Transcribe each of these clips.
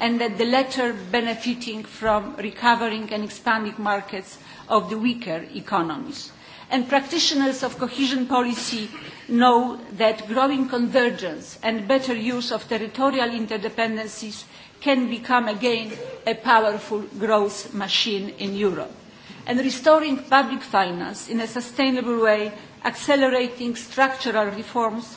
and that the latter benefiting from recovering and expanding markets of the weaker economies. And practitioners of cohesion policy know that growing convergence and better use of territorial interdependencies can become again a powerful growth machine in Europe. And restoring public finance in a sustainable way, accelerating structural reforms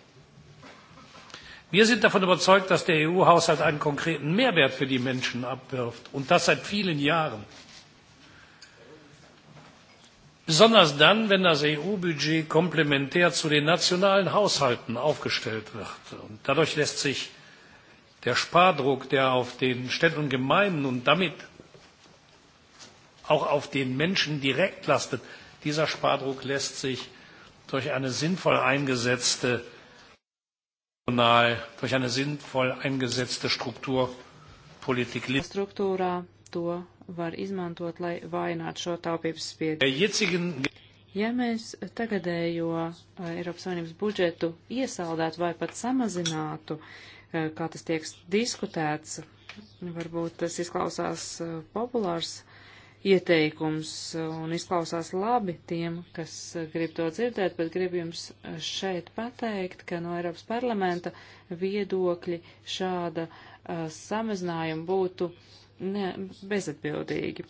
wir sind davon überzeugt dass der eu haushalt einen konkreten mehrwert für die menschen abwirft und das seit vielen jahren besonders dann wenn das eu budget komplementär zu den nationalen haushalten aufgestellt wird. Und dadurch lässt sich der spardruck der auf den städten und gemeinden und damit auch auf den menschen direkt lastet dieser spardruck lässt sich durch eine sinnvoll eingesetzte durch eine sinnvoll eingesetzte Strukturpolitik Struktūrā to var izmantot, lai vainātu šo taupības spiedienu. Ja mēs tagadējo eh, Eiropas Savienības budžetu iesaldētu vai pat samazinātu, eh, kā tas tiek diskutēts, varbūt tas izklausās eh, populārs ieteikums uh, un izklausās labi tiem, kas uh, grib to dzirdēt, bet gribu jums uh, šeit pateikt, ka no Eiropas parlamenta viedokļi šāda uh, samazinājuma būtu ne, bezatbildīgi.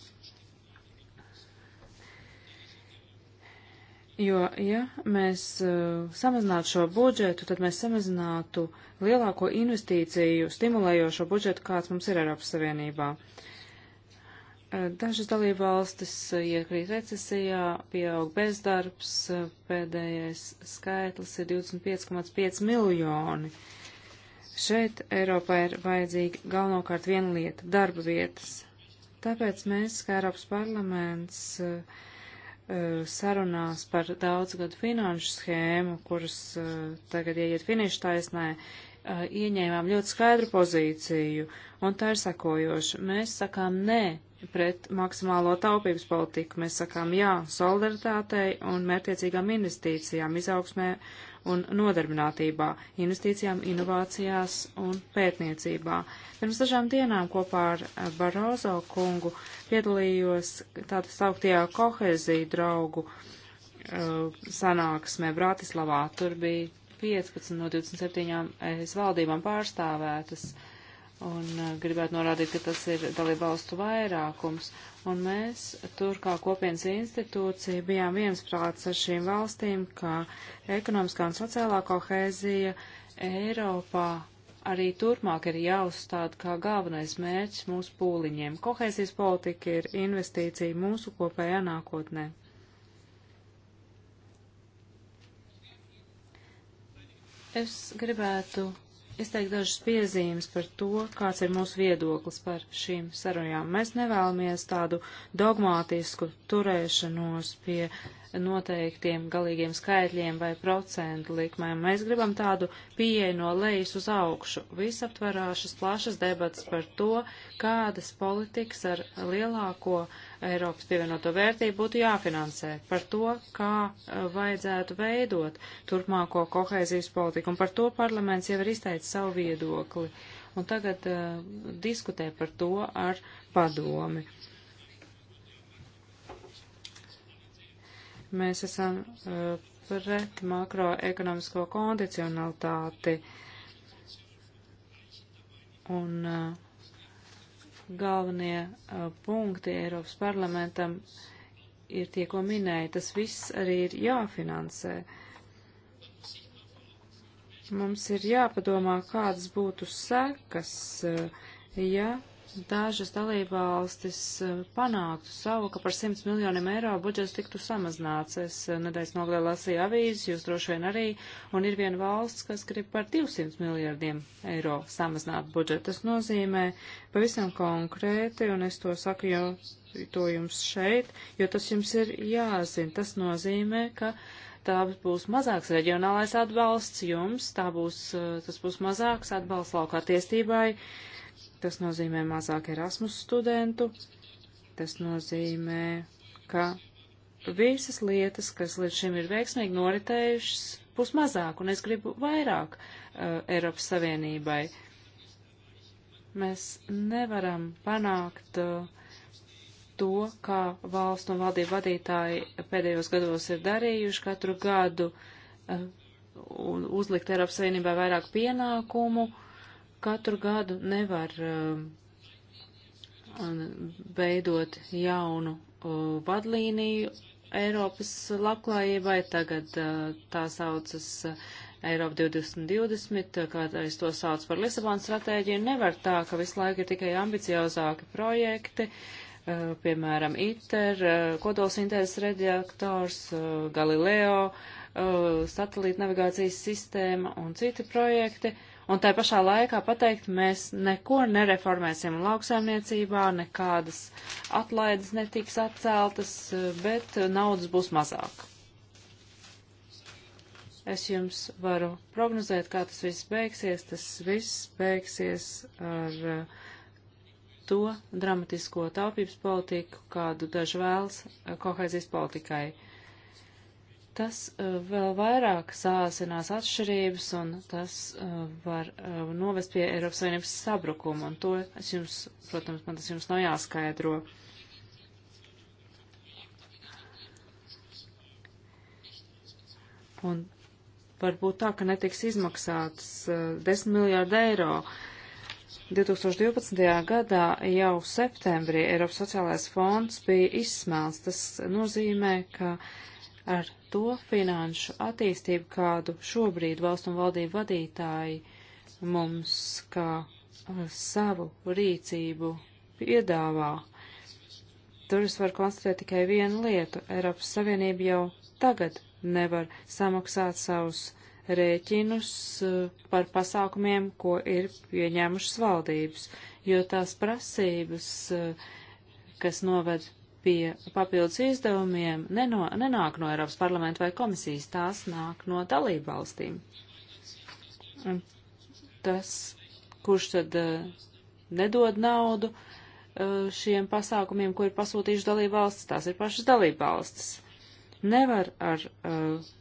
Jo, ja mēs uh, samazinātu šo budžetu, tad mēs samazinātu lielāko investīciju stimulējošo budžetu, kāds mums ir Eiropas Savienībā. Uh, Dažas dalībvalstis eh, iekrīt recesijā, pieaug bezdarbs, eh, pēdējais skaitlis ir 25,5 miljoni. Šeit Eiropā ir vajadzīga galvenokārt viena lieta - darba vietas. Tāpēc mēs, kā Eiropas parlaments, eh, sarunās par daudzgadu finanšu schēmu, kuras tagad ieiet finišu taisnē, ieņēmām ļoti skaidru pozīciju, un tā ir sakojoša. Mēs sakām nē pret maksimālo taupības politiku. Mēs sakām jā solidaritātei un mērtiecīgām investīcijām, izaugsmē un nodarbinātībā, investīcijām, inovācijās un pētniecībā. Pirms dažām dienām kopā ar eh, Barozo kungu piedalījos tātad sauktajā koheziju draugu uh, sanāksmē Bratislavā. Tur bija 15 no 27 es eh, valdībām pārstāvētas. Uh, Un uh, gribētu norādīt, ka tas ir dalībvalstu vairākums. Un mēs tur kā kopienas institūcija bijām viensprāts ar šīm valstīm, ka ekonomiskā un sociālā kohēzija Eiropā arī turpmāk ir jāuzstāda kā galvenais mērķis mūsu pūliņiem. Kohēzijas politika ir investīcija mūsu kopējā nākotnē. Es gribētu izteikt dažas piezīmes par to, kāds ir mūsu viedoklis par šīm sarunām. Mēs nevēlamies tādu dogmātisku turēšanos pie noteiktiem galīgiem skaitļiem vai procentu likmēm. Mēs gribam tādu pieeju no lejas uz augšu, visaptverāšas plašas debats par to, kādas politikas ar lielāko uh, Eiropas pievienoto vērtību būtu jāfinansē, par to, kā eh, vajadzētu veidot turpmāko kohēzijas politiku, un par to parlaments jau ir izteicis savu viedokli, un tagad uh, diskutē par to ar padomi. Mēs esam uh, pret makroekonomisko kondicionalitāti. Un, uh, galvenie uh, punkti Eiropas parlamentam ir tie, ko minēja. Tas viss arī ir jāfinansē. Mums ir jāpadomā, kādas būtu sekas, uh, ja dažas dalībvalstis eh, panāktu savu, ka par 100 miljoniem eiro budžets tiktu samazināts. Es eh, nedēļas nogalē lasīju avīzes, jūs droši vien arī, un ir viena valsts, kas grib par 200 miljardiem eiro samazināt budžetu. Tas nozīmē pavisam konkrēti, un es to saku jau to jums šeit, jo tas jums ir jāzina. Tas nozīmē, ka tā būs mazāks reģionālais atbalsts jums, tā būs, eh, tas būs mazāks atbalsts laukā tiestībai. Uh, Tas nozīmē mazāk Erasmus studentu, tas nozīmē, ka visas lietas, kas līdz šim ir veiksmīgi noritējušas, būs mazāk, un es gribu vairāk uh, Eiropas Savienībai. Mēs nevaram panākt uh, to, kā valsts un valdību vadītāji pēdējos gados ir darījuši katru gadu, uh, uzlikt Eiropas Savienībai vairāk pienākumu, uh, katru gadu nevar um, veidot jaunu uh, vadlīniju Eiropas labklājībai. Tagad uh, tā saucas uh, Eiropa 2020, kādreiz to sauc par Lisabonas stratēģiju. Nevar tā, ka visu laiku ir tikai ambiciozāki projekti, piemēram, ITER, kodolsintēzes redaktors, Galileo, satelīta navigācijas sistēma un citi projekti. Uh, un tā pašā laikā pateikt, mēs neko nereformēsim lauksaimniecībā, nekādas atlaides netiks atceltas, bet naudas būs mazāk. Es jums varu prognozēt, kā tas viss beigsies. Tas viss beigsies ar uh, to dramatisko taupības politiku, kādu daži vēlas uh, kohēzijas politikai. Uh, Tas uh, vēl vairāk sāsinās atšķirības un tas uh, var uh, novest pie Eiropas Savienības sabrukuma. Un to es jums, protams, man tas jums nav jāskaidro. Un varbūt tā, ka netiks izmaksāts 10 miljārdu eiro. 2012. gadā jau septembrī Eiropas sociālais fonds bija izsmelts. Tas nozīmē, ka uh, ar to finanšu attīstību, kādu šobrīd valstu un valdību vadītāji mums kā uh, savu rīcību piedāvā. Tur es varu konstatēt tikai vienu lietu. Eiropas Savienība jau tagad nevar samaksāt savus rēķinus uh, par pasākumiem, ko ir pieņēmušas valdības, jo tās prasības, uh, kas noved pie papildus izdevumiem neno, nenāk no Eiropas parlamenta vai komisijas, tās nāk no dalību valstīm. Un tas, kurš tad uh, nedod naudu uh, šiem pasākumiem, ko ir pasūtījuši dalību valstis, tās ir pašas dalību valstis. Nevar ar uh,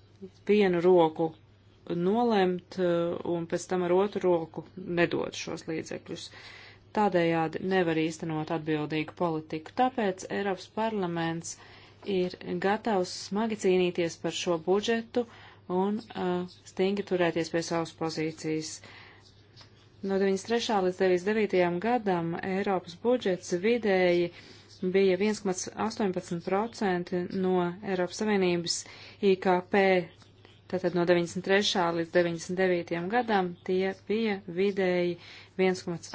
vienu roku nolemt un pēc tam ar otru roku nedot šos līdzekļus. Uh, tādējādi nevar īstenot atbildīgu politiku. Tāpēc Eiropas parlaments ir gatavs smagi cīnīties par šo budžetu un uh, stingri turēties pie savas pozīcijas. No 93. līdz 99. gadam Eiropas budžets vidēji bija 1,18% no Eiropas Savienības IKP Tātad no 93. līdz 99. gadam tie bija vidēji 1,18%.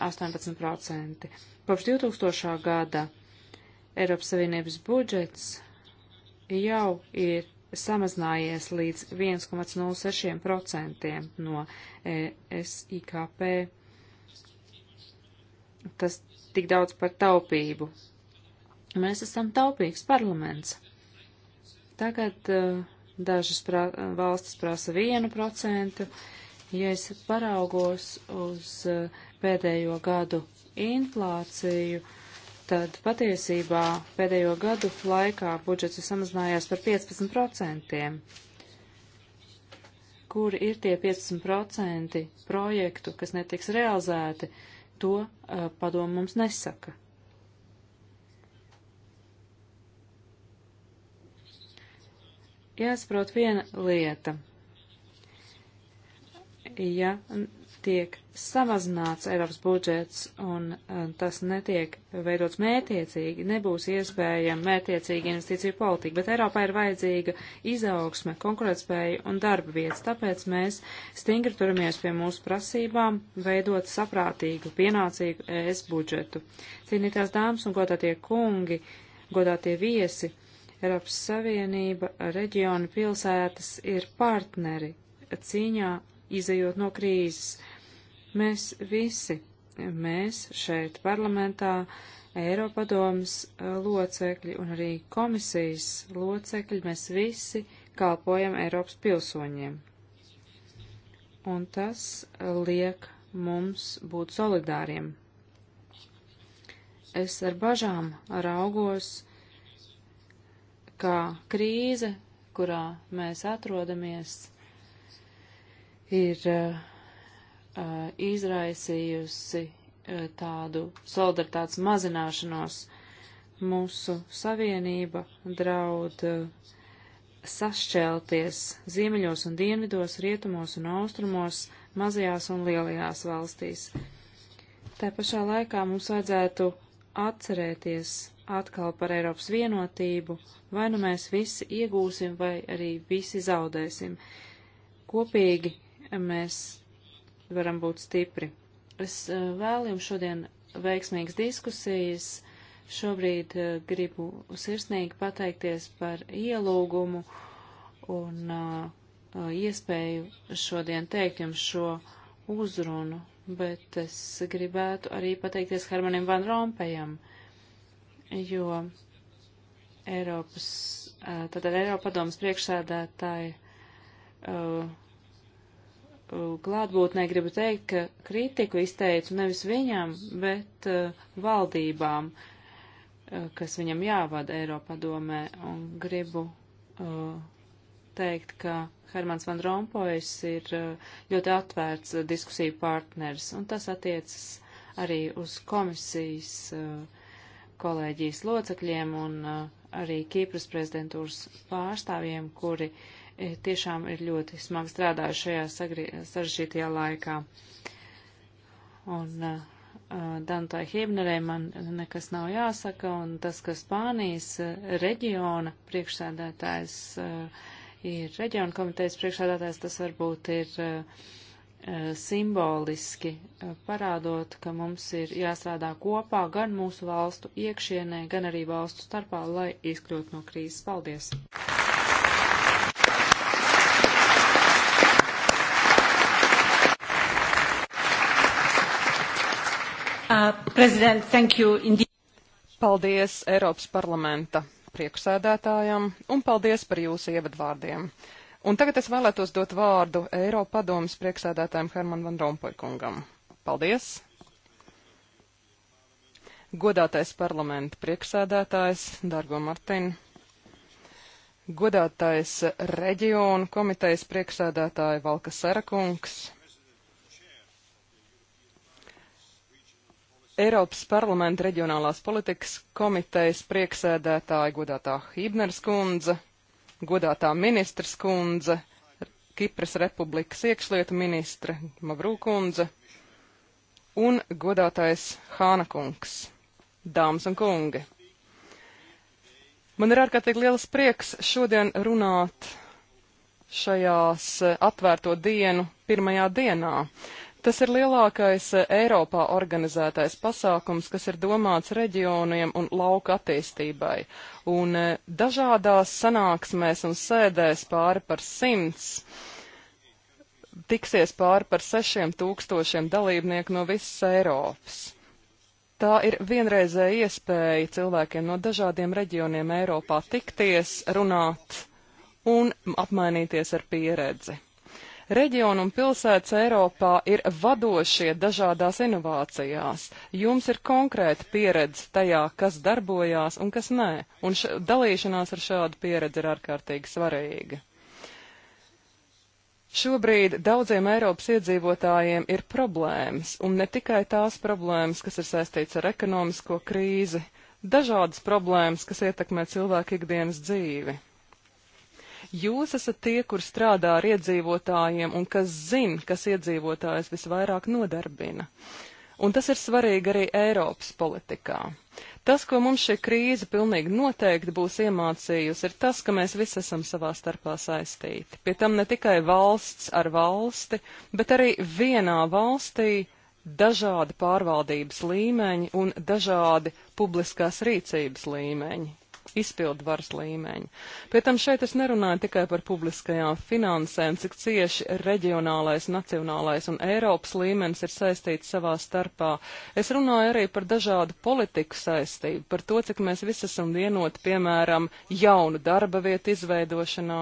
Kopš 2000. gada Eiropas Savienības budžets jau ir samazinājies līdz 1,06% no e SIKP. Tas tik daudz par taupību. Mēs esam taupīgs parlaments. Tagad uh, dažas pra valstis prasa 1%. Ja es paraugos uz eh, pēdējo gadu inflāciju, tad patiesībā pēdējo gadu laikā budžets ir samazinājās par 15%. Kur ir tie 15% projektu, kas netiks realizēti, to uh, padomu mums nesaka. jāsaprot viena lieta. Ja tiek samazināts Eiropas budžets un eh, tas netiek veidots mētiecīgi, nebūs iespējama mētiecīga investīcija politika, bet Eiropā ir vajadzīga izaugsme, konkurētspēja un darba vietas, tāpēc mēs stingri turamies pie mūsu prasībām veidot saprātīgu, pienācīgu ES budžetu. Cīnītās dāmas un godātie kungi, godātie viesi, Eiropas Savienība, reģioni, pilsētas ir partneri cīņā, izējot no krīzes. Mēs visi, mēs šeit parlamentā, Eiropadomas eh, locekļi un arī komisijas locekļi, mēs visi kalpojam Eiropas pilsoņiem. Un tas liek mums būt solidāriem. Es ar bažām raugos ka krīze, kurā mēs atrodamies, ir uh, uh, izraisījusi uh, tādu solidaritātes mazināšanos. Mūsu savienība draud uh, sašķelties ziemeļos un dienvidos, rietumos un austrumos, mazajās un lielajās valstīs. Tā pašā laikā mums vajadzētu uh, atcerēties atkal par Eiropas vienotību, vai nu mēs visi iegūsim, vai arī visi zaudēsim. Kopīgi mēs varam būt stipri. Es eh, vēlu jums šodien veiksmīgas diskusijas. Šobrīd eh, gribu sirsnīgi pateikties par ielūgumu un uh, iespēju šodien teikt jums šo uzrunu bet es gribētu arī pateikties Hermanim Van Rompējam, jo Eiropas, tātad Eiropa padomas priekšsēdētāji klātbūtnē gribu teikt, ka kritiku izteicu nevis viņam, bet valdībām, kas viņam jāvada Eiropa domē, un gribu uh, teikt, ka Hermans Van Rompojas ir eh, ļoti atvērts eh, diskusiju partners, un tas attiecas arī uz komisijas eh, kolēģijas locekļiem un arī Kīpras prezidentūras pārstāvjiem, kuri tiešām ir ļoti smagi strādājuši šajā sarežģītajā laikā. Un uh, Dantai Hībnerei man nekas nav jāsaka, un tas, ka Spānijas reģiona priekšsēdētājs uh, ir reģiona komitejas priekšādātājs, tas varbūt ir eh, eh, simboliski eh, parādot, ka mums ir jāstrādā kopā gan mūsu valstu iekšienē, gan arī valstu starpā, lai izkļūtu no krīzes. Paldies! Uh, Paldies Eiropas parlamenta priekšsēdētājam un paldies par jūsu ievadvārdiem. Un tagad es vēlētos dot vārdu Eiropa padomas priekšsēdētājiem Herman Van Rompojkungam. Paldies! Godātais parlamenta priekšsēdētājs, Dargo Martin, godātais reģionu komitejas priekšsēdētāja Valka Sarakungs, Eiropas parlamenta reģionālās politikas komitejas prieksēdētāja godātā Hībners kundze, godātā ministrs kundze, Kipras republikas iekšlietu ministre Mavrū kundze un godātais Hāna kungs, dāmas un kungi. Man ir ārkārtīgi liels prieks šodien runāt šajās eh, atvērto dienu pirmajā dienā. Tas ir lielākais eh, Eiropā organizētais pasākums, kas ir domāts reģioniem un lauka attīstībai. Un eh, dažādās sanāksmēs un sēdēs pāri par simts tiksies pāri par sešiem tūkstošiem dalībnieku no visas Eiropas. Tā ir vienreizēja iespēja cilvēkiem no dažādiem reģioniem Eiropā tikties, runāt un apmainīties ar pieredzi. Reģionu un pilsētas Eiropā ir vadošie dažādās inovācijās. Jums ir konkrēta pieredze tajā, kas darbojās un kas nē, un dalīšanās ar šādu pieredzi ir ārkārtīgi svarīga. Šobrīd daudziem Eiropas iedzīvotājiem ir problēmas, un ne tikai tās problēmas, kas ir saistīts ar ekonomisko krīzi, dažādas problēmas, kas ietekmē cilvēku ikdienas dzīvi. Jūs esat tie, kur strādā ar iedzīvotājiem un kas zina, kas iedzīvotājs visvairāk nodarbina. Un tas ir svarīgi arī Eiropas politikā. Tas, ko mums šī krīze pilnīgi noteikti būs iemācījusi, ir tas, ka mēs visi esam savā starpā saistīti. Pie tam ne tikai valsts ar valsti, bet arī vienā valstī dažādi pārvaldības līmeņi un dažādi publiskās rīcības līmeņi izpildvaras līmeņa. Pēc tam šeit es nerunāju tikai par publiskajām finansēm, cik cieši reģionālais, nacionālais un Eiropas līmenis ir saistīts savā starpā. Es runāju arī par dažādu politiku saistību, par to, cik mēs visi esam vienoti, piemēram, jaunu darba vietu izveidošanā.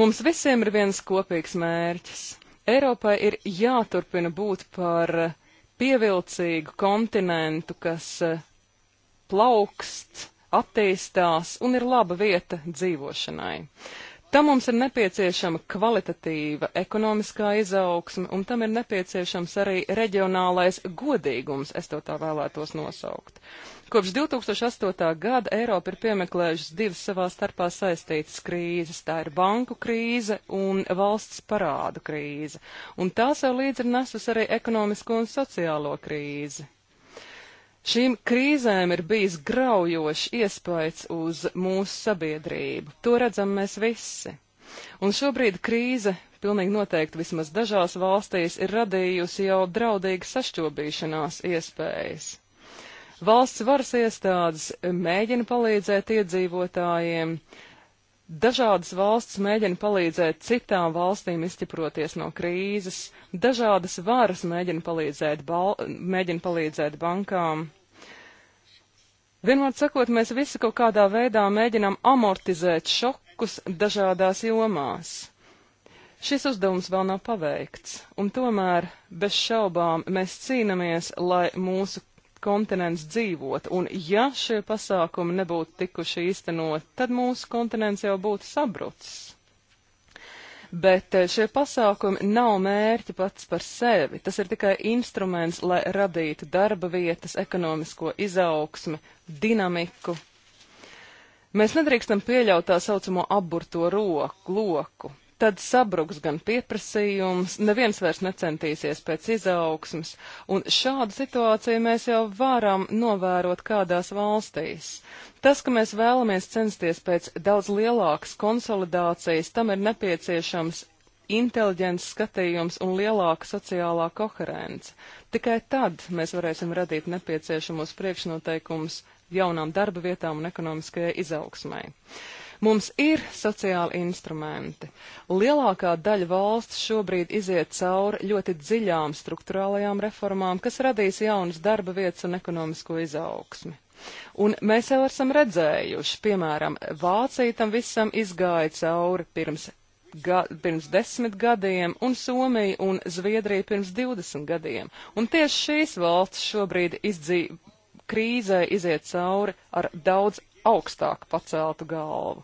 Mums visiem ir viens kopīgs mērķis. Eiropai ir jāturpina būt par pievilcīgu kontinentu, kas eh, plaukst attīstās un ir laba vieta dzīvošanai. Tam mums ir nepieciešama kvalitatīva ekonomiskā izaugsme, un tam ir nepieciešams arī reģionālais godīgums, es to tā vēlētos nosaukt. Kopš 2008. gada Eiropa ir piemeklējušas divas savā starpā saistītas krīzes. Tā ir banku krīze un valsts parādu krīze, un tā sev līdzi ir nesusi arī ekonomisko un sociālo krīzi. Šīm krīzēm ir bijis graujošs iespējas uz mūsu sabiedrību. To redzam mēs visi. Un šobrīd krīze pilnīgi noteikti vismaz dažās valstīs ir radījusi jau draudīgi sašķobīšanās iespējas. Valsts varas iestādes mēģina palīdzēt iedzīvotājiem, Dažādas valsts mēģina palīdzēt citām valstīm izķiproties no krīzes, dažādas varas mēģina palīdzēt, bal, mēģina palīdzēt bankām. Vienmēr sakot, mēs visi kaut kādā veidā mēģinām amortizēt šokus dažādās jomās. Šis uzdevums vēl nav paveikts, un tomēr bez šaubām mēs cīnāmies, lai mūsu kontinents dzīvot, un ja šie pasākumi nebūtu tikuši īstenot, tad mūsu kontinents jau būtu sabrucis. Bet eh, šie pasākumi nav mērķi pats par sevi, tas ir tikai instruments, lai radītu darba vietas, ekonomisko izaugsmi, dinamiku. Mēs nedrīkstam pieļaut tā saucamo aburto roku, loku, tad sabruks gan pieprasījums, neviens vairs necentīsies pēc izaugsmas, un šādu situāciju mēs jau varam novērot kādās valstīs. Tas, ka mēs vēlamies censties pēc daudz lielākas konsolidācijas, tam ir nepieciešams inteliģents skatījums un lielāka sociālā koherence. Tikai tad mēs varēsim radīt nepieciešamos priekšnoteikumus jaunām darba vietām un ekonomiskajai izaugsmai. Uh, Mums ir sociāli instrumenti. Lielākā daļa valsts šobrīd iziet cauri ļoti dziļām struktūrālajām reformām, kas radīs jaunas darba vietas un ekonomisko izaugsmi. Un mēs jau esam redzējuši, piemēram, Vācija tam visam izgāja cauri pirms, ga, pirms desmit gadiem, un Somija un Zviedrija pirms divdesmit gadiem. Un tieši šīs valsts šobrīd izdzīvo krīzē iziet cauri ar daudz augstāk paceltu galvu.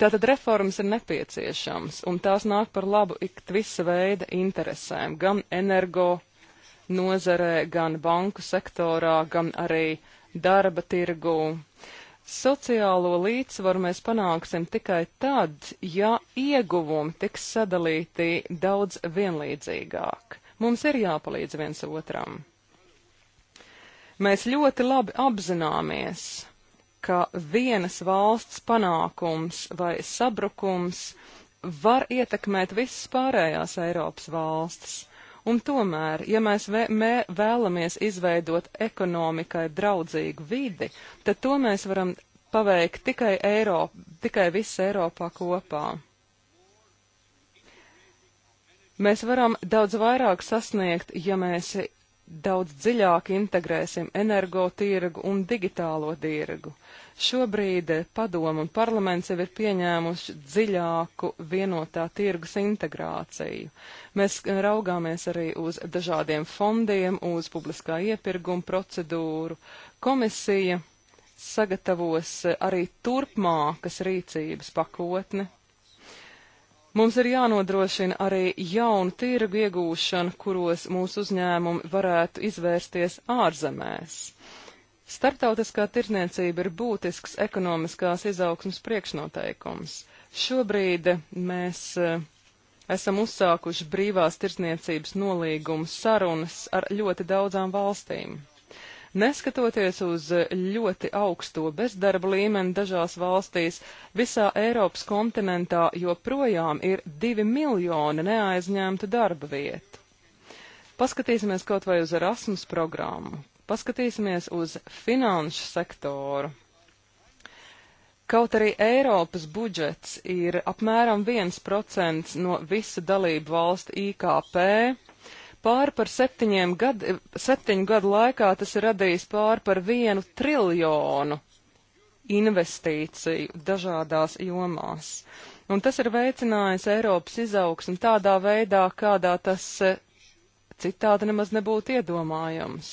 Tātad reformas ir nepieciešams, un tās nāk par labu ik visa veida interesēm, gan energo nozarē, gan banku sektorā, gan arī darba tirgū. Sociālo līdzsvaru mēs panāksim tikai tad, ja ieguvumi tiks sadalīti daudz vienlīdzīgāk. Mums ir jāpalīdz viens otram. Mēs ļoti labi apzināmies, ka vienas valsts panākums vai sabrukums var ietekmēt visas pārējās Eiropas valstis. Un tomēr, ja mēs vē, mē, vēlamies izveidot ekonomikai draudzīgu vidi, tad to mēs varam paveikt tikai, Eiropa, tikai visas Eiropā kopā. Mēs varam daudz vairāk sasniegt, ja mēs daudz dziļāk integrēsim energotirgu un digitālo tirgu. Šobrīd padomu un parlaments jau ir pieņēmuši dziļāku vienotā tirgus integrāciju. Mēs raugāmies arī uz dažādiem fondiem, uz publiskā iepirkuma procedūru. Komisija sagatavos arī turpmākas rīcības pakotne Mums ir jānodrošina arī jaunu tirgu iegūšana, kuros mūsu uzņēmumi varētu izvērsties ārzemēs. Startautiskā tirdzniecība ir būtisks ekonomiskās izaugsmas priekšnoteikums. Šobrīd mēs eh, esam uzsākuši brīvās tirdzniecības nolīgumu sarunas ar ļoti daudzām valstīm. Neskatoties uz ļoti augsto bezdarba līmeni dažās valstīs, visā Eiropas kontinentā joprojām ir divi miljoni neaizņemtu darba vietu. Paskatīsimies kaut vai uz Erasmus programmu, paskatīsimies uz finanšu sektoru. Kaut arī Eiropas budžets ir apmēram 1% no visa dalību valstu IKP, Pāri par septiņiem gadu, septiņu gadu laikā tas ir radījis pāri par vienu triljonu investīciju dažādās jomās. Un tas ir veicinājis Eiropas izaugsmu tādā veidā, kādā tas e, citādi nemaz nebūtu iedomājams.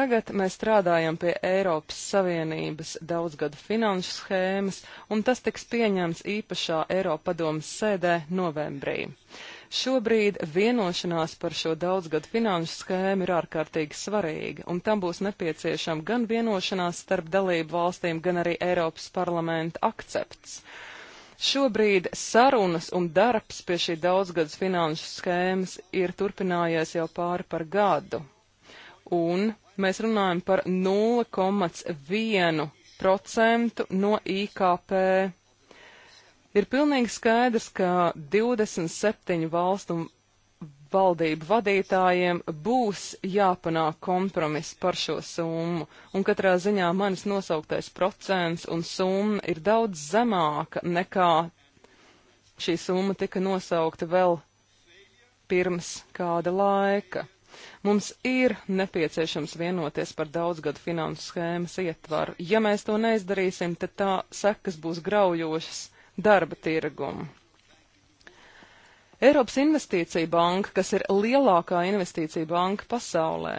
Tagad mēs strādājam pie Eiropas Savienības daudzgadu finanšu schēmas, un tas tiks pieņemts īpašā Eiropadomas sēdē novembrī. Šobrīd vienošanās par šo daudzgadu finanšu schēmu ir ārkārtīgi svarīga, un tam būs nepieciešama gan vienošanās starp dalību valstīm, gan arī Eiropas parlamenta akcepts. Šobrīd sarunas un darbs pie šī daudzgadas finanšu schēmas ir turpinājies jau pāri par gadu, un mēs runājam par 0,1% no IKP. Ir pilnīgi skaidrs, ka 27 valstu valdību vadītājiem būs jāpanāk kompromis par šo summu, un katrā ziņā manis nosauktais procents un summa ir daudz zemāka nekā šī summa tika nosaukta vēl pirms kāda laika. Mums ir nepieciešams vienoties par daudzgadu finansu schēmas ietvaru. Ja mēs to neizdarīsim, tad tā sekas būs graujošas darba tirgumu. Eiropas Investīcija banka, kas ir lielākā investīcija banka pasaulē.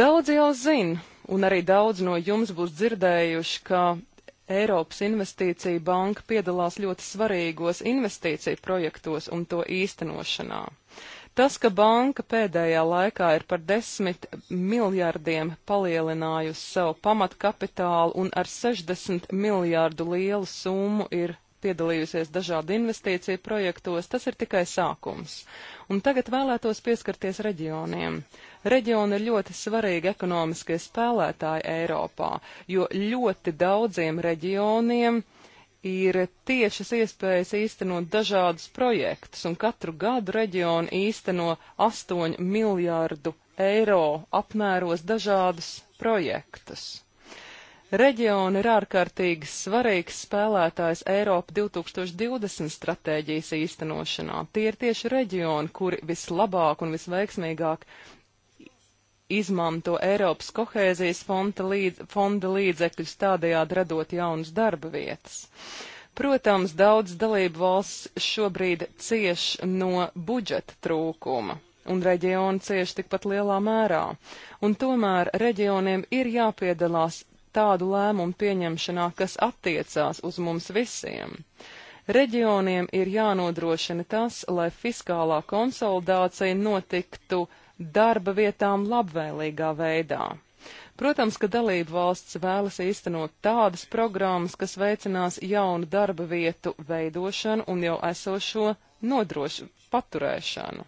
Daudz jau zina, un arī daudz no jums būs dzirdējuši, ka Eiropas Investīcija banka piedalās ļoti svarīgos investīciju projektos un to īstenošanā. Uh, Tas, ka banka pēdējā laikā ir par desmit miljardiem palielinājusi savu pamatkapitālu un ar 60 miljārdu lielu summu ir piedalījusies dažādu investīciju projektos, tas ir tikai sākums. Un tagad vēlētos pieskarties reģioniem. Reģioni ir ļoti svarīgi ekonomiskie spēlētāji Eiropā, jo ļoti daudziem reģioniem uh, ir tiešas iespējas īstenot dažādus projektus, un katru gadu reģionu īsteno 8 miljārdu eiro apmēros dažādus projektus. Reģiona ir ārkārtīgi svarīgs spēlētājs Eiropa 2020 stratēģijas īstenošanā. Tie ir tieši reģioni, kuri vislabāk un visveiksmīgāk izmanto Eiropas kohēzijas fonda, līdz, fonda līdzekļus, tādējādi radot jaunas darba vietas. Protams, daudz dalību valsts šobrīd cieš no budžeta trūkuma, un reģioni cieš tikpat lielā mērā, un tomēr reģioniem ir jāpiedalās tādu lēmumu pieņemšanā, kas attiecās uz mums visiem. Reģioniem ir jānodrošina tas, lai fiskālā konsolidācija notiktu uh, darba vietām labvēlīgā veidā. Protams, ka dalību valsts vēlas īstenot tādas programmas, kas veicinās jaunu darba vietu veidošanu un jau esošo nodrošu paturēšanu.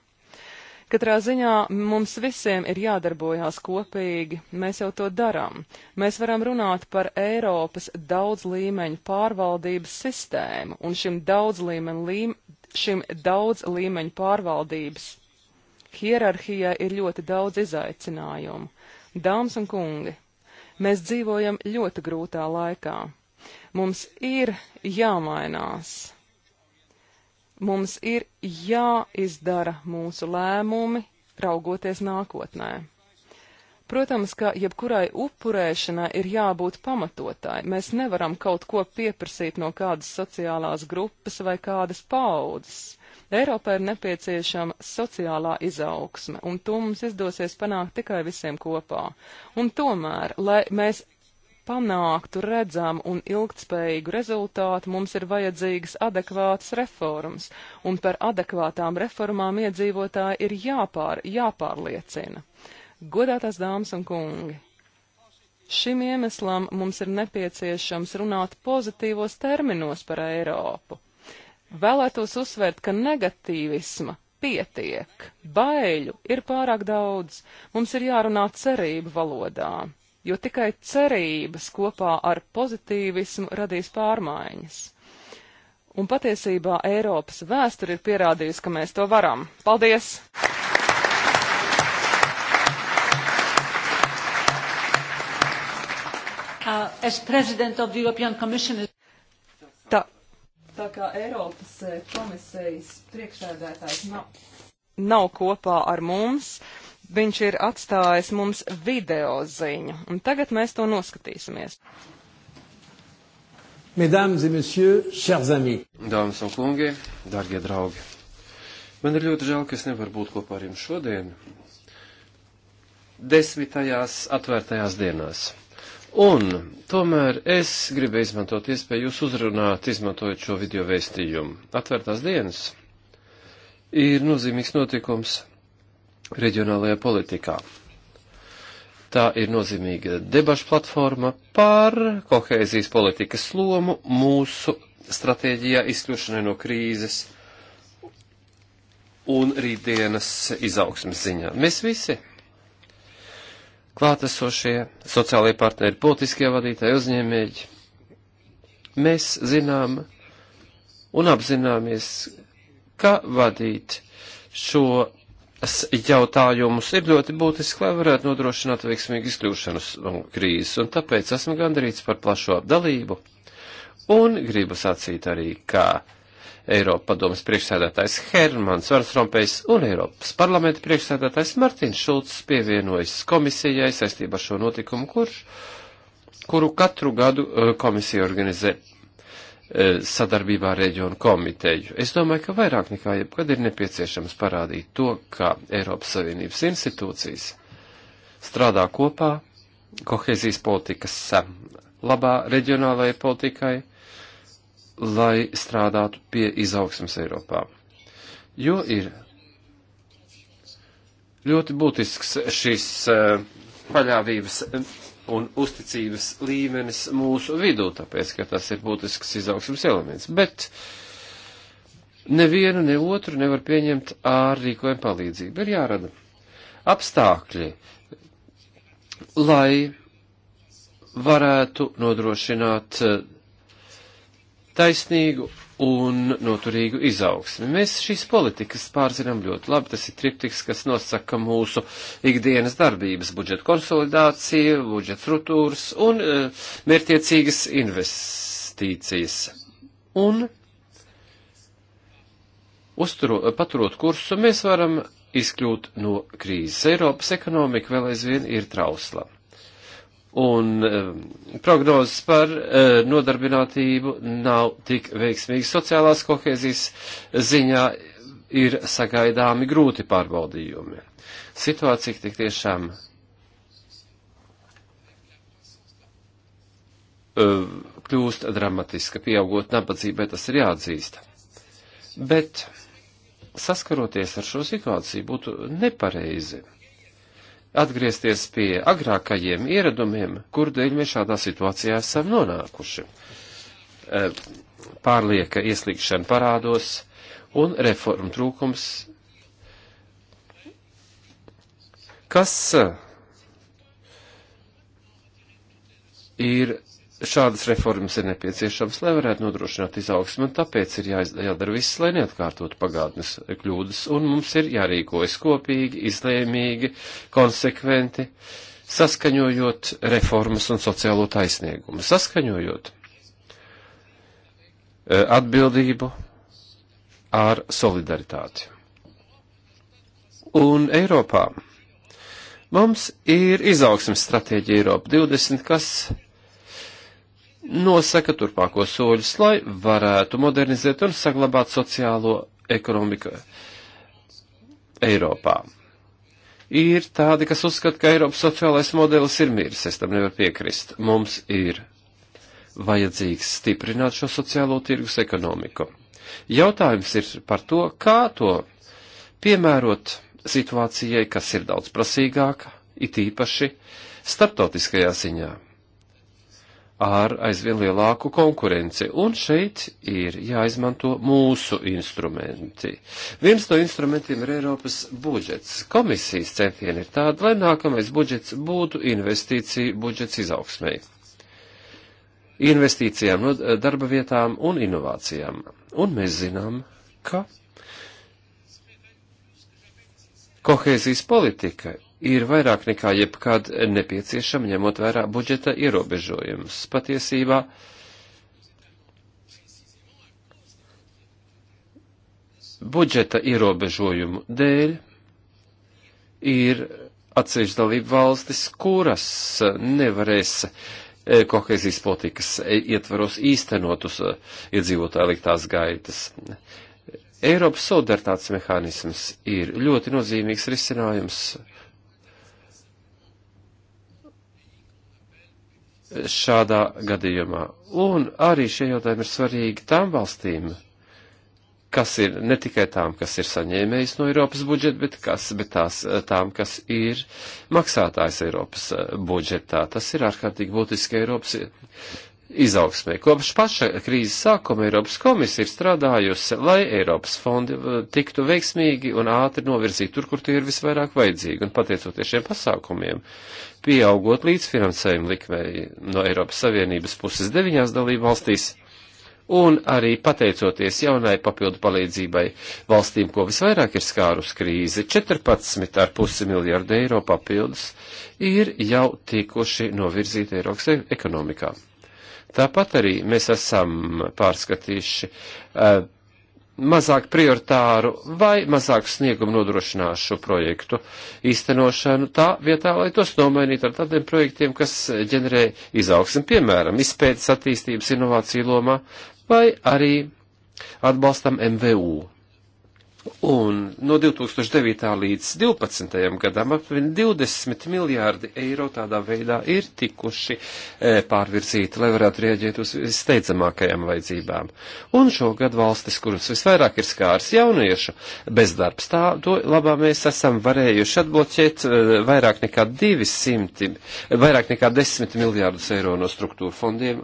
Katrā ziņā mums visiem ir jādarbojās kopīgi, mēs jau to darām. Mēs varam runāt par Eiropas daudz līmeņu pārvaldības sistēmu un šim daudz līmeņu, līme, šim daudz līmeņu pārvaldības hierarhijai ir ļoti daudz izaicinājumu. Dāmas un kungi, mēs dzīvojam ļoti grūtā laikā. Mums ir jāmainās. Mums ir jāizdara mūsu lēmumi, raugoties nākotnē. Protams, ka jebkurai upurēšanai ir jābūt pamatotai. Mēs nevaram kaut ko pieprasīt no kādas sociālās grupas vai kādas paudzes. Eiropai ir nepieciešama sociālā izaugsme, un to mums izdosies panākt tikai visiem kopā. Un tomēr, lai mēs panāktu redzamu un ilgtspējīgu rezultātu, mums ir vajadzīgas adekvātas reformas, un par adekvātām reformām iedzīvotāji ir jāpār, jāpārliecina. Godātās dāmas un kungi! Šim iemeslam mums ir nepieciešams runāt pozitīvos terminos par Eiropu. Vēlētos uzsvērt, ka negatīvisma pietiek, baiļu ir pārāk daudz, mums ir jārunā cerību valodā, jo tikai cerības kopā ar pozitīvismu radīs pārmaiņas. Un patiesībā Eiropas vēsture ir pierādījusi, ka mēs to varam. Paldies! Uh, as president of the European Commission Tā kā Eiropas eh, komisijas priekšsēdētājs nav. Nav kopā ar mums. Viņš ir atstājis mums video ziņu, un tagad mēs to noskatīsimies. Mesdames et messieurs, chers amis. Dāmas un kungi, darbie draugi. Man ir ļoti žēl, ka es nevaru būt kopā ar jums šodien, desmitajās atvērtajās dienās. Un tomēr es gribēju izmantot iespēju jūs uzrunāt, izmantojot šo video vēstījumu. Atvērtās dienas ir nozīmīgs notikums reģionālajā politikā. Tā ir nozīmīga debašu platforma par kohēzijas politikas lomu mūsu stratēģijā izkļūšanai no krīzes un rītdienas izaugsmas ziņā. Mēs visi klātesošie, sociālai partneri, politiskie vadītāji, uzņēmēji. Mēs zinām un apzināmies, kā vadīt šo jautājumus ir ļoti būtiski, lai varētu nodrošināt veiksmīgu izkļūšanu no krīzes, un tāpēc esmu gandarīts par plašo dalību. Un gribu sacīt arī, ka Eiropa padomas priekšsēdētājs Hermans Varfrompējs un Eiropas parlamenta priekšsēdētājs Martins Šulcs pievienojas komisijai saistībā ar šo notikumu, kurš, kuru katru gadu eh, komisija organizē eh, sadarbībā ar reģionu komiteju. Es domāju, ka vairāk nekā jebkad ir nepieciešams parādīt to, ka Eiropas Savienības institūcijas strādā kopā kohēzijas politikas eh, labā reģionālajai politikai, lai strādātu pie izaugsmas Eiropā. Jo ir ļoti būtisks šis eh, paļāvības un uzticības līmenis mūsu vidū, tāpēc, ka tas ir būtisks izaugsmas elements. Bet nevienu, ne otru nevar pieņemt ar rīkojumu palīdzību. Ir jārada apstākļi, lai varētu nodrošināt uh, taisnīgu un noturīgu izaugsmi. Mēs šīs politikas pārzinām ļoti labi. Tas ir triptiks, kas nosaka mūsu ikdienas darbības budžeta konsolidācija, budžeta struktūras un e, mērķiecīgas investīcijas. Un uzturo, paturot kursu, mēs varam izkļūt no krīzes. Eiropas ekonomika vēl aizvien ir trausla un eh, prognozes par eh, nodarbinātību nav tik veiksmīgas sociālās kohēzijas ziņā ir sagaidāmi grūti pārbaudījumi. Situācija tik tiešām eh, kļūst dramatiska, pieaugot nabadzībai, tas ir jāatzīst. Bet saskaroties ar šo situāciju būtu nepareizi atgriezties pie agrākajiem ieradumiem, kur dēļ mēs šādā situācijā esam nonākuši. E, pārlieka ieslīgšana parādos un reformu trūkums, kas ir šādas reformas ir nepieciešamas, lai varētu nodrošināt izaugsmu, un tāpēc ir jādara viss, lai neatkārtotu pagātnes kļūdas, un mums ir jārīkojas kopīgi, izlēmīgi, konsekventi, saskaņojot reformas un sociālo taisnīgumu, saskaņojot eh, atbildību ar solidaritāti. Un Eiropā mums ir izaugsmes stratēģija Eiropa 20, kas nosaka turpāko soļus, lai varētu modernizēt un saglabāt sociālo ekonomiku Eiropā. Ir tādi, kas uzskata, ka Eiropas sociālais modelis ir miris, es tam nevaru piekrist. Mums ir vajadzīgs stiprināt šo sociālo tirgus ekonomiku. Jautājums ir par to, kā to piemērot situācijai, kas ir daudz prasīgāka, it īpaši starptautiskajā ziņā ar aizvien lielāku konkurenci, un šeit ir jāizmanto mūsu instrumenti. Viens no instrumentiem ir Eiropas budžets. Komisijas centieni ir tādi, lai nākamais budžets būtu investīcija budžets izaugsmēji. Investīcijām no darba vietām un inovācijām. Un mēs zinām, ka kohēzijas politika ir vairāk nekā jebkad nepieciešama, ņemot vērā budžeta ierobežojumus. Patiesībā budžeta ierobežojumu dēļ ir atsevišķi dalību valstis, kuras nevarēs e, kohēzijas politikas e, ietvaros īstenot uz e, iedzīvotāju liktās gaitas. Eiropas solidaritātes mehānisms ir ļoti nozīmīgs risinājums šādā gadījumā. Un arī šie jautājumi ir svarīgi tām valstīm, kas ir ne tikai tām, kas ir saņēmējis no Eiropas budžeta, bet, kas, bet tās, tām, kas ir maksātājs Eiropas eh, budžetā. Tas ir ārkārtīgi būtiski Eiropas izaugsmē. Kopš paša krīzes sākuma Eiropas komisija ir strādājusi, lai Eiropas fondi uh, tiktu veiksmīgi un ātri novirzīti tur, kur tie ir visvairāk vajadzīgi, un pateicoties šiem pasākumiem, pieaugot līdz finansējumu likmei no Eiropas Savienības puses deviņās dalību valstīs, un arī pateicoties jaunai papildu palīdzībai valstīm, ko visvairāk ir skārus krīze, 14,5 miljārdu eiro papildus ir jau tikuši novirzīti Eiropas e-, ekonomikā. Tāpat arī mēs esam pārskatījuši uh, mazāk prioritāru vai mazāk sniegumu nodrošināšu projektu īstenošanu tā vietā, lai tos nomainītu ar tādiem projektiem, kas ģenerē izaugsmi, piemēram, izpētes attīstības inovāciju lomā vai arī atbalstam MVU Un no 2009. līdz 2012. gadam apmēram 20 miljārdi eiro tādā veidā ir tikuši e, pārvirzīti, lai varētu rieģēt uz steidzamākajām vajadzībām. Un šogad valstis, kuras visvairāk ir skārs jauniešu bezdarbs, tā to labā mēs esam varējuši atbloķēt e, vairāk nekā 200, vairāk nekā 10 miljārdus eiro no struktūra fondiem,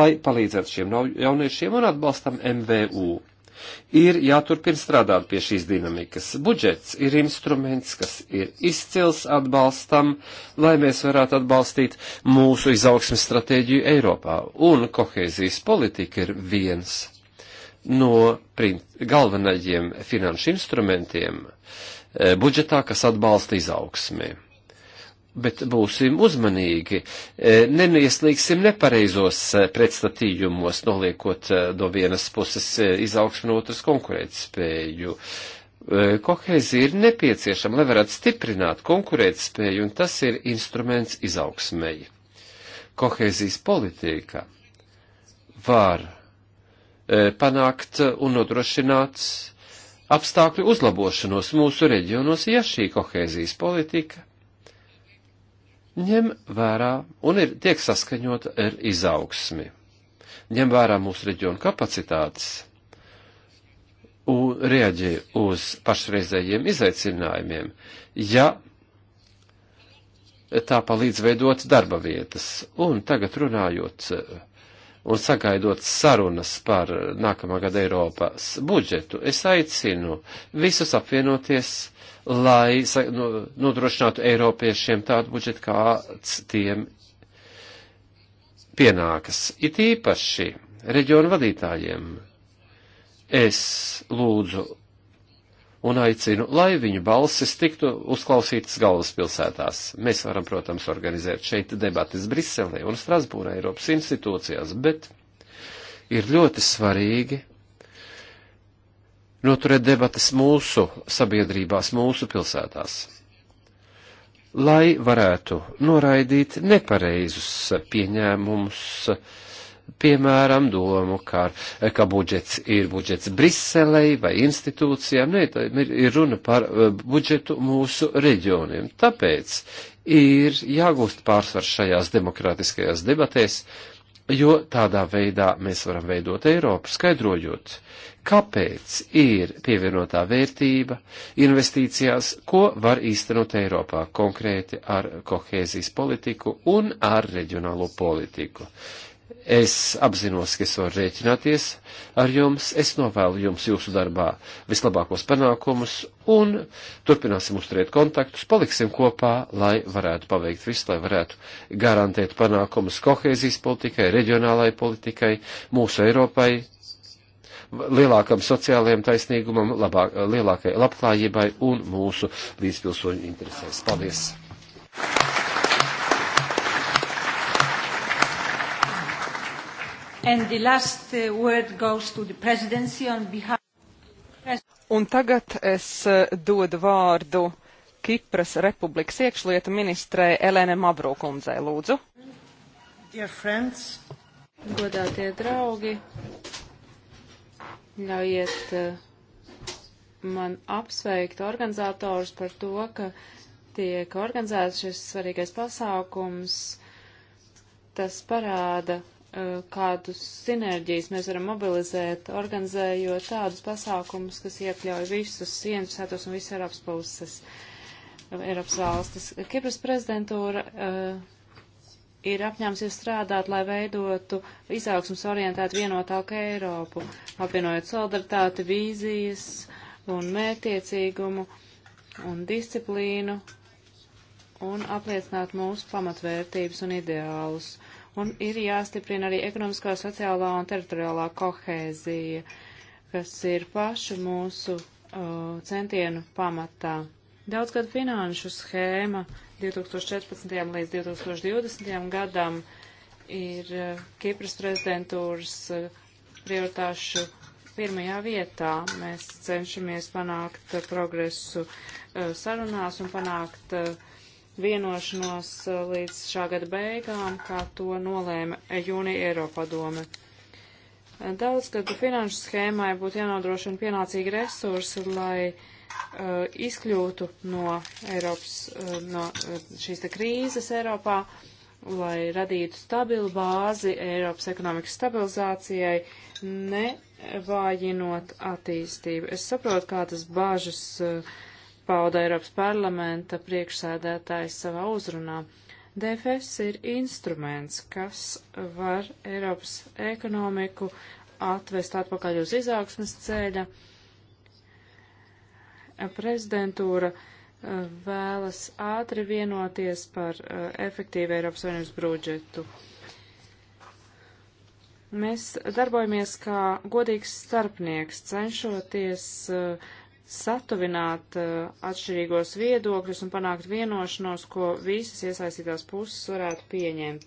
lai palīdzētu šiem jauniešiem un atbalstam MVU ir jāturpina strādāt pie šīs dinamikas. Budžets ir instruments, kas ir izcils atbalstam, lai mēs varētu atbalstīt mūsu izaugsmes stratēģiju Eiropā. Un kohēzijas politika ir viens no galvenajiem finanšu instrumentiem eh, budžetā, kas atbalsta izaugsmē bet būsim uzmanīgi, e, nenieslīgsim nepareizos e, pretstatījumos, noliekot e, no vienas puses izaugsmu no otras konkurētspēju. Kohēzija ir nepieciešama, lai varētu stiprināt konkurētspēju, un tas ir instruments izaugsmēji. Kohēzijas politika var panākt un nodrošināt apstākļu uzlabošanos mūsu reģionos, ja šī kohēzijas politika ņem vērā un ir, tiek saskaņota ar izaugsmi, ņem vērā mūsu reģionu kapacitātes un rieģē uz pašreizējiem izaicinājumiem, ja tā palīdz veidot darba vietas. Un tagad runājot un sagaidot sarunas par nākamā gada Eiropas budžetu, es aicinu visus apvienoties lai nu, nodrošinātu Eiropiešiem tādu budžetu, kāds tiem pienākas. It īpaši reģionu vadītājiem es lūdzu un aicinu, lai viņu balsis tiktu uzklausītas galvaspilsētās. Mēs varam, protams, organizēt šeit debatas Briselē un Strasbūrā Eiropas institūcijās, bet ir ļoti svarīgi noturēt debatas mūsu sabiedrībās, mūsu pilsētās, lai varētu noraidīt nepareizus pieņēmumus, piemēram, domu, ka, ka budžets ir budžets Briselei vai institūcijām, nē, tā ir runa par eh, budžetu mūsu reģioniem. Tāpēc ir jāgūst pārsvars šajās demokrātiskajās debatēs, jo tādā veidā mēs varam veidot Eiropu, skaidrojot, kāpēc ir pievienotā vērtība investīcijās, ko var īstenot Eiropā konkrēti ar kohēzijas politiku un ar reģionālo politiku. Es apzinos, ka es varu rēķināties ar jums, es novēlu jums jūsu darbā vislabākos panākumus un turpināsim uzturēt kontaktus, paliksim kopā, lai varētu paveikt visu, lai varētu garantēt panākumus kohēzijas politikai, reģionālai politikai, mūsu Eiropai, lielākam sociālajam taisnīgumam, labāk, lielākai labklājībai un mūsu līdzpilsoņu interesēs. Paldies! And the last uh, word goes to the presidency on behalf Un tagad es uh, dodu vārdu Kipras Republikas iekšlietu ministrei Elēnai Mavrokundzei, lūdzu. Godātie draugi, Ļaujiet eh, man apsveikt organizatorus par to, ka tiek organizēts šis svarīgais pasākums. Tas parāda, eh, kādus sinerģijas mēs varam mobilizēt, organizējot tādus pasākumus, kas iekļauj visus ieinteresētos un visas Eiropas puses, Eiropas valstis. Kipras prezidentūra uh, ir apņēmusies strādāt, lai veidotu izaugsmas orientētu vienotāku Eiropu, apvienojot solidaritāti, vīzijas un mērtiecīgumu un disciplīnu un apliecināt mūsu pamatvērtības un ideālus. Un ir jāstiprina arī ekonomiskā, sociālā un teritoriālā kohēzija, kas ir pašu mūsu uh, centienu pamatā. Daudzgad finanšu schēma 2014. līdz 2020. gadam ir eh, Kipras prezidentūras eh, prioritāšu pirmajā vietā. Mēs cenšamies panākt eh, progresu sarunās un panākt vienošanos līdz šā gada beigām, kā to nolēma jūnija Eiropadome. Daudzgadu finanšu schēmai būtu jānodrošina pienācīgi resursi, lai uh, Uh, izkļūtu no Eiropas, uh, no uh, šīs te krīzes Eiropā, lai radītu stabilu bāzi Eiropas ekonomikas stabilizācijai, nevājinot attīstību. Es saprotu, kā tas bāžas pauda Eiropas parlamenta priekšsēdētājs savā uzrunā. DFS ir instruments, kas var Eiropas ekonomiku atvest atpakaļ uz izaugsmes ceļa. Uh, prezidentūra eh, vēlas ātri vienoties par eh, efektīvu Eiropas Savienības budžetu. Mēs darbojamies kā godīgs starpnieks, cenšoties eh, satuvināt atšķirīgos viedokļus un panākt vienošanos, ko visas iesaistītās puses varētu pieņemt.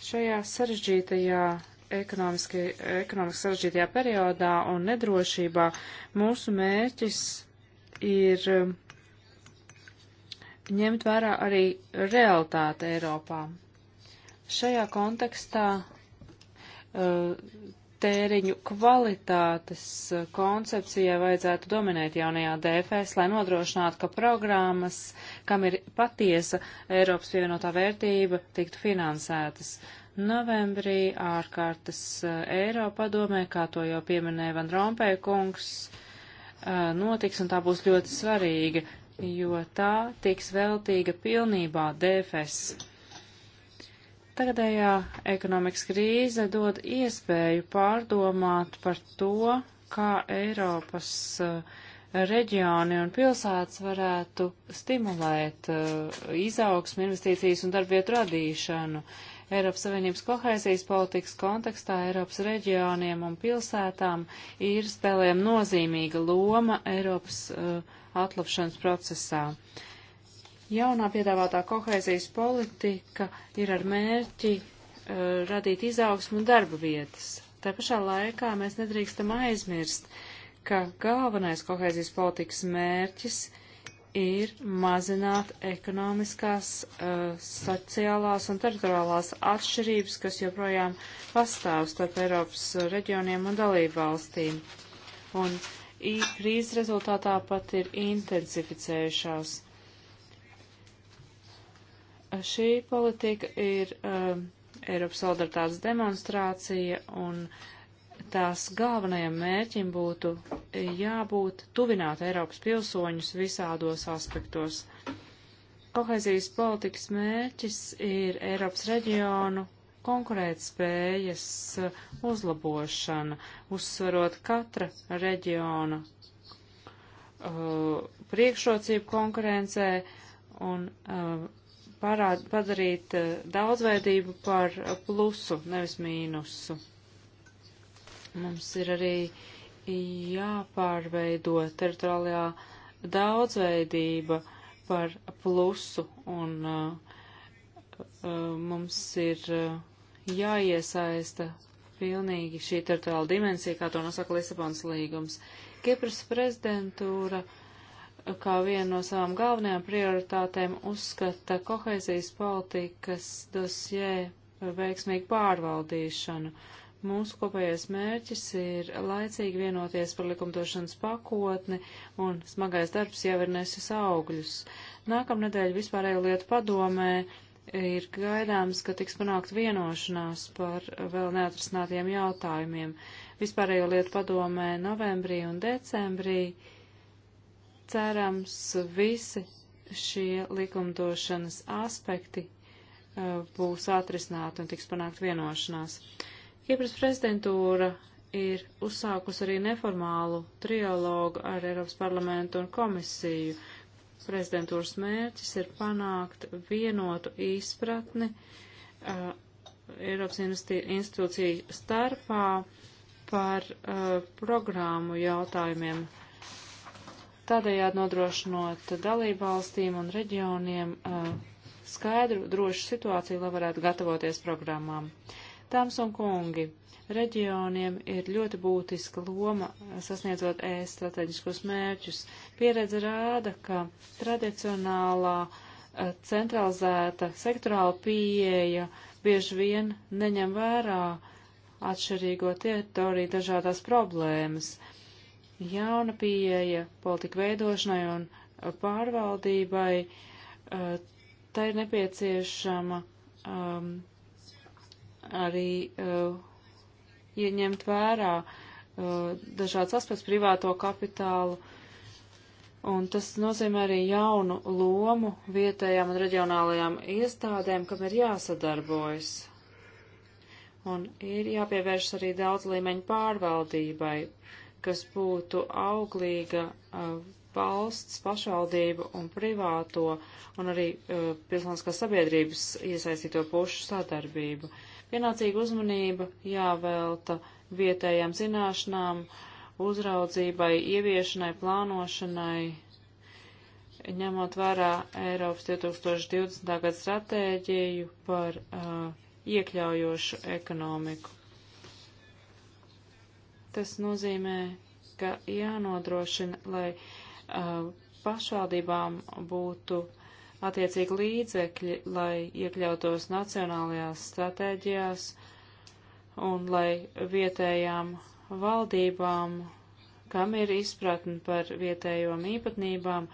Šajā sarežģītajā ekonomiski, ekonomiski sarežģītajā periodā un nedrošībā mūsu mērķis ir um, ņemt vērā arī realitāte Eiropā. Šajā kontekstā uh, tēriņu kvalitātes uh, koncepcijai vajadzētu dominēt jaunajā DFS, lai nodrošinātu, ka programmas, kam ir patiesa Eiropas pievienotā vērtība, tiktu finansētas. Novembrī ārkārtas uh, Eiropa padomē, kā to jau pieminēja Van Rompēkungs, kungs, notiks, un tā būs ļoti svarīga, jo tā tiks veltīga pilnībā DFS. Tagadējā ekonomikas krīze dod iespēju pārdomāt par to, kā Eiropas reģioni un pilsētas varētu stimulēt izaugsmu, investīcijas un darbvietu radīšanu. Uh, Eiropas Savienības kohēzijas politikas kontekstā Eiropas reģioniem un pilsētām ir spēlējama nozīmīga loma Eiropas uh, atlapšanas procesā. Jaunā piedāvātā kohēzijas politika ir ar mērķi uh, radīt izaugsmu un darba vietas. Tā pašā laikā mēs nedrīkstam aizmirst, ka galvenais kohēzijas politikas mērķis ir ir mazināt ekonomiskās, uh, sociālās un teritoriālās atšķirības, kas joprojām pastāv starp Eiropas reģioniem un dalību valstīm. Un krīzes rezultātā pat ir intensificējušās. Šī politika ir uh, Eiropas solidaritātes demonstrācija un uh, tās galvenajam mērķim būtu jābūt tuvināt Eiropas pilsoņus visādos aspektos. Kohezijas politikas mērķis ir Eiropas reģionu konkurētspējas uzlabošana, uzsverot katra reģiona uh, priekšrocību konkurencē un uh, parād, padarīt uh, daudzveidību par plusu, nevis mīnusu. Mums ir arī jāpārveido teritoriālajā daudzveidība par plusu, un uh, uh mums ir uh, jāiesaista pilnīgi šī teritoriāla dimensija, kā to nosaka Lisabons līgums. Kipras prezidentūra uh, kā vienu no savām galvenajām prioritātēm uzskata kohēzijas politikas dosjē veiksmīgu pārvaldīšanu. Uh, Mūsu kopējais mērķis ir laicīgi vienoties par likumdošanas pakotni, un smagais darbs jau ir nesis augļus. Nākamnedēļ vispārējo lietu padomē ir gaidāms, ka tiks panākt vienošanās par vēl neatrisinātiem jautājumiem. Vispārējo lietu padomē novembrī un decembrī cerams visi šie likumdošanas aspekti uh, būs atrisināti un tiks panākt vienošanās. Uh, Kipras prezidentūra ir uzsākus arī neformālu trialogu ar Eiropas parlamentu un komisiju. Prezidentūras mērķis ir panākt vienotu izpratni uh, Eiropas institūciju starpā par uh, programmu jautājumiem, tādējādi nodrošinot dalībvalstīm un reģioniem uh, skaidru, drošu situāciju, lai varētu gatavoties programmām. Uh, Dāmas un kungi, reģioniem ir ļoti būtiska loma sasniedzot ēst e strateģiskos mērķus. Pieredze rāda, ka tradicionālā eh, centralizēta sektorāla pieeja bieži vien neņem vērā atšķirīgo teritoriju dažādās problēmas. Jauna pieeja politika veidošanai un eh, pārvaldībai, eh, tā ir nepieciešama um, arī uh, ieņemt vērā uh, dažādas aspekts privāto kapitālu. Un tas nozīmē arī jaunu lomu vietējām un reģionālajām iestādēm, kam ir jāsadarbojas. Un ir jāpievērš arī daudz līmeņu pārvaldībai, kas būtu auglīga uh, valsts, pašvaldību un privāto un arī uh, pilsoniskās sabiedrības iesaistīto pušu sadarbību. Uh, Pienācīga uzmanība jāvēlta vietējām zināšanām, uzraudzībai, ieviešanai, plānošanai, ņemot vērā Eiropas 2020. gada stratēģiju par uh, iekļaujošu ekonomiku. Tas nozīmē, ka jānodrošina, lai uh, pašvaldībām būtu uh, attiecīgi līdzekļi, lai iekļautos nacionālajās stratēģijās un lai vietējām valdībām, kam ir izpratni par vietējām īpatnībām,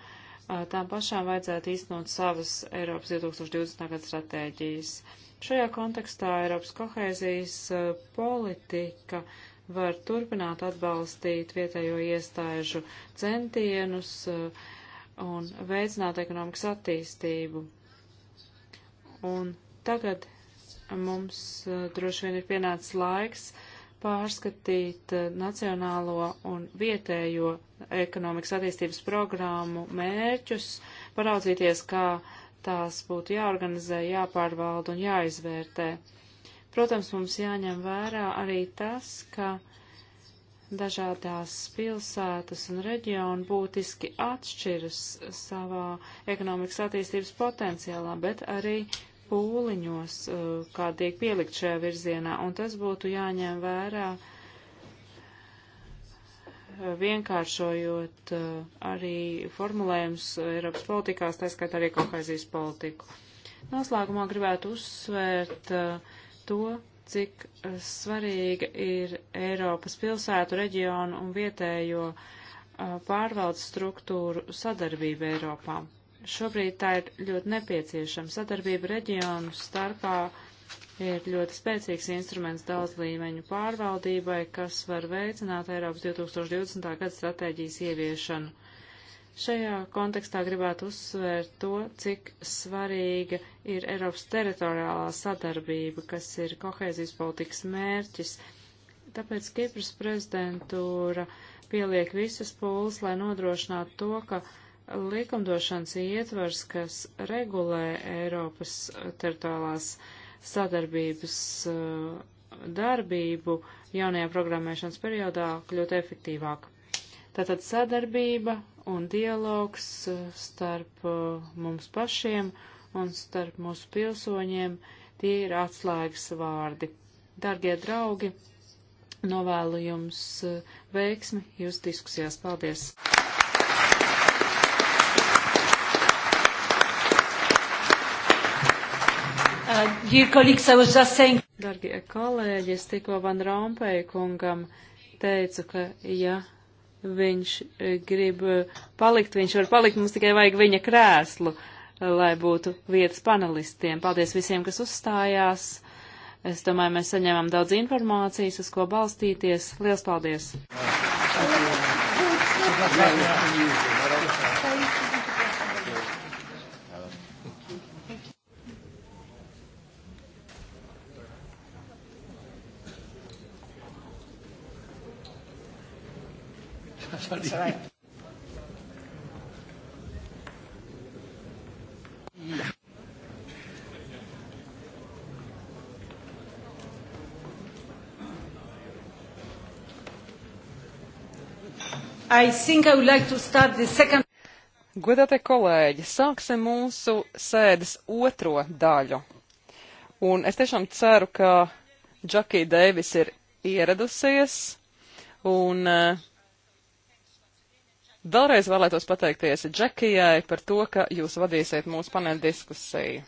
tām pašām vajadzētu īstenot savas Eiropas 2020. gada stratēģijas. Šajā kontekstā Eiropas kohēzijas politika var turpināt atbalstīt vietējo iestāžu centienus, uh, un veicināt ekonomikas attīstību. Un tagad mums uh, droši vien ir pienācis laiks pārskatīt uh, nacionālo un vietējo ekonomikas attīstības programmu mērķus, paraudzīties, kā tās būtu jāorganizē, jāpārvalda un jāizvērtē. Protams, mums jāņem vērā arī tas, ka uh, dažādās pilsētas un reģioni būtiski atšķiras savā ekonomikas attīstības potenciālā, bet arī pūliņos, uh, kā tiek pielikt šajā virzienā, un tas būtu jāņem vērā uh, vienkāršojot uh, arī formulējums Eiropas politikās, tā skaitā arī kohēzijas politiku. Noslēgumā gribētu uzsvērt to, cik eh, svarīga ir Eiropas pilsētu, reģionu un vietējo eh, pārvaldes struktūru sadarbība Eiropā. Šobrīd tā ir ļoti nepieciešama. Sadarbība reģionu starpā ir ļoti spēcīgs instruments daudz līmeņu pārvaldībai, kas var veicināt Eiropas 2020. gada stratēģijas ieviešanu Šajā kontekstā gribētu uzsvērt to, cik svarīga ir Eiropas teritoriālā sadarbība, kas ir kohēzijas politikas mērķis. Tāpēc Kipras prezidentūra pieliek visas pūles, lai nodrošinātu to, ka likumdošanas ietvars, kas regulē Eiropas teritoriālās sadarbības uh, darbību jaunajā programmēšanas periodā, kļūtu efektīvāk. Tātad sadarbība, un dialogs eh, starp eh, mums pašiem un starp mūsu pilsoņiem, tie ir atslēgas vārdi. Dargie draugi, novēlu jums eh, veiksmi jūsu diskusijās. Paldies! Uh, Dargie kolēģi, es tikko Van Rompēju kungam teicu, ka ja viņš eh, grib eh, palikt, viņš var palikt, mums tikai vajag viņa krēslu, eh, lai būtu vietas panelistiem. Paldies visiem, kas uzstājās. Es domāju, mēs saņēmām daudz informācijas, uz ko balstīties. Lielas paldies! Thank you. Sorry. Sorry. I think I would like to start the second. Godātie kolēģi, sāksim mūsu sēdes otro daļu. Un es tiešām ceru, ka Džakija Deivis ir ieradusies. Un uh, Vēlreiz vēlētos pateikties Džekijai par to, ka jūs vadīsiet mūsu paneļa diskusiju.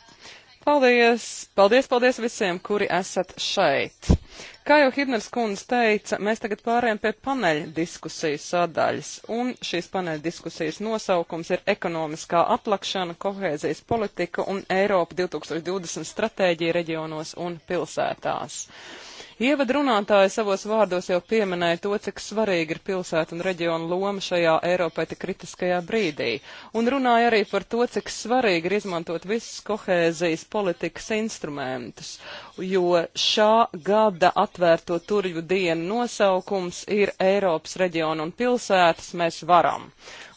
Paldies! Paldies, paldies visiem, kuri esat šeit! Kā jau Hibners kundze teica, mēs tagad pārējām pie paneļa diskusijas sadaļas, un šīs paneļa diskusijas nosaukums ir ekonomiskā atlakšana, kohēzijas politika un Eiropa 2020 stratēģija reģionos un pilsētās. Uh, Ievadrunātāji savos vārdos jau pieminēja to, cik svarīgi ir pilsētu un reģionu loma šajā Eiropai tik kritiskajā brīdī, un runāja arī par to, cik svarīgi ir izmantot visus kohēzijas politikas instrumentus, jo šā gada atvērto turju dienu nosaukums ir Eiropas reģionu un pilsētas mēs varam.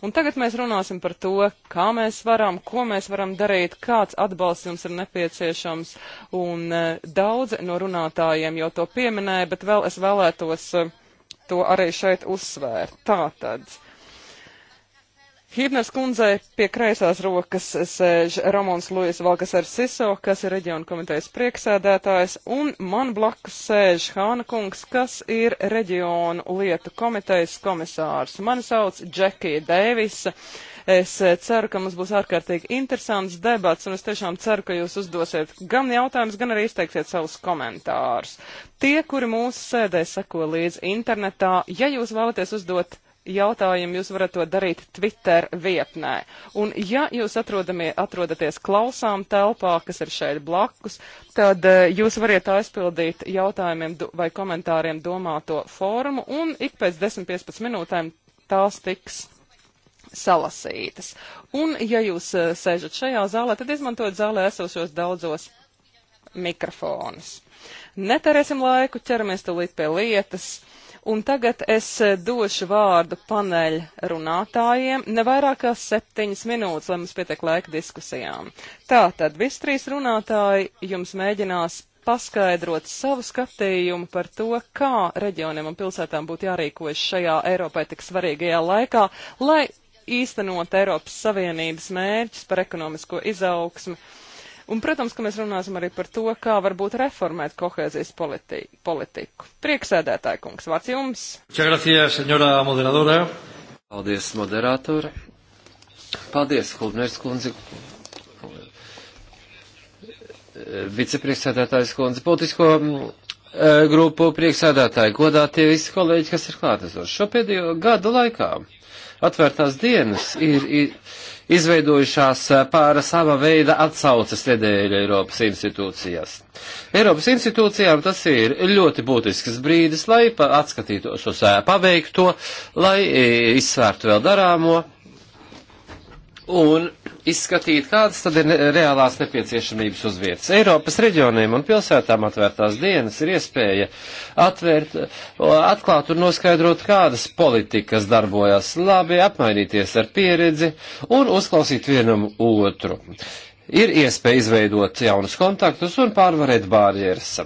Un tagad mēs runāsim par to, kā mēs varam, ko mēs varam darīt, kāds atbalsts jums ir nepieciešams. Un e, daudzi no runātājiem jau to pieminēja, bet vēl es vēlētos e, to arī šeit uzsvērt. Tātad. Hībners kundzei pie kreisās rokas sēž Ramons Luis Valkasars Siso, kas ir reģiona komitejas prieksēdētājs, un man blakus sēž Hāna kungs, kas ir reģionu lietu komitejas komisārs. Mani sauc Džekija Dēvisa. Es ceru, ka mums būs ārkārtīgi interesants debats, un es tiešām ceru, ka jūs uzdosiet gan jautājumus, gan arī izteiksiet savus komentārus. Tie, kuri mūsu sēdē seko līdzi internetā, ja jūs vēlaties uzdot jautājumu jūs varat to darīt Twitter vietnē. Un ja jūs atrodaties klausām telpā, kas ir šeit blakus, tad eh, jūs variet aizpildīt jautājumiem vai komentāriem domāto formu un ik pēc 10-15 minūtēm tās tiks salasītas. Un ja jūs eh, sēžat šajā zālē, tad izmantojat zālē esošos daudzos mikrofonus. Neterēsim laiku, ķeramies tūlīt pie lietas. Uh, Un tagad es eh, došu vārdu paneļa runātājiem, nevairāk kā septiņas minūtes, lai mums pietiek laika diskusijām. Tātad, visi trīs runātāji jums mēģinās paskaidrot savu skatījumu par to, kā reģioniem un pilsētām būtu jārīkojas šajā Eiropai tik svarīgajā laikā, lai īstenot Eiropas Savienības mērķus par ekonomisko izaugsmu Un, protams, ka mēs runāsim arī par to, kā varbūt reformēt kohēzijas politi politiku. Prieksēdētāji kungs, vārds jums. Gracias, Paldies, moderātore. Paldies, Kulmērs kundze. Vicepriekšsēdētājs kundze, politisko mm, e, grupu priekšsēdētāji, godātie visi kolēģi, kas ir klātesoši. Šo pēdējo gadu laikā atvērtās dienas ir, ir izveidojušās pāra sava veida atsauces nedēļa Eiropas institūcijās. Eiropas institūcijām tas ir ļoti būtisks brīdis, lai atskatītos uz paveikto, lai izsvērtu vēl darāmo un izskatīt, kādas tad ir reālās nepieciešamības uz vietas. Eiropas reģioniem un pilsētām atvērtās dienas ir iespēja atvērt, atklāt un noskaidrot, kādas politikas darbojas labi, apmainīties ar pieredzi un uzklausīt vienam otru. Ir iespēja izveidot jaunus kontaktus un pārvarēt barjeras.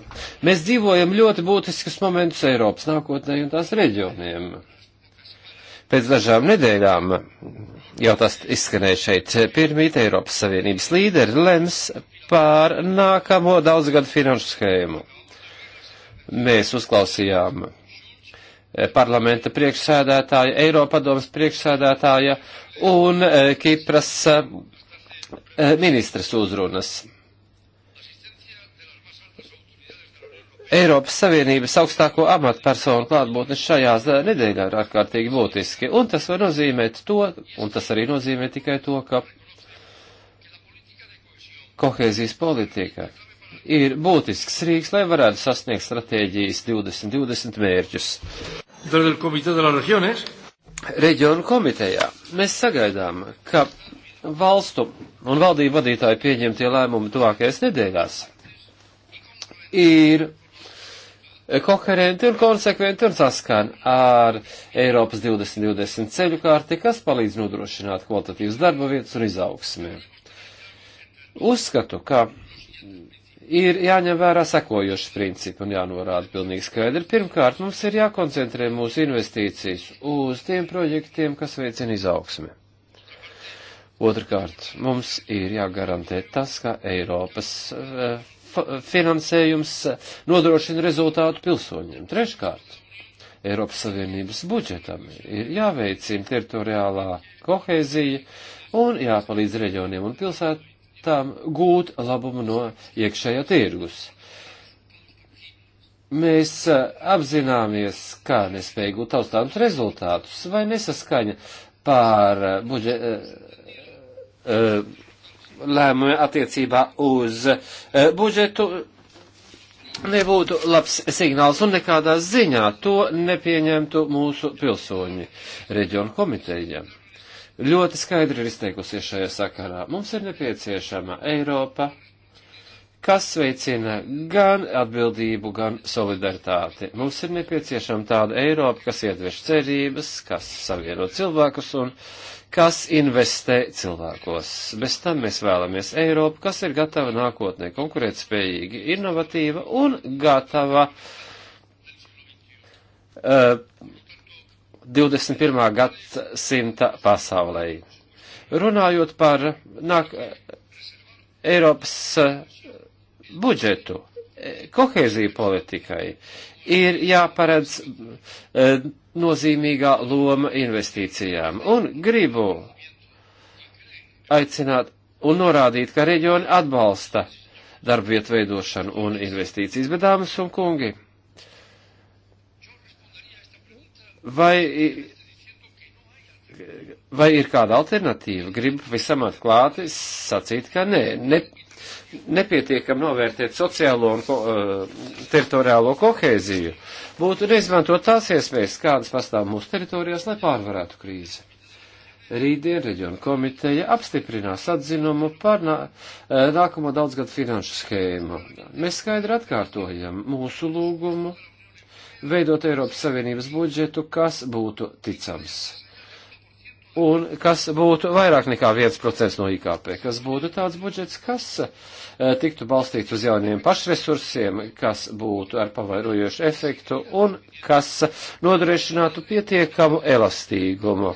Mēs dzīvojam ļoti būtiskus momentus Eiropas nākotnē un tās reģioniem pēc dažām nedēļām, jau tas izskanēja šeit, pirmīt Eiropas Savienības līderi lems pār nākamo daudzgadu finanšu schēmu. Mēs uzklausījām eh, parlamenta priekšsēdētāja, Eiropadomas priekšsēdētāja un eh, Kipras eh, ministras uzrunas Eiropas Savienības augstāko amatpersonu klātbūtne šajās nedēļā ir ārkārtīgi būtiski, un tas var nozīmēt to, un tas arī nozīmē tikai to, ka kohēzijas politika ir būtisks rīks, lai varētu sasniegt stratēģijas 2020 mērķus. Reģionu komitejā mēs sagaidām, ka valstu un valdību vadītāju pieņemtie lēmumi tuvākajās nedēļās ir koherenti un konsekventi un saskan ar Eiropas 2020 ceļu kārti, kas palīdz nodrošināt kvalitatīvas darba vietas un izaugsmē. Uzskatu, ka ir jāņem vērā sekojoši principi un jānorāda pilnīgi skaidri. Pirmkārt, mums ir jākoncentrē mūsu investīcijas uz tiem projektiem, kas veicina izaugsmi. Otrkārt, mums ir jāgarantē tas, ka Eiropas uh, finansējums nodrošina rezultātu pilsoņiem. Treškārt, Eiropas Savienības budžetam ir jāveicina teritoriālā kohēzija un jāpalīdz reģioniem un pilsētām gūt labumu no iekšējā tirgus. Mēs apzināmies, kā nespēj gūt taustāms rezultātus vai nesaskaņa pār budžetu. Uh, uh, lēmumi attiecībā uz eh, budžetu nebūtu labs signāls un nekādā ziņā to nepieņemtu mūsu pilsoņi reģionu komiteja. Ļoti skaidri ir izteikusies šajā sakarā. Mums ir nepieciešama Eiropa, kas veicina gan atbildību, gan solidaritāti. Mums ir nepieciešama tāda Eiropa, kas iedveš cerības, kas savieno cilvēkus un kas investē cilvēkos. Bez tam mēs vēlamies Eiropu, kas ir gatava nākotnē konkurētspējīgi, inovatīva un gatava uh, eh, 21. gadsimta pasaulē. Runājot par nāk, Eiropas uh, budžetu e, kohēzija politikai ir jāparedz e, nozīmīgā loma investīcijām. Un gribu aicināt un norādīt, ka reģioni atbalsta darbvietu veidošanu un investīcijas, bet dāmas un kungi, vai, vai ir kāda alternatīva? Gribu visam atklāti sacīt, ka nē, ne, nepietiekam novērtēt sociālo un ko, eh, teritoriālo kohēziju, būtu neizmantot tās iespējas, kādas pastāv mūsu teritorijās, lai pārvarētu krīzi. Rītdien reģiona komiteja apstiprinās atzinumu par nā, eh, nākamo daudzgadu finanšu schēmu. Mēs skaidri atkārtojam mūsu lūgumu veidot Eiropas Savienības budžetu, kas būtu ticams un kas būtu vairāk nekā 1% no IKP, kas būtu tāds budžets, kas eh, tiktu balstīts uz jauniem pašresursiem, kas būtu ar pavairojošu efektu un kas nodrošinātu pietiekamu elastīgumu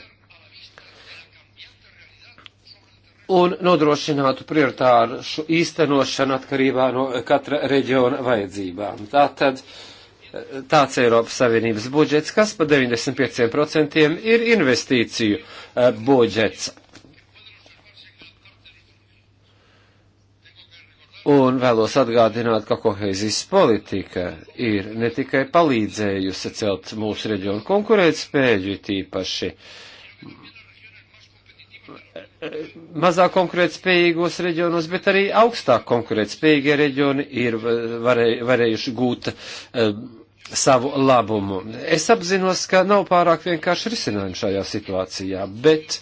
un nodrošinātu prioritāšu īstenošanu atkarībā no katra reģiona vajadzībām. Tātad uh, tāds Eiropas Savienības budžets, kas pa 95% ir investīciju eh, budžets. Un vēlos atgādināt, ka kohēzijas politika ir ne tikai palīdzējusi celt mūsu reģionu konkurētspēju, tīpaši eh, mazāk konkurētspējīgos reģionos, bet arī augstāk konkurētspējīgie reģioni ir eh, varē, varējuši gūt um, savu labumu. Es apzinos, ka nav pārāk vienkārši risinājumu šajā situācijā, bet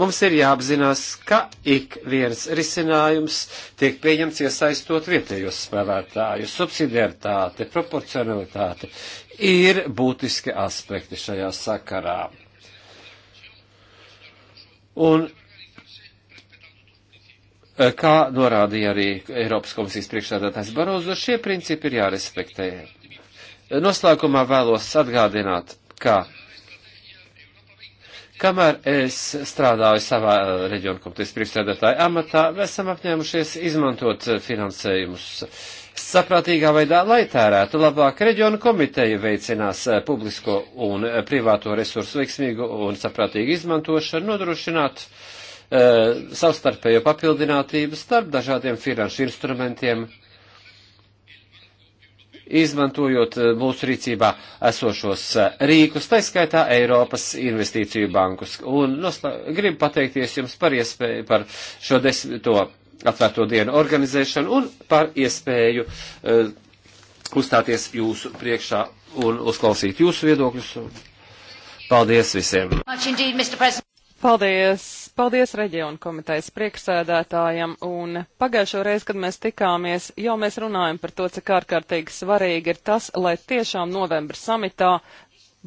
mums ir jāapzinās, ka ik viens risinājums tiek pieņemts iesaistot vietējos spēlētājus. Subsidiaritāte, proporcionalitāte ir būtiski aspekti šajā sakarā. Un e, kā norādīja arī Eiropas komisijas priekšsēdētājs Barozo, šie principi ir jārespektē. Noslēgumā vēlos atgādināt, ka Kamēr es strādāju savā eh, reģiona komitejas priekšsēdētāja amatā, esam apņēmušies izmantot eh, finansējumus saprātīgā veidā, lai tērētu labāk. Reģiona komiteja veicinās eh, publisko un privāto resursu veiksmīgu un saprātīgu izmantošanu, nodrošināt e, savstarpējo papildinātību starp dažādiem finanšu instrumentiem izmantojot eh, mūsu rīcībā esošos eh, rīkus, tā skaitā Eiropas investīciju bankus. Un nosla, gribu pateikties jums par iespēju par šo desmito atvērto dienu organizēšanu un par iespēju uh, uzstāties jūsu priekšā un uzklausīt jūsu viedokļus. Paldies visiem! Much indeed, Mr. President. Paldies! Paldies reģionu komitejas priekšsēdētājam, un pagājušo reizi, kad mēs tikāmies, jau mēs runājam par to, cik ārkārtīgi svarīgi ir tas, lai tiešām novembra samitā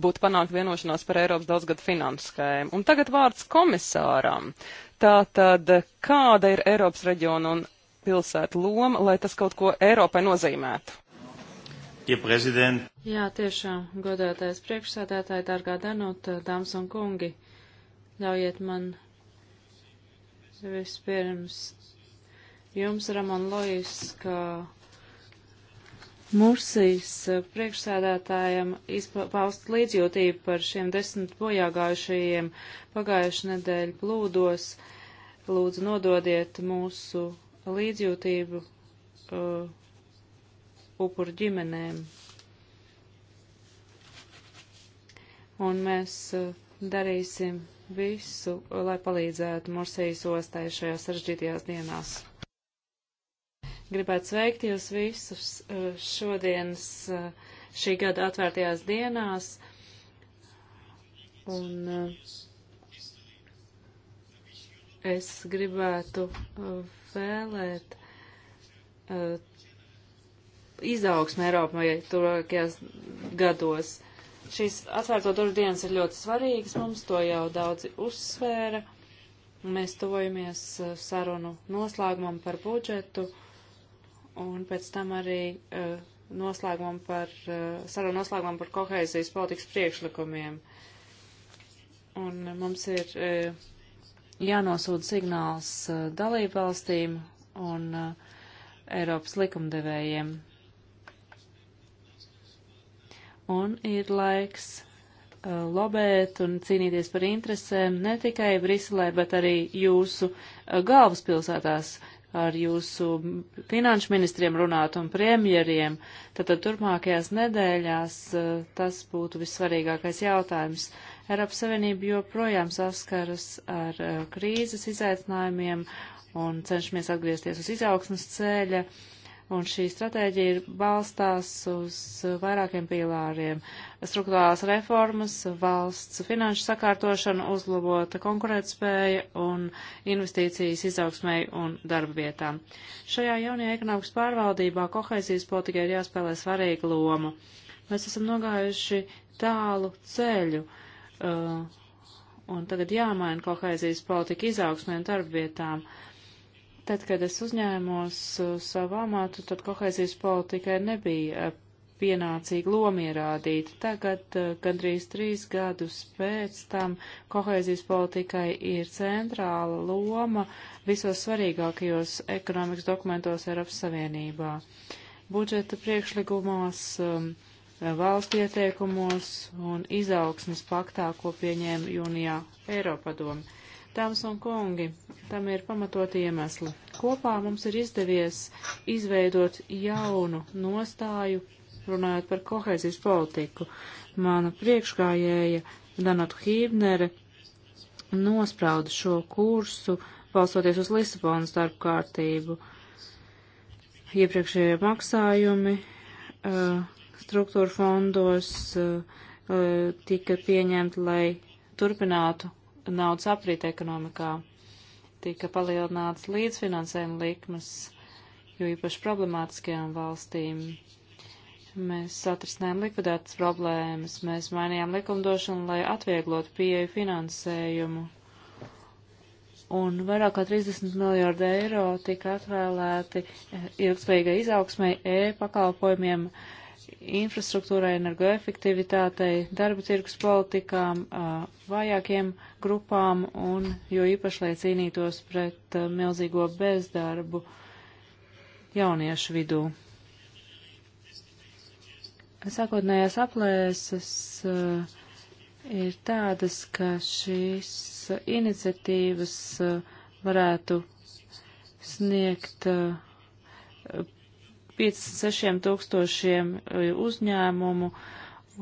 būtu panākt vienošanās par Eiropas daudzgadu finansu skēmu. Un tagad vārds komisāram. Tātad, kāda ir Eiropas reģionu un pilsētu loma, lai tas kaut ko Eiropai nozīmētu? Ja prezident. Jā, tiešām, godātais priekšsēdētāji, dārgā Danuta, dāmas un kungi. Ļaujiet man vispirms jums, Ramon Lois, kā Mursijas eh, priekšsēdētājam paust līdzjūtību par šiem desmit bojāgājušajiem pagājuši nedēļu plūdos. Lūdzu, nododiet mūsu līdzjūtību uh, upuru ģimenēm. Un mēs uh, darīsim visu, lai palīdzētu Mursijas ostai šajās sarežģītajās dienās. Gribētu sveikt jūs visus eh, šodienas eh, šī gada atvērtajās dienās. Un eh, es gribētu vēlēt izaugsmē Eiropā turākajās gados. Šīs atvērto durvju dienas ir ļoti svarīgas mums, to jau daudzi uzsvēra. Mēs tojamies uh, sarunu noslēgumam par budžetu un pēc tam arī uh, noslēgumam par, uh, sarunu noslēgumam par kohēzijas politikas priekšlikumiem. Un mums ir uh, jānosūda signāls uh, dalībvalstīm un uh, Eiropas likumdevējiem un ir laiks uh, lobēt un cīnīties par interesēm ne tikai Briselē, bet arī jūsu uh, galvaspilsētās ar jūsu finanšu ministriem runāt un premjeriem. Tātad turpmākajās nedēļās uh, tas būtu vissvarīgākais jautājums. Eiropas Savienība joprojām saskaras ar uh, krīzes izaicinājumiem un cenšamies atgriezties uz izaugsmas ceļa. Uh, Un šī stratēģija ir balstās uz vairākiem pīlāriem - struktūrālās reformas, valsts finanšu sakārtošana, uzlabota konkurētspēja un investīcijas izaugsmēji un darba vietām. Šajā jaunajā ekonomikas pārvaldībā kohēzijas politikai ir jāspēlē svarīga loma. Mēs esam nogājuši tālu ceļu. Uh, un tagad jāmaina kohēzijas politika izaugsmē un darbvietām. Uh, Tad, kad es uzņēmos uh, savu amatu, tad kohēzijas politikai nebija uh, pienācīgi lomi ierādīt. Tagad, uh, gandrīz trīs gadus pēc tam, kohēzijas politikai ir centrāla loma visos svarīgākajos ekonomikas dokumentos Eiropas Savienībā. Budžeta priekšlikumos, um, valstu ieteikumos un izaugsmas paktā, ko pieņēma jūnijā Eiropadomu. Dāmas un kungi, tam ir pamatoti iemesli. Kopā mums ir izdevies izveidot jaunu nostāju, runājot par kohēzijas politiku. Mana priekšgājēja Danota Hībnere nosprauda šo kursu, balstoties uz Lisabonas darbu kārtību. Iepriekšējie maksājumi eh, struktūra fondos eh, eh, tika pieņemti, lai turpinātu naudas aprīt ekonomikā. Tika palielināts līdzfinansējuma likmes, jo īpaši problemātiskajām valstīm. Mēs atrisinājām likvidētas problēmas, mēs mainījām likumdošanu, lai atvieglotu pieeju finansējumu. Un vairāk kā 30 miljārdi eiro tika atvēlēti ilgspējīgai izaugsmai e-pakalpojumiem. E infrastruktūrai, energoefektivitātei, darba tirgus politikām, vājākiem grupām un jo īpaši, lai cīnītos pret milzīgo bezdarbu jauniešu vidū. Sākotnējās aplēses ir tādas, ka šīs iniciatīvas varētu sniegt 5-6 tūkstošiem eh, uzņēmumu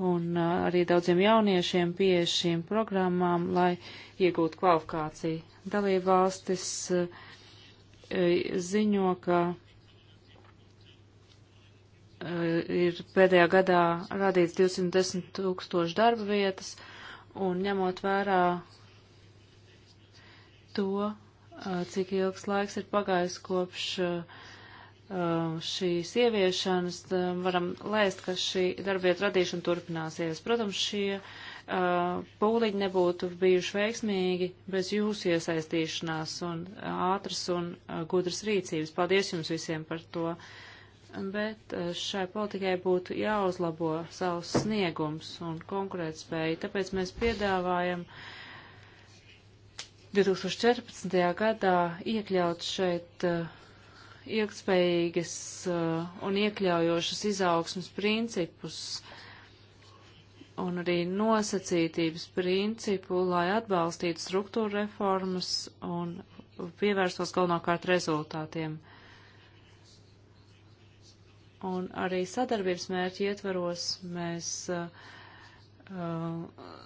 un eh, arī daudziem jauniešiem pie šīm programmām, lai iegūtu kvalifikāciju. Dalībvalstis eh, ziņo, ka ir pēdējā gadā radīts 210 tūkstoši darba vietas, un ņemot vērā to, cik ilgs laiks ir pagājis kopš uh, Uh, šīs ieviešanas, uh, varam lēst, ka šī darbvieta radīšana turpināsies. Protams, šie uh, pūliņi nebūtu bijuši veiksmīgi bez jūsu iesaistīšanās un ātras un uh, gudras rīcības. Paldies jums visiem par to. Bet uh, šai politikai būtu jāuzlabo savs sniegums un konkurētspēja. Tāpēc mēs piedāvājam 2014. gadā iekļaut šeit uh, ilgspējīgas uh, un iekļaujošas izaugsmas principus un arī nosacītības principu, lai atbalstītu struktūra reformas un pievērstos galvenokārt rezultātiem. Un arī sadarbības mērķi ietvaros mēs uh, uh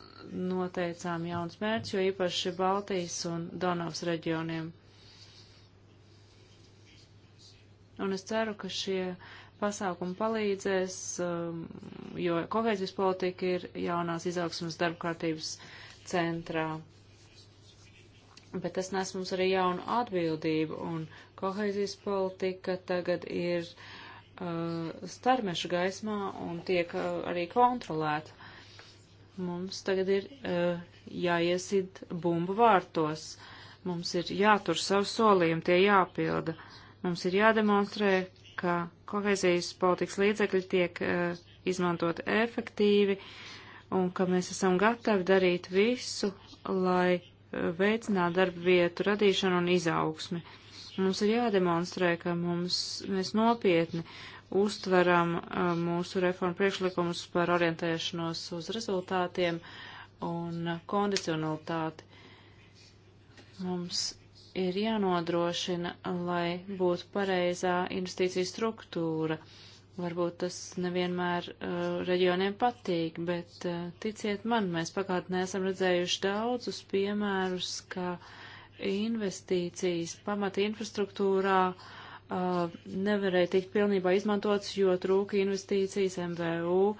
noteicām jauns mērķis, jo īpaši Baltijas un Donavas reģioniem. Un es ceru, ka šie pasākumi palīdzēs, um, jo kohēzijas politika ir jaunās izaugsmas darbkārtības centrā. Bet tas nes mums arī jaunu atbildību, un kohēzijas politika tagad ir uh, starmešu gaismā un tiek uh, arī kontrolēta. Mums tagad ir uh, jāiesid bumbu vārtos. Mums ir jātur savu solījumu, tie jāpilda. Uh, Mums ir jādemonstrē, ka kohēzijas politikas līdzekļi tiek uh, eh, izmantot efektīvi un ka mēs esam gatavi darīt visu, lai uh, veicinātu darba vietu radīšanu un izaugsmi. Mums ir jādemonstrē, ka mums, mēs nopietni uztveram uh, mūsu reformu priekšlikumus par orientēšanos uz rezultātiem un kondicionalitāti. Mums ir jānodrošina, lai būtu pareizā investīcija struktūra. Varbūt tas nevienmēr uh, reģioniem patīk, bet uh, ticiet man, mēs pagātnē esam redzējuši daudzus piemērus, ka investīcijas pamata infrastruktūrā uh, nevarēja tikt pilnībā izmantotas, jo trūka investīcijas MVU uh,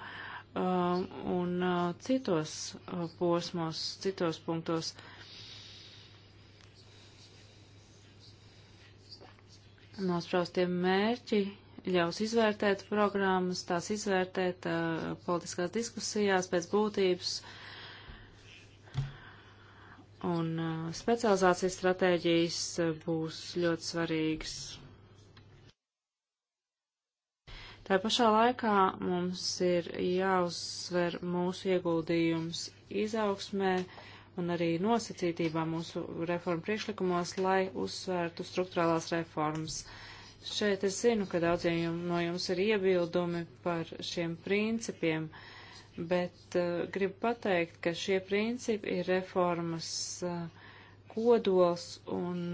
un uh, citos uh, posmos, citos punktos. Uh, Nospraustie mērķi ļaus izvērtēt programmas, tās izvērtēt uh, politiskās diskusijās pēc būtības. Un uh, specializācijas stratēģijas uh, būs ļoti svarīgas. Tā pašā laikā mums ir jāuzsver mūsu ieguldījums izaugsmē, uh, un arī nosacītībā mūsu reformu priekšlikumos, lai uzsvērtu struktūrālās reformas. Šeit es zinu, ka daudziem no jums ir iebildumi par šiem principiem, bet uh, gribu pateikt, ka šie principi ir reformas uh, kodols un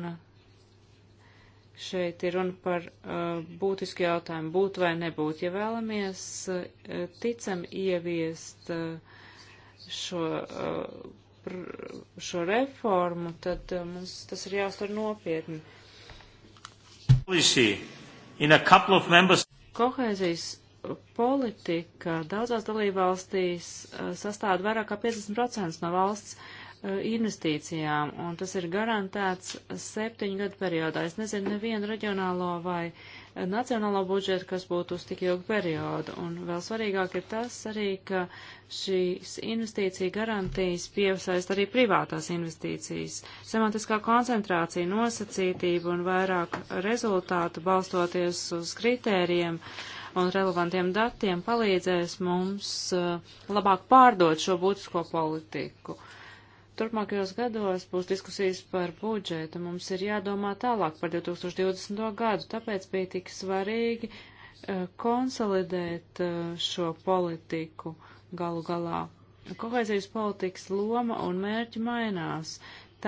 šeit ir runa par uh, būtisku jautājumu, būt vai nebūt. Ja vēlamies uh, ticam ieviest uh, šo uh, šo reformu, tad uh, mums tas ir jāuztver nopietni. Kohēzijas politika daudzās dalībvalstīs uh, sastāv vairāk kā 50% no valsts uh, investīcijām, un tas ir garantēts septiņu gadu periodā. Es nezinu nevienu reģionālo vai uh, nacionālo budžetu, kas būtu uz tik ilgu periodu. Un vēl svarīgāk ir tas arī, ka šīs investīcija garantijas piesaist arī privātās investīcijas. Semantiskā koncentrācija, nosacītība un vairāk rezultātu balstoties uz kritērijiem un relevantiem datiem palīdzēs mums eh, labāk pārdot šo būtisko politiku. Turpmākajos gados būs diskusijas par budžetu. Mums ir jādomā tālāk par 2020. gadu, tāpēc bija tik svarīgi uh, konsolidēt uh, šo politiku galu galā. Kohēzijas politikas loma un mērķi mainās.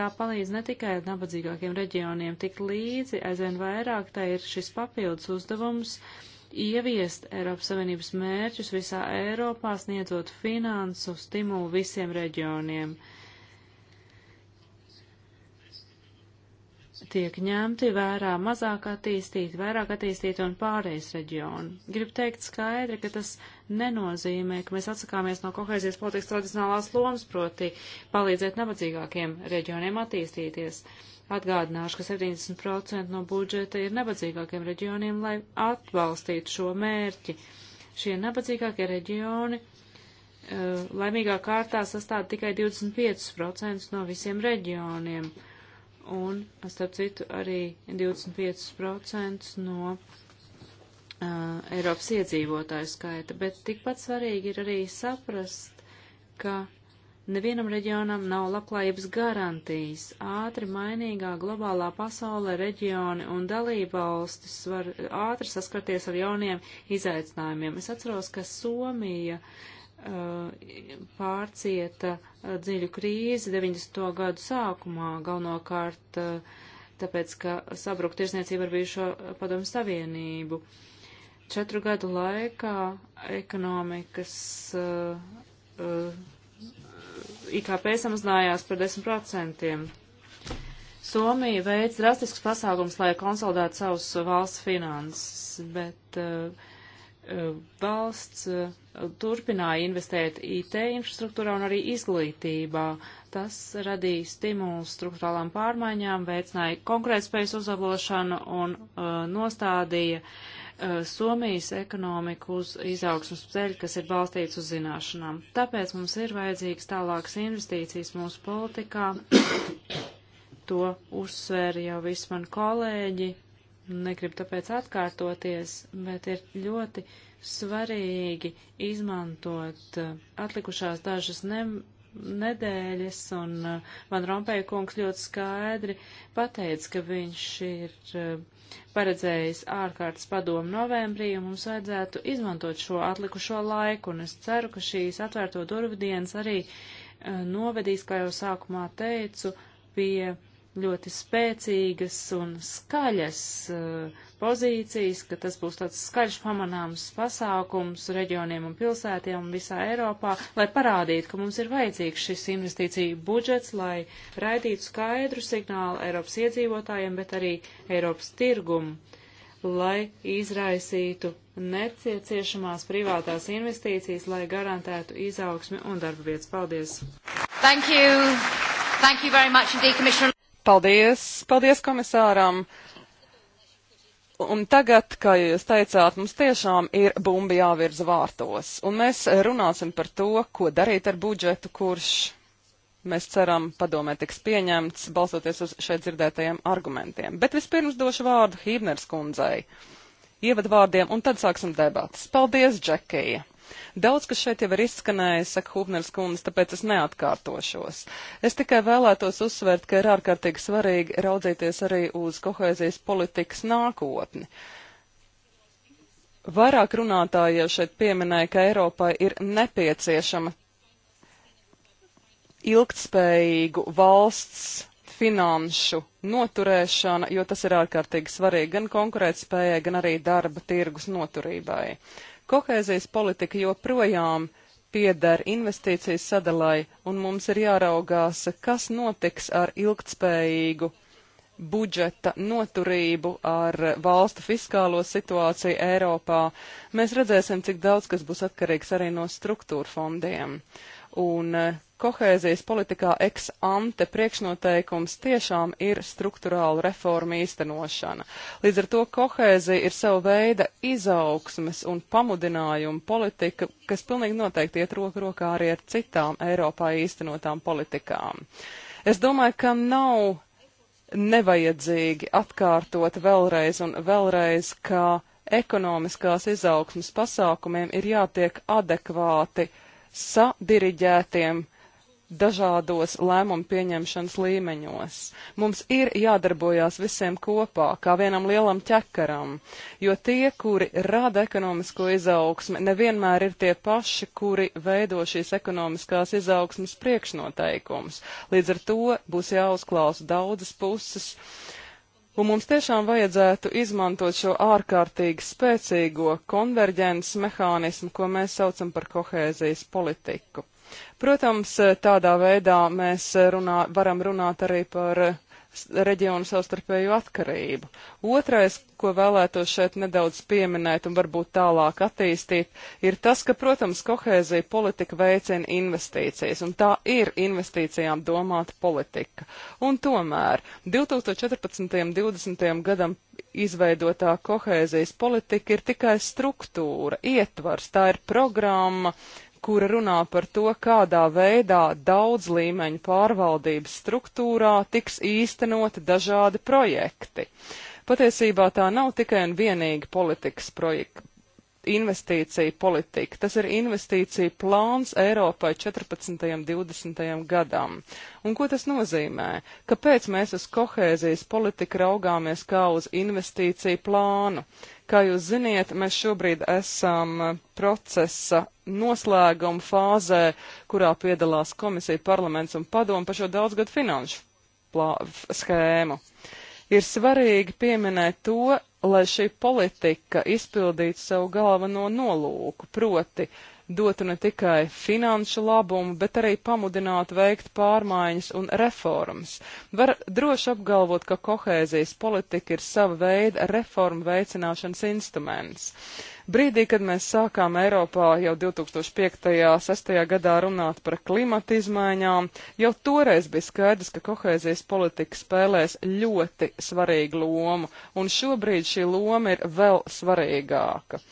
Tā palīdz ne tikai nabadzīgākiem reģioniem tikt līdzi, aizvien vairāk tā ir šis papildus uzdevums ieviest Eiropas Savienības mērķus visā Eiropā, sniedzot finansu stimulu visiem reģioniem. Uh, tiek ņemti vērā mazāk attīstīti, vairāk attīstīti un pārējais reģioni. Gribu teikt skaidri, ka tas nenozīmē, ka mēs atsakāmies no kohēzijas politikas tradicionālās lomas, proti palīdzēt nabadzīgākiem reģioniem attīstīties. Atgādināšu, ka 70% no budžeta ir nabadzīgākiem reģioniem, lai atbalstītu šo mērķi. Šie nabadzīgākie reģioni eh, laimīgā kārtā sastāv tikai 25% no visiem reģioniem. Uh, un, starp citu, arī 25% no uh, Eiropas iedzīvotāju skaita. Bet tikpat svarīgi ir arī saprast, ka nevienam reģionam nav labklājības garantijas. Ātri mainīgā globālā pasaulē reģioni un dalībvalstis var ātri saskarties ar jauniem izaicinājumiem. Es atceros, ka Somija uh, Uh, pārcieta uh, dziļu krīzi 90. gadu sākumā, galvenokārt uh, tāpēc, ka sabruka tirsniecība ar bijušo padomu savienību. Četru gadu laikā ekonomikas uh, uh, IKP samazinājās par 10%. Somija veids drastisks pasākums, lai konsolidētu savus valsts finanses, bet uh, valsts. Uh, turpināja investēt IT infrastruktūrā un arī izglītībā. Tas radīja stimulu struktūrālām pārmaiņām, veicināja konkurētspējas uzlabošanu un uh, nostādīja uh, Somijas ekonomiku uz izaugsmas ceļu, kas ir balstīts uz zināšanām. Tāpēc mums ir vajadzīgs tālākas investīcijas mūsu politikā. to uzsvēra jau visi mani kolēģi negribu tāpēc atkārtoties, bet ir ļoti svarīgi izmantot eh, atlikušās dažas ne, nedēļas, un eh, Van Rompēja kungs ļoti skaidri pateica, ka viņš ir eh, paredzējis ārkārtas padomu novembrī, un mums vajadzētu izmantot šo atlikušo laiku, un es ceru, ka šīs atvērto durvdienas arī novedīs, kā jau sākumā teicu, pie uh, ļoti spēcīgas un skaļas uh, pozīcijas, ka tas būs tāds skaļš pamanāms pasākums reģioniem un pilsētiem un visā Eiropā, lai parādītu, ka mums ir vajadzīgs šis investīciju budžets, lai raidītu skaidru signālu Eiropas iedzīvotājiem, bet arī Eiropas tirgumu, lai izraisītu neciešamās privātās investīcijas, lai garantētu izaugsmi un darba vietas. Paldies! Thank you. Thank you very much indeed, Commissioner. Paldies, paldies komisāram. Un tagad, kā jūs teicāt, mums tiešām ir bumbi jāvirza vārtos. Un mēs runāsim par to, ko darīt ar budžetu, kurš, mēs ceram, padomē tiks pieņemts, balsoties uz šeit dzirdētajiem argumentiem. Bet vispirms došu vārdu Hībners kundzei ievadvārdiem, un tad sāksim debatas. Paldies, Džekija! Daudz, kas šeit jau ir izskanējis, saka Hubners kundze, tāpēc es neatkārtošos. Es tikai vēlētos uzsvērt, ka ir ārkārtīgi svarīgi raudzīties arī uz kohēzijas politikas nākotni. Vairāk runātāji jau šeit pieminēja, ka Eiropai ir nepieciešama ilgtspējīgu valsts finanšu noturēšana, jo tas ir ārkārtīgi svarīgi gan konkurētspējai, gan arī darba tirgus noturībai. Kohēzijas politika joprojām pieder investīcijas sadalai, un mums ir jāraugās, kas notiks ar ilgtspējīgu budžeta noturību, ar valstu fiskālo situāciju Eiropā. Mēs redzēsim, cik daudz kas būs atkarīgs arī no struktūra fondiem. Un kohēzijas politikā ex ante priekšnoteikums tiešām ir struktūrāla reforma īstenošana. Līdz ar to kohēzija ir sava veida izaugsmes un pamudinājuma politika, kas pilnīgi noteikti iet roku rokā arī ar citām Eiropā īstenotām politikām. Es domāju, ka nav nevajadzīgi atkārtot vēlreiz un vēlreiz, ka ekonomiskās izaugsmas pasākumiem ir jātiek adekvāti sadiriģētiem dažādos lēmumu pieņemšanas līmeņos. Mums ir jādarbojās visiem kopā, kā vienam lielam ķekaram, jo tie, kuri rada ekonomisko izaugsmi, nevienmēr ir tie paši, kuri veido šīs ekonomiskās izaugsmas priekšnoteikums. Līdz ar to būs jāuzklausa daudzas puses. Un mums tiešām vajadzētu izmantot šo ārkārtīgi spēcīgo konverģences mehānismu, ko mēs saucam par kohēzijas politiku. Protams, eh, tādā veidā mēs eh, runā, varam runāt arī par eh, reģionu savstarpēju atkarību. Otrais, ko vēlētos šeit nedaudz pieminēt un varbūt tālāk attīstīt, ir tas, ka, protams, kohēzija politika veicina investīcijas, un tā ir investīcijām domāta politika. Un tomēr 2014. un 2020. gadam izveidotā kohēzijas politika ir tikai struktūra, ietvars, tā ir programma, kura runā par to, kādā veidā daudz līmeņu pārvaldības struktūrā tiks īstenoti dažādi projekti. Patiesībā tā nav tikai un vienīgi politikas projek investīcija politika. Tas ir investīcija plāns Eiropai 14. un 20. gadam. Un ko tas nozīmē? Kāpēc mēs uz kohēzijas politiku raugāmies kā uz investīciju plānu? Kā jūs ziniet, mēs šobrīd esam procesa noslēguma fāzē, kurā piedalās komisija, parlaments un padomu par šo daudzgadu finanšu schēmu. Ir svarīgi pieminēt to, lai šī politika izpildītu savu galveno nolūku, proti dotu ne tikai finanšu labumu, bet arī pamudinātu veikt pārmaiņas un reformas. Var droši apgalvot, ka kohēzijas politika ir sava veida reformu veicināšanas instruments. Uh, Brīdī, kad mēs sākām Eiropā jau 2005.-2006. gadā runāt par klimata izmaiņām, jau toreiz bija skaidrs, ka kohēzijas politika spēlēs ļoti svarīgu lomu, un šobrīd šī loma ir vēl svarīgāka.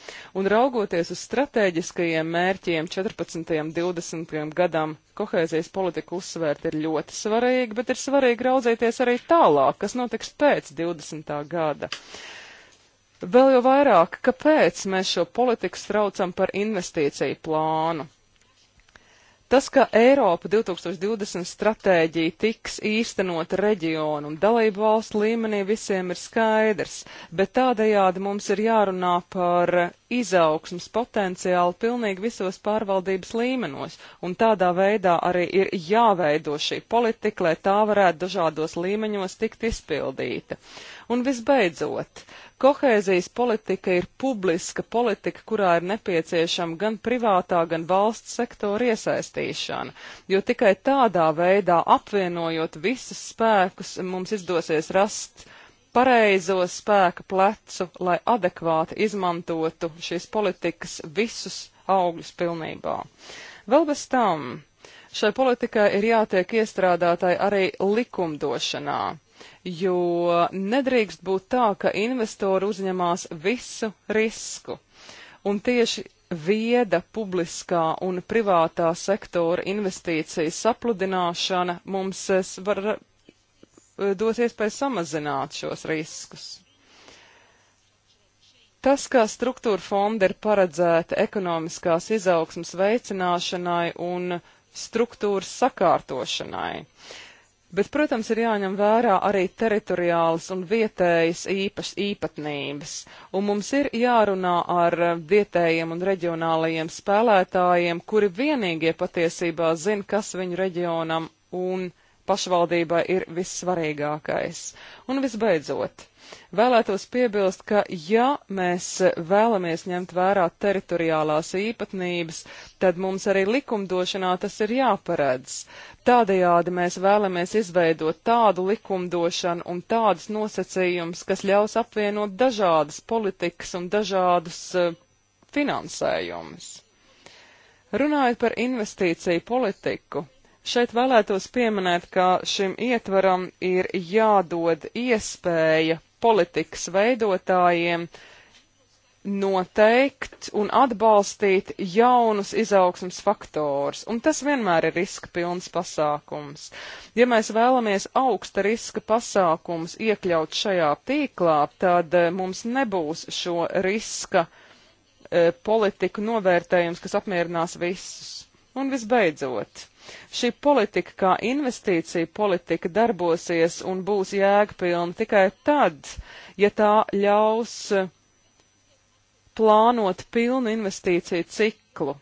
Un raugoties uz strateģiskajiem mērķiem 14. un 20. gadam, kohēzijas politika uzsvērt ir ļoti svarīga, bet ir svarīgi raudzīties arī tālāk, kas notiks pēc 20. gada. Vēl jau vairāk, kāpēc mēs šo politiku straucam par investīciju plānu? Tas, ka Eiropa 2020 stratēģija tiks īstenota reģionu un dalību valstu līmenī visiem ir skaidrs, bet tādējādi mums ir jārunā par izaugsmas potenciālu pilnīgi visos pārvaldības līmenos, un tādā veidā arī ir jāveido šī politika, lai tā varētu dažādos līmeņos tikt izpildīta. Un visbeidzot, kohēzijas politika ir publiska politika, kurā ir nepieciešama gan privātā, gan valsts sektora iesaistīšana, jo tikai tādā veidā apvienojot visus spēkus mums izdosies rast pareizo spēka plecu, lai adekvāti izmantotu šīs politikas visus augļus pilnībā. Vēl bez tam šai politikai ir jātiek iestrādātai arī likumdošanā jo nedrīkst būt tā, ka investori uzņemās visu risku. Un tieši vieda publiskā un privātā sektora investīcija sapludināšana mums var eh, dot iespēju samazināt šos riskus. Tas, kā struktūra fonda ir paredzēta ekonomiskās izaugsmas veicināšanai un struktūras sakārtošanai. Bet, protams, ir jāņem vērā arī teritoriālas un vietējas īpas īpatnības, un mums ir jārunā ar vietējiem un reģionālajiem spēlētājiem, kuri vienīgie patiesībā zina, kas viņu reģionam un pašvaldībai ir vissvarīgākais. Un visbeidzot, Vēlētos piebilst, ka ja mēs vēlamies ņemt vērā teritoriālās īpatnības, tad mums arī likumdošanā tas ir jāparedz. Tādējādi mēs vēlamies izveidot tādu likumdošanu un tādus nosacījumus, kas ļaus apvienot dažādas politikas un dažādus uh, finansējumus. Runājot par investīciju politiku, šeit vēlētos pieminēt, ka šim ietvaram ir jādod iespēja politikas veidotājiem noteikt un atbalstīt jaunus izaugsmas faktors, un tas vienmēr ir riska pilns pasākums. Ja mēs vēlamies augsta riska pasākums iekļaut šajā tīklā, tad eh, mums nebūs šo riska e, politiku novērtējums, kas apmierinās visus. Un visbeidzot, šī politika kā investīcija politika darbosies un būs jēgpilna tikai tad, ja tā ļaus plānot pilnu investīciju ciklu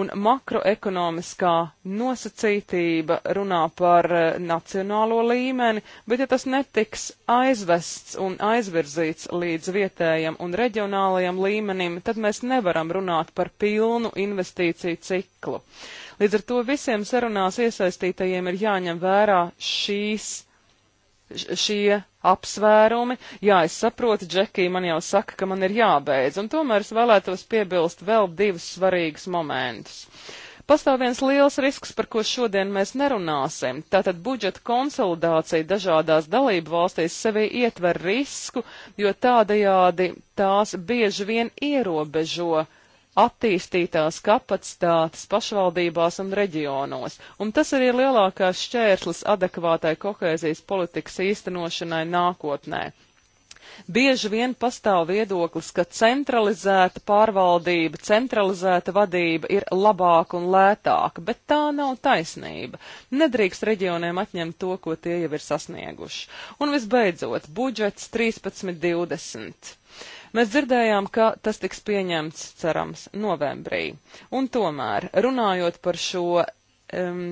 un makroekonomiskā nosacītība runā par eh, nacionālo līmeni, bet ja tas netiks aizvests un aizvirzīts līdz vietējam un reģionālajam līmenim, tad mēs nevaram runāt par pilnu investīciju ciklu. Līdz ar to visiem sarunās iesaistītajiem ir jāņem vērā šīs šie apsvērumi. Jā, es saprotu, Džekija man jau saka, ka man ir jābeidz, un tomēr es vēlētos piebilst vēl divus svarīgus momentus. Pastāv viens liels risks, par ko šodien mēs nerunāsim. Tātad budžeta konsolidācija dažādās dalību valstīs sevi ietver risku, jo tādajādi tās bieži vien ierobežo uh, attīstītās kapacitātes pašvaldībās un reģionos, un tas arī ir lielākās šķērslis adekvātai kohēzijas politikas īstenošanai nākotnē. Bieži vien pastāv viedoklis, ka centralizēta pārvaldība, centralizēta vadība ir labāka un lētāka, bet tā nav taisnība. Nedrīkst reģioniem atņemt to, ko tie jau ir sasnieguši. Un visbeidzot, budžets 1320. Mēs dzirdējām, ka tas tiks pieņemts, cerams, novembrī. Un tomēr, runājot par šo um,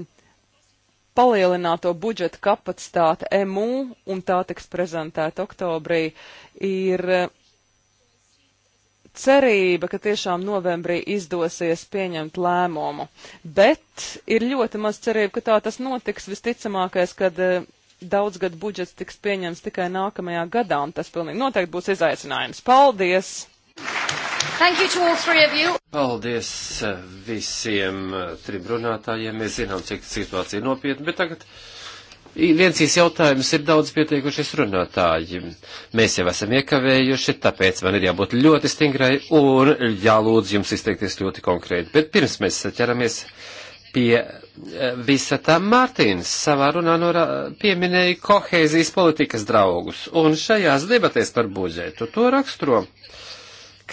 palielināto budžeta kapacitāti EMU, un tā tiks prezentēta oktobrī, ir cerība, ka tiešām novembrī izdosies pieņemt lēmumu, bet ir ļoti maz cerība, ka tā tas notiks visticamākais, kad daudzgad budžets tiks pieņems tikai nākamajā gadā, un tas pilnīgi noteikti būs izaicinājums. Paldies! Paldies eh, visiem eh, trim runātājiem. Mēs zinām, cik situācija ir nopietna, bet tagad viens īs jautājums ir daudz pieteikušies runātāji. Mēs jau esam iekavējuši, tāpēc man ir jābūt ļoti stingrai un jālūdz jums izteikties ļoti konkrēti. Bet pirms mēs ķeramies pie eh, visa tam Mārtiņš savā runā norā, pieminēja kohēzijas politikas draugus, un šajās debatēs par budžetu to raksturo,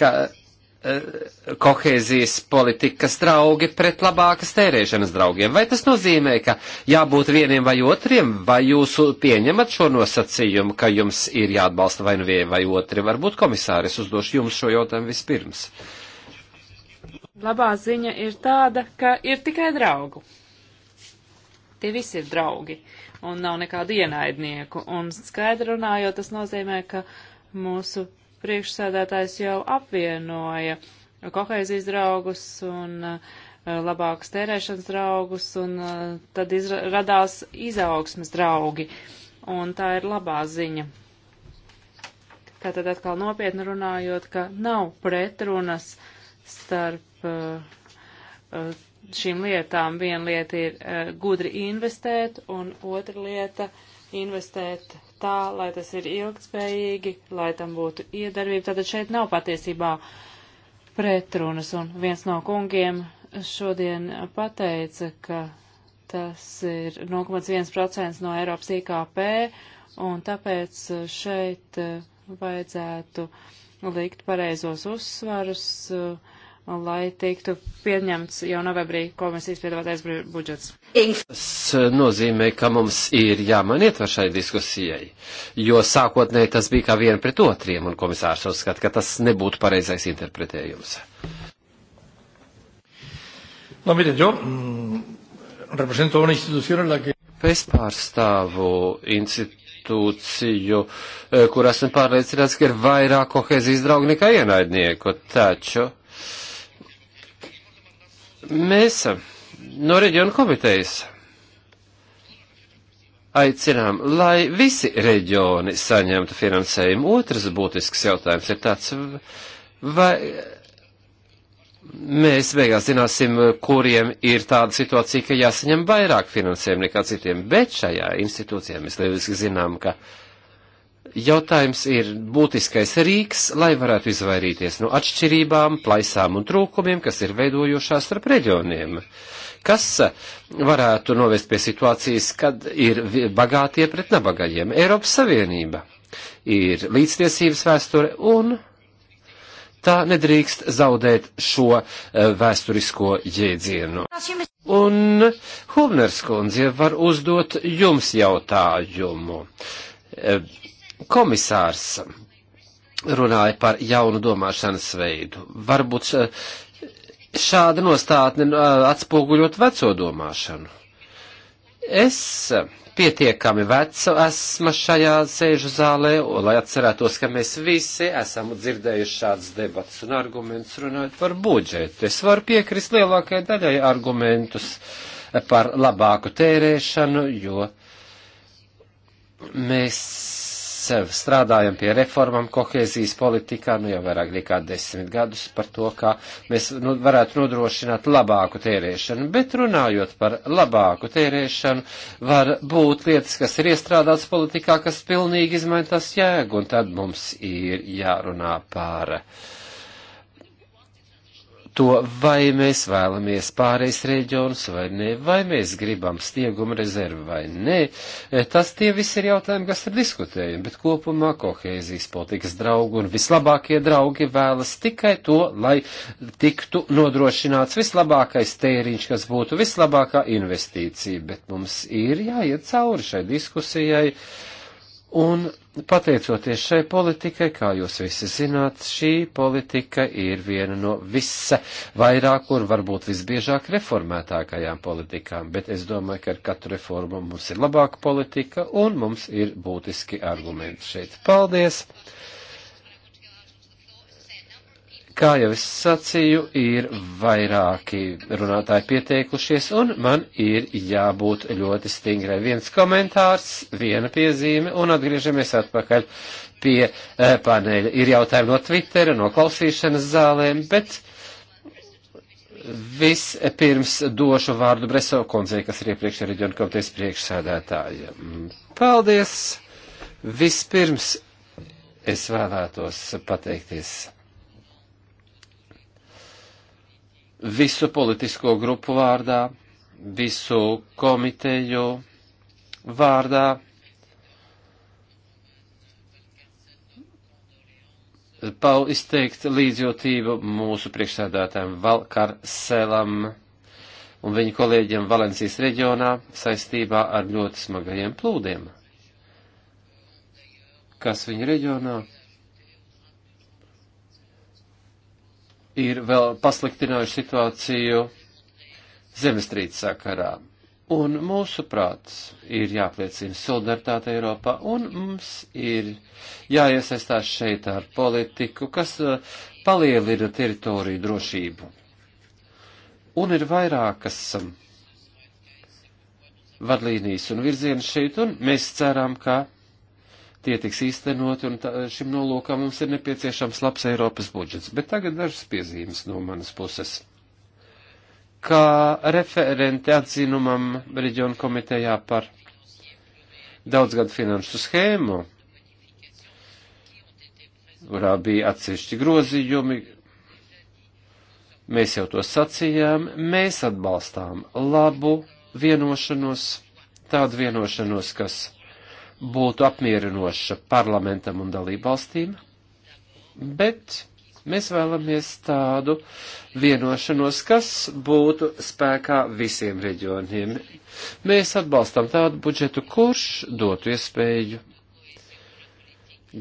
ka eh, kohēzijas politikas draugi pret labākas tērēšanas draugiem. Vai tas nozīmē, ka jābūt vieniem vai otriem, vai jūs pieņemat šo nosacījumu, ka jums ir jāatbalsta vai nu vieni vai otri? Varbūt komisāris uzdošu jums šo jautājumu vispirms. Uh, labā ziņa ir tāda, ka ir tikai draugu. Tie visi ir draugi un nav nekādu ienaidnieku. Un skaidri runājot, tas nozīmē, ka mūsu priekšsēdētājs jau apvienoja kohēzijas draugus un uh, labākus tērēšanas draugus, un uh, tad izra radās izaugsmes draugi. Un tā ir labā ziņa. Tātad atkal nopietni runājot, ka nav pretrunas starp eh, eh, šīm lietām. Viena lieta ir eh, gudri investēt, un otra lieta - investēt tā, lai tas ir ilgtspējīgi, lai tam būtu iedarbība. Tātad šeit nav patiesībā pretrunas, un viens no kungiem šodien pateica, ka tas ir 0,1% no Eiropas IKP, un tāpēc šeit vajadzētu likt pareizos uzsvarus, uh, lai tiktu pieņemts jau novembrī komisijas piedāvātais budžets. Tas eh, nozīmē, ka mums ir jāman ietver šai diskusijai, jo sākotnēji tas bija kā viena pret otriem, un komisārs uzskata, ka tas nebūtu pareizais interpretējums. No, mire, yo mm, represento una institución en la que... Es pārstāvu institūciju, eh, kur esmu pārliecināts, ka ir vairāk kohēzijas draugu nekā ienaidnieku, taču Mēs uh, no reģiona komitejas aicinām, lai visi reģioni saņemtu finansējumu. Otrs būtisks jautājums ir tāds, vai mēs beigās zināsim, kuriem ir tāda situācija, ka jāsaņem vairāk finansējumu nekā citiem, bet šajā institūcijā mēs lieliski zinām, ka uh, Jautājums ir būtiskais rīks, lai varētu izvairīties no atšķirībām, plaisām un trūkumiem, kas ir veidojušās starp reģioniem. Kas varētu novest pie situācijas, kad ir bagātie pret nabagajiem? Eiropas Savienība ir līdztiesības vēsture un tā nedrīkst zaudēt šo eh, vēsturisko jēdzienu. Un Hubners kundze var uzdot jums jautājumu eh, Komisārs runāja par jaunu domāšanas veidu. Varbūt eh, šāda nostātne eh, atspoguļot veco domāšanu. Es eh, pietiekami veca esmu šajā sēžu zālē, un, lai atcerētos, ka mēs visi esam dzirdējuši šādas debatas un argumentus runājot par budžetu. Es varu piekrist lielākajai daļai argumentus par labāku tērēšanu, jo mēs strādājam pie reformām kohēzijas politikā, nu jau vairāk nekā desmit gadus par to, kā mēs nu, varētu nodrošināt labāku tērēšanu, bet runājot par labāku tērēšanu, var būt lietas, kas ir iestrādāts politikā, kas pilnīgi izmaina tās jēgu, un tad mums ir jārunā pār. Uh, to, vai mēs vēlamies pārējais reģionus vai nē, vai mēs gribam snieguma rezervi vai nē. E, tas tie visi ir jautājumi, kas ir diskutējumi, bet kopumā kohēzijas politikas draugi un vislabākie draugi vēlas tikai to, lai tiktu nodrošināts vislabākais tēriņš, kas būtu vislabākā investīcija, bet mums ir jāiet cauri šai diskusijai un Pateicoties šai politikai, kā jūs visi zināt, šī politika ir viena no visa vairāk un varbūt visbiežāk reformētākajām politikām, bet es domāju, ka ar katru reformu mums ir labāka politika un mums ir būtiski argumenti šeit. Paldies! Kā jau es sacīju, ir vairāki runātāji pieteikušies, un man ir jābūt ļoti stingrai. Viens komentārs, viena piezīme, un atgriežamies atpakaļ pie e, paneļa. Ir jautājumi no Twittera, no klausīšanas zālēm, bet vispirms došu vārdu Breso kundzei, kas ir iepriekš reģionu komitejas priekšsēdētājiem. Paldies! Vispirms es vēlētos pateikties visu politisko grupu vārdā, visu komiteju vārdā. Pau izteikt līdzjūtību mūsu priekšsēdētājiem Valkar Selam un viņu kolēģiem Valencijas reģionā saistībā ar ļoti smagajiem plūdiem, kas viņa reģionā ir vēl pasliktinājuši situāciju zemestrīces sakarā. Un mūsu prāts ir jāpliecina solidaritāte Eiropā, un mums ir jāiesaistās šeit ar politiku, kas uh, palielina teritoriju drošību. Un ir vairākas um, vadlīnijas un virzienas šeit, un mēs ceram, ka tie tiks īstenoti, un tā, šim nolūkam mums ir nepieciešams labs Eiropas budžets. Bet tagad dažas piezīmes no manas puses. Kā referente atzinumam reģionu komitejā par daudzgadu finanšu schēmu, kurā bija atsevišķi grozījumi, mēs jau to sacījām, mēs atbalstām labu vienošanos, tādu vienošanos, kas būtu apmierinoša parlamentam un dalībvalstīm, bet mēs vēlamies tādu vienošanos, kas būtu spēkā visiem reģioniem. Mēs atbalstam tādu budžetu, kurš dotu iespēju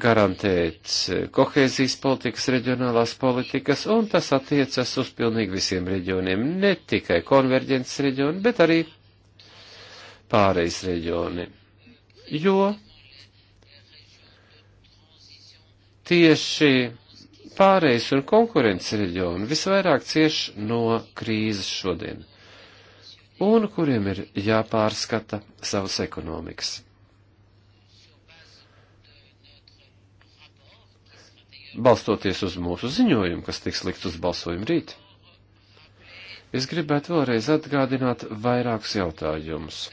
garantēt kohēzijas politikas, reģionālās politikas, un tas attiecas uz pilnīgi visiem reģioniem, ne tikai konverģences reģioni, bet arī pārējais reģioni jo tieši pārējais un konkurences reģioni visvairāk cieš no krīzes šodien, un kuriem ir jāpārskata savas ekonomikas. Balstoties uz mūsu ziņojumu, kas tiks likt uz balsojumu rīt, es gribētu vēlreiz atgādināt vairākus jautājumus.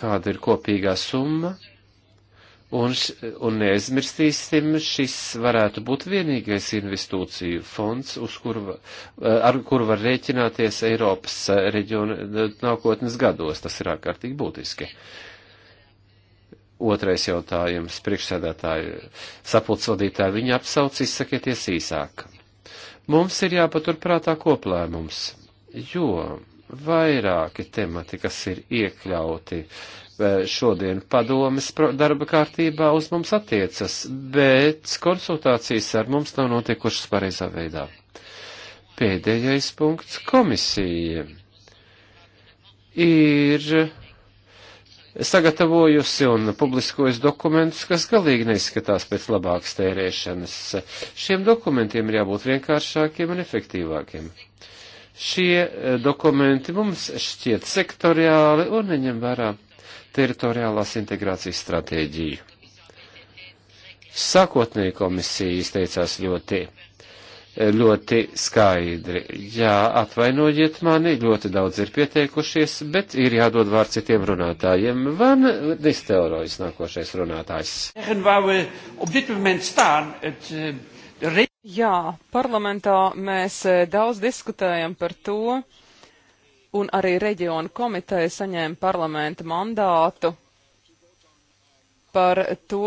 kāda ir kopīgā summa, un, un neaizmirstīsim, šis varētu būt vienīgais investīciju fonds, uz kuru, ar kuru var rēķināties Eiropas eh, reģiona eh, nākotnes gados. Tas ir ārkārtīgi būtiski. Otrais jautājums priekšsēdētāju sapulcvadītāju. Viņa apsauc, izsakieties īsāk. Mums ir jāpaturprātā koplēmums, jo vairāki temati, kas ir iekļauti e, šodien padomes darba kārtībā uz mums attiecas, bet konsultācijas ar mums nav notiekušas pareizā veidā. Pēdējais punkts - komisija. Ir sagatavojusi un publiskojusi dokumentus, kas galīgi neizskatās pēc labākas tērēšanas. Šiem dokumentiem ir jābūt vienkāršākiem un efektīvākiem. Šie e, dokumenti mums šķiet sektoriāli un neņem vērā teritoriālās integrācijas stratēģiju. Sākotnēji komisija izteicās ļoti e, ļoti skaidri. Jā, atvainojiet mani, ļoti daudz ir pieteikušies, bet ir jādod vārds citiem runātājiem. Van Nistelrojas nākošais runātājs. Jā, parlamentā mēs e, daudz diskutējam par to, un arī reģiona komiteja saņēma parlamenta mandātu par to,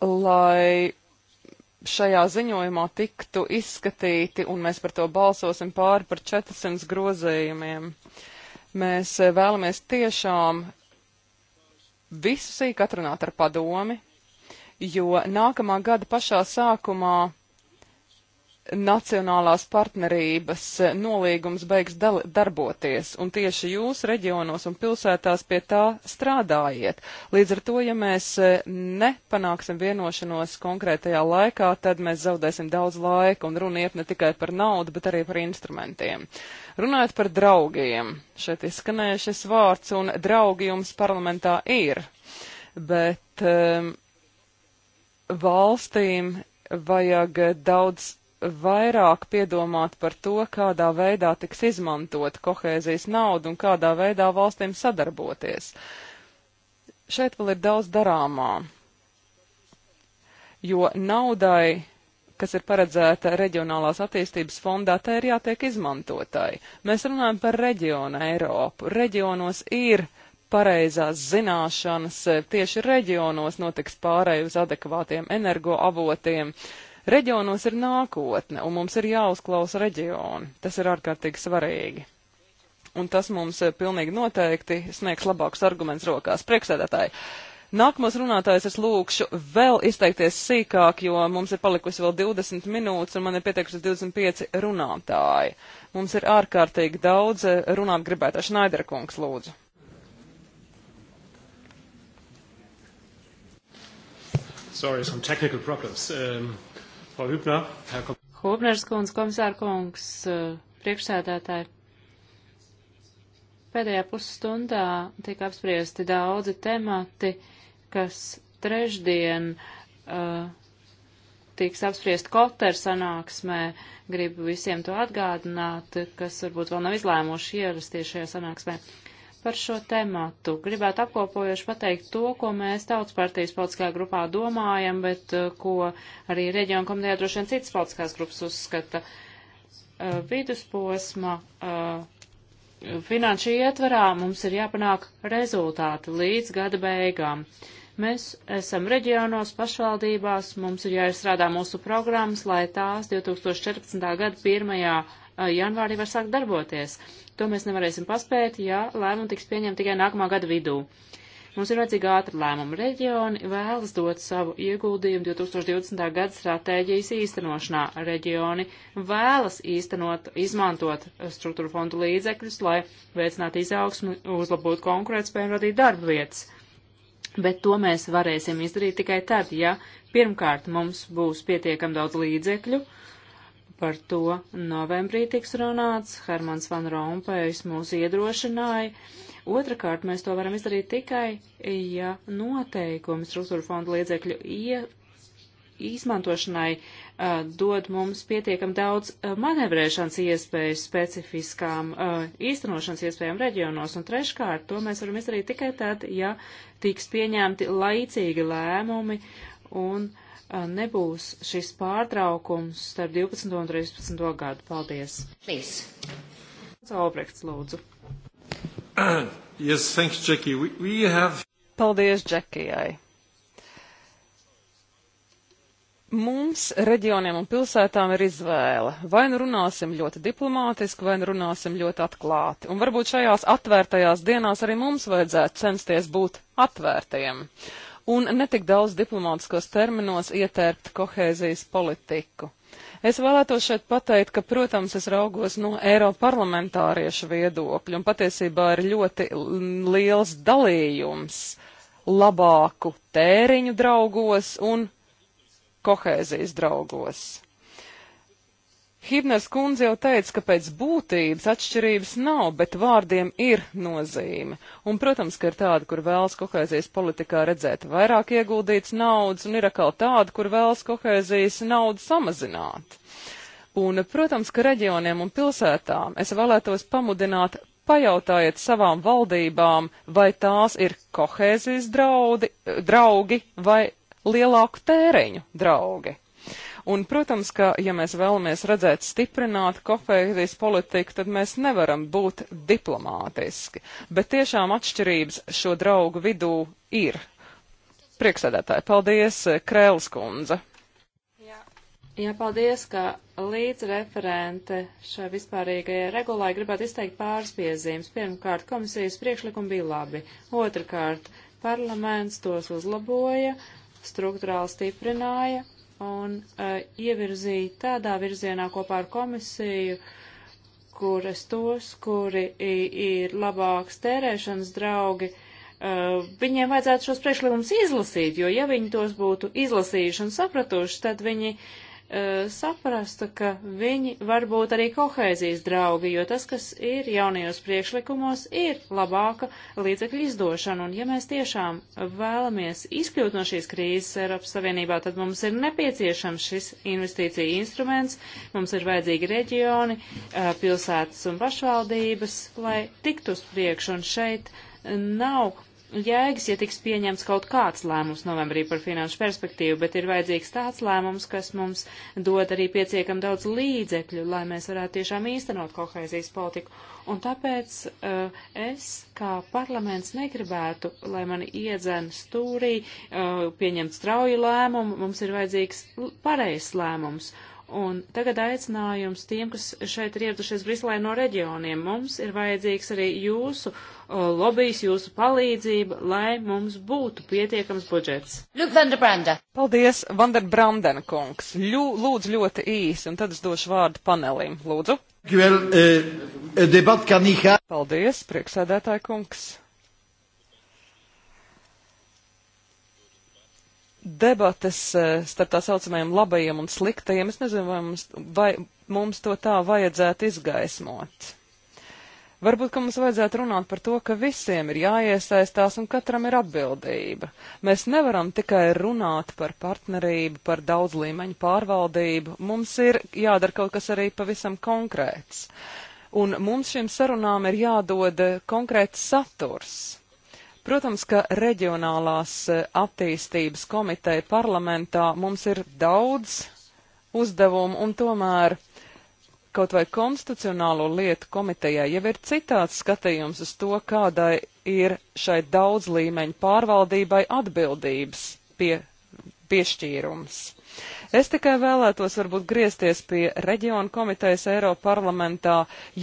lai šajā ziņojumā tiktu izskatīti, un mēs par to balsosim pāri par 400 grozījumiem. Mēs e, vēlamies tiešām visu sīk atrunāt ar padomi, jo nākamā gada pašā sākumā Nacionālās partnerības nolīgums beigs darboties, un tieši jūs reģionos un pilsētās pie tā strādājiet. Līdz ar to, ja mēs e, nepanāksim vienošanos konkrētajā laikā, tad mēs zaudēsim daudz laika, un runa iet ne tikai par naudu, bet arī par instrumentiem. Runājot par draugiem, šeit izskanēja šis vārds, un draugi jums parlamentā ir, bet. Um, valstīm vajag daudz vairāk piedomāt par to, kādā veidā tiks izmantot kohēzijas nauda un kādā veidā valstīm sadarboties. Šeit vēl ir daudz darāmā, jo naudai kas ir paredzēta reģionālās attīstības fondā, tā ir jātiek izmantotai. Mēs runājam par reģionu Eiropu. Reģionos ir uh, pareizās zināšanas e, tieši reģionos notiks pārēj uz adekvātiem energoavotiem. Reģionos ir nākotne, un mums ir jāuzklausa reģioni. Tas ir ārkārtīgi svarīgi. Un tas mums e, pilnīgi noteikti sniegs labākus argumentus rokās. Prieksēdētāji, Nākamos runātājs es lūkšu vēl izteikties sīkāk, jo mums ir palikusi vēl 20 minūtes un man ir pieteikusi 25 runātāji. Mums ir ārkārtīgi daudz e, runāt gribētā. Šnaidera kungs, lūdzu. Sorry, some technical problems. Um, Frau Hübner, Herr Kom Hubners kundz, komisāra kungs, uh, priekšsēdētāji. Pēdējā pusstundā tika apspriesti daudzi temati, kas trešdien uh, tiks apspriest Kotter sanāksmē. Gribu visiem to atgādināt, kas varbūt vēl nav izlēmuši ierasties šajā sanāksmē. Uh, par šo tematu. Gribētu apkopojuši pateikt to, ko mēs tautas partijas politiskajā grupā domājam, bet uh, ko arī reģionu komitejā droši vien citas politiskās grupas uzskata. Uh, vidusposma uh, finanšu ietvarā mums ir jāpanāk rezultāti līdz gada beigām. Mēs esam reģionos, pašvaldībās, mums ir jāizstrādā mūsu programmas, lai tās 2014. gada pirmajā janvārī var sākt darboties. To mēs nevarēsim paspēt, ja lēmumi tiks pieņemti tikai nākamā gada vidū. Mums ir vajadzīga ātra lēmuma. Reģioni vēlas dot savu ieguldījumu 2020. gada stratēģijas īstenošanā. Reģioni vēlas īstenot, izmantot struktūra fondu līdzekļus, lai veicinātu izaugsmu, uzlabotu konkurētspēju un radītu darba vietas. Bet to mēs varēsim izdarīt tikai tad, ja pirmkārt mums būs pietiekam daudz līdzekļu, uh, par to novembrī tiks runāts, Hermans Van Rompējs mūs iedrošināja. Otrakārt, mēs to varam izdarīt tikai, ja noteikumi struktūra fonda līdzekļu ie, izmantošanai uh, dod mums pietiekam daudz uh, manevrēšanas iespējas specifiskām uh, īstenošanas iespējām reģionos. Un treškārt, to mēs varam izdarīt tikai tad, ja tiks pieņemti laicīgi lēmumi un uh, nebūs šis pārtraukums starp 12. un 13. gadu. Paldies! Zalbrechts, lūdzu. Yes, thanks, Jackie. We, we have... Paldies, Džekijai! Mums, reģioniem un pilsētām, ir izvēle. Vai nu runāsim ļoti diplomātiski, vai nu runāsim ļoti atklāti. Un varbūt šajās atvērtajās dienās arī mums vajadzētu censties būt atvērtajiem un netik daudz diplomātiskos terminos ietērpt kohēzijas politiku. Es vēlētos šeit pateikt, ka, protams, es raugos no Eiroparlamentārieša viedokļa, un patiesībā ir ļoti liels dalījums labāku tēriņu draugos un kohēzijas draugos. Hibners kundze jau teica, ka pēc būtības atšķirības nav, bet vārdiem ir nozīme. Un, protams, ka ir tāda, kur vēlas kohēzijas politikā redzēt vairāk ieguldīts naudas, un ir atkal tāda, kur vēlas kohēzijas naudu samazināt. Un, protams, ka reģioniem un pilsētām es vēlētos pamudināt pajautājiet savām valdībām, vai tās ir kohēzijas draudi, draugi vai lielāku tēriņu draugi. Un, protams, ka, ja mēs vēlamies redzēt stiprināt kofēzijas politiku, tad mēs nevaram būt diplomātiski. Bet tiešām atšķirības šo draugu vidū ir. Prieksēdētāji, paldies, Krēls kundze. Jā. Jā, paldies, ka līdzreferente šai vispārīgajai regulai gribētu izteikt pāris piezīmes. Pirmkārt, komisijas priekšlikumi bija labi. Otrakārt, parlaments tos uzlaboja, struktūrāli stiprināja un uh, ievirzīja tādā virzienā kopā ar komisiju, kuras tos, kuri ir labāks tērēšanas draugi, uh, viņiem vajadzētu šos priekšlikumus izlasīt, jo ja viņi tos būtu izlasījuši un sapratuši, tad viņi uh, E, saprastu, ka viņi var būt arī kohēzijas draugi, jo tas, kas ir jaunajos priekšlikumos, ir labāka līdzekļu izdošana. Un ja mēs tiešām vēlamies izkļūt no šīs krīzes Eiropas Savienībā, tad mums ir nepieciešams šis investīcija instruments, mums ir vajadzīgi reģioni, e, pilsētas un pašvaldības, lai tiktu uz priekšu. Un šeit nav jēgas, ja tiks pieņemts kaut kāds lēmums novembrī par finanšu perspektīvu, bet ir vajadzīgs tāds lēmums, kas mums dod arī pietiekam daudz līdzekļu, lai mēs varētu tiešām īstenot kohēzijas politiku. Un tāpēc uh, es, kā parlaments, negribētu, lai mani iedzen stūrī, uh, pieņemt strauju lēmumu, mums ir vajadzīgs pareizs lēmums. Uh, Un tagad aicinājums tiem, kas šeit ir ieradušies Briselē no reģioniem. Mums ir vajadzīgs arī jūsu lobijas, jūsu palīdzība, lai mums būtu pietiekams budžets. Lūk, Vanderbranda. Paldies, Vanderbrandena kungs. Ļu, lūdzu ļoti īsi, un tad es došu vārdu panelim. Lūdzu. Eh, eh, Paldies, prieksēdētāja kungs. debates eh, starp tā saucamajiem labajiem un sliktajiem. Es nezinu, vai mums, vai mums to tā vajadzētu izgaismot. Varbūt, ka mums vajadzētu runāt par to, ka visiem ir jāiesaistās un katram ir atbildība. Mēs nevaram tikai runāt par partnerību, par daudz līmeņu pārvaldību. Mums ir jādara kaut kas arī pavisam konkrēts. Un mums šīm sarunām ir jādod konkrēts saturs. Protams, ka reģionālās e, attīstības komiteja parlamentā mums ir daudz uzdevumu un tomēr kaut vai konstitucionālo lietu komitejai jau ir citāds skatījums uz to, kādai ir šai daudz līmeņu pārvaldībai atbildības pie, piešķīrums. Es tikai vēlētos varbūt griezties pie reģionu komitejas Eiropa parlamentā.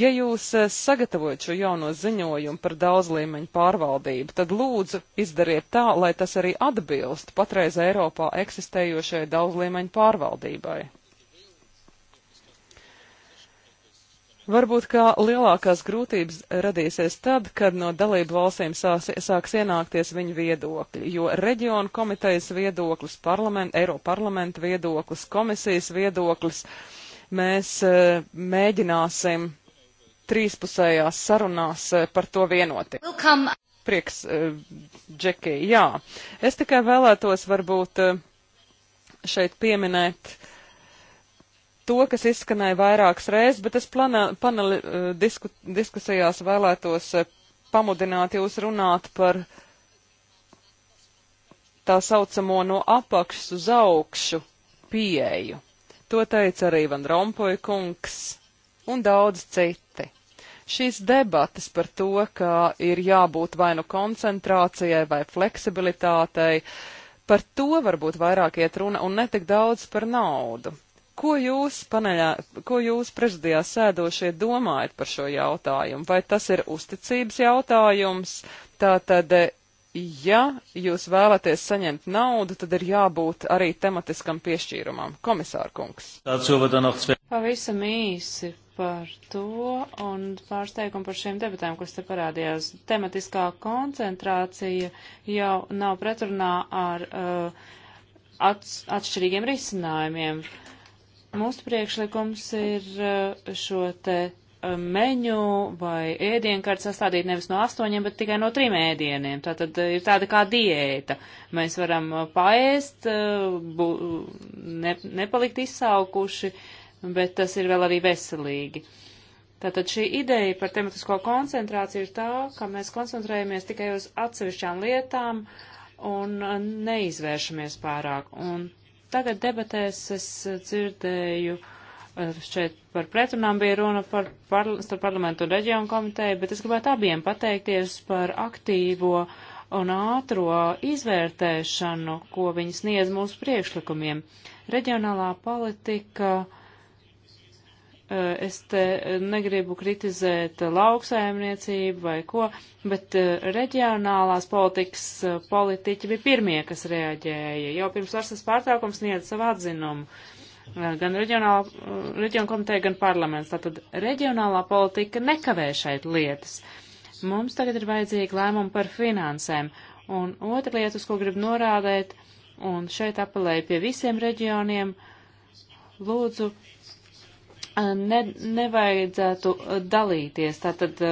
Ja jūs eh, sagatavojat šo jauno ziņojumu par daudzlīmeņu pārvaldību, tad lūdzu izdariet tā, lai tas arī atbilst patreiz Eiropā eksistējošai daudzlīmeņu pārvaldībai. Varbūt kā lielākās grūtības radīsies tad, kad no dalību valstīm sās, sāks ienākties viņu viedokļi, jo reģionu komitejas viedoklis, parlament, Eiroparlamenta viedoklis, komisijas viedoklis mēs e, mēģināsim trīspusējās sarunās e, par to vienoties. Welcome. Prieks, e, Džekija, jā. Es tikai vēlētos varbūt šeit pieminēt to, kas izskanēja vairākas reizes, bet es plana, paneli, eh, disku, diskusijās vēlētos eh, pamudināt jūs runāt par tā saucamo no apakšas uz augšu pieeju. To teica arī Van Rompuy kungs un daudz citi. Šīs debatas par to, ka ir jābūt vai nu koncentrācijai vai fleksibilitātei, par to varbūt vairāk iet runa un netik daudz par naudu. Ko jūs, paneļā, ko jūs prezidijā sēdošie domājat par šo jautājumu? Vai tas ir uzticības jautājums? Tātad, ja jūs vēlaties saņemt naudu, tad ir jābūt arī tematiskam piešķīrumam. Komisārkungs. Pavisam īsi par to un pārsteigumu par šiem debatēm, kas te parādījās. Tematiskā koncentrācija jau nav pretrunā ar uh, ats, atšķirīgiem risinājumiem. Uh, Mūsu priekšlikums ir eh, šo te eh, meņu vai ēdienkarti sastādīt nevis no astoņiem, bet tikai no trim ēdieniem. Tā tad eh, ir tāda kā diēta. Mēs varam paēst, bū, ne, nepalikt izsaukuši, bet tas ir vēl arī veselīgi. Tātad šī ideja par tematisko koncentrāciju ir tā, ka mēs koncentrējamies tikai uz atsevišķām lietām un neizvēršamies pārāk. Un Tagad debatēs es dzirdēju, eh, šeit par pretrunām bija runa par parla, starp parlamentu un reģionu komiteju, bet es gribētu abiem pateikties par aktīvo un ātro izvērtēšanu, ko viņi sniedz mūsu priekšlikumiem. Reģionālā politika uh, Eh, es te eh, negribu kritizēt eh, lauksaimniecību vai ko, bet reģionālās politikas politiķi bija pirmie, kas reaģēja. Jau pirms vasaras pārtraukums sniedz savu atzinumu. Gan reģionāla, reģiona komiteja, gan parlaments. Tātad reģionālā politika nekavē šeit lietas. Mums tagad ir vajadzīgi lēmumi par finansēm. Un otra lieta, uz ko gribu norādēt, un šeit apelēju pie visiem reģioniem, lūdzu ne, nevajadzētu dalīties. Tātad,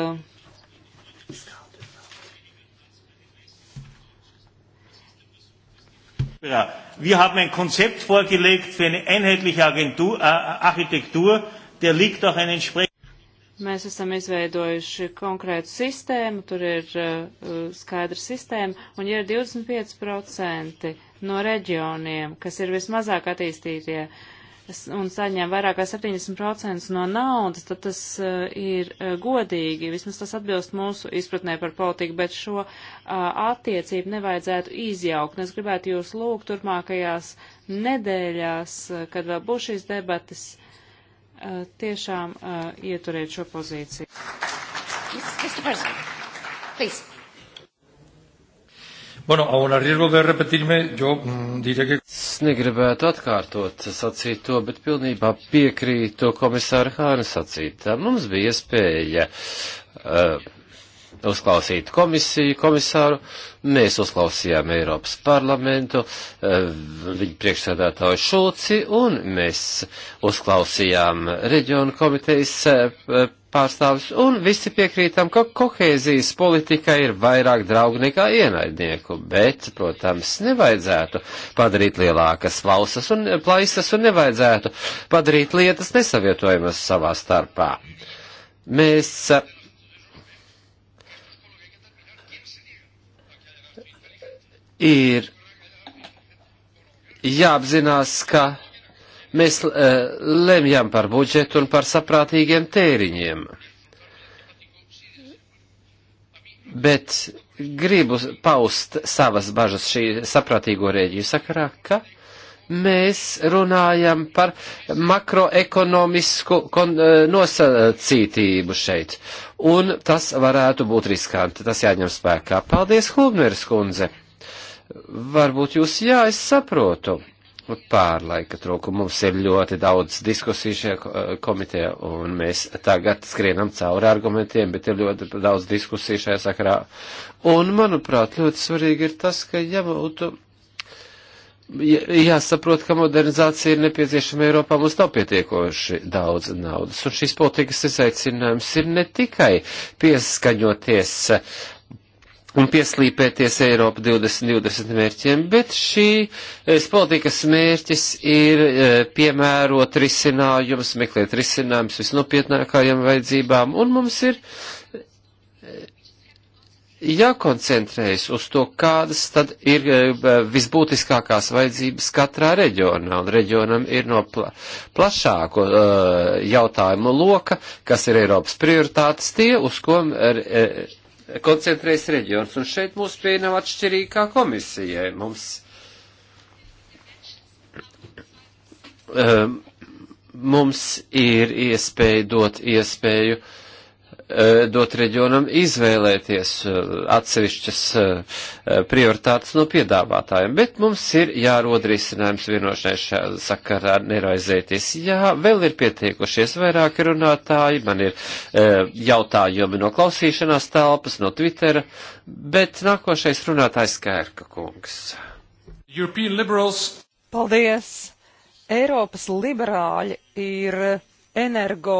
Wir haben ein Konzept vorgelegt für eine einheitliche Agentur, äh, Architektur, der liegt auch ein entsprechendes. Mēs esam izveidojuši konkrētu sistēmu, tur ir uh, skaidra sistēma, un ja ir 25% no reģioniem, kas ir vismazāk attīstītie, uh, un saņem vairāk vai 70% no naudas, tad tas uh, ir uh, godīgi. Vismaz tas atbilst mūsu izpratnē par politiku, bet šo uh, attiecību nevajadzētu izjaukt. Es gribētu jūs lūgt turpmākajās nedēļās, uh, kad vēl būs šīs debatas, uh, tiešām uh, ieturēt šo pozīciju. Mr. President, please. Bueno, un ar riesgo de repetirme, yo mm, diré que... Es negribētu atkārtot sacīt to, bet pilnībā piekrītu komisāra Hāna sacītā. Mums bija iespēja uh, uzklausīt komisiju, komisāru, mēs uzklausījām Eiropas parlamentu, eh, viņa priekšsēdētāju Šulci, un mēs uzklausījām reģionu komitejas eh, pārstāvis, un visi piekrītam, ka kohēzijas politika ir vairāk draugu nekā ienaidnieku, bet, protams, nevajadzētu padarīt lielākas plausas un plaisas un nevajadzētu padarīt lietas nesavietojamas savā starpā. Mēs eh, ir jāapzinās, ka mēs eh, lemjam par budžetu un par saprātīgiem tēriņiem. Bet gribu paust savas bažas šī saprātīgo rēģiju sakarā, ka mēs runājam par makroekonomisku eh, nosacītību šeit. Un tas varētu būt riskanti. Tas jāņem spēkā. Paldies, Hubneris kundze! Varbūt jūs, jā, es saprotu pār laika trūkumu. Mums ir ļoti daudz diskusiju šajā eh, komitejā, un mēs tagad skrienam cauri argumentiem, bet ir ļoti daudz diskusiju šajā sakarā. Un, manuprāt, ļoti svarīgi ir tas, ka jāmautu. Ja, jāsaprot, ka modernizācija ir nepieciešama Eiropā, mums nav pietiekoši daudz naudas, un šīs politikas izaicinājums ir ne tikai pieskaņoties uh, un pieslīpēties Eiropa 2020 mērķiem, bet šīs eh, politikas mērķis ir eh, piemērot risinājums, meklēt risinājums visnopietnākajām vajadzībām, un mums ir eh, jākoncentrējas uz to, kādas tad ir visbūtiskākās vajadzības katrā reģionā, un reģionam ir no pla plašāko jautājumu loka, kas ir Eiropas prioritātes tie, uz ko koncentrējas reģions. Un šeit mūs pieņem atšķirīgā komisijai. Mums um, mums ir iespēja dot iespēju E, dot reģionam izvēlēties e, atsevišķas e, prioritātes no piedāvātājiem, bet mums ir jārod risinājums vienošanai šajā sakarā neraizēties. Jā, vēl ir pietiekušies vairāki runātāji, man ir jautājumi no klausīšanās telpas, no Twittera, bet nākošais runātājs Kērka kungs. Paldies! Eiropas liberāļi ir energo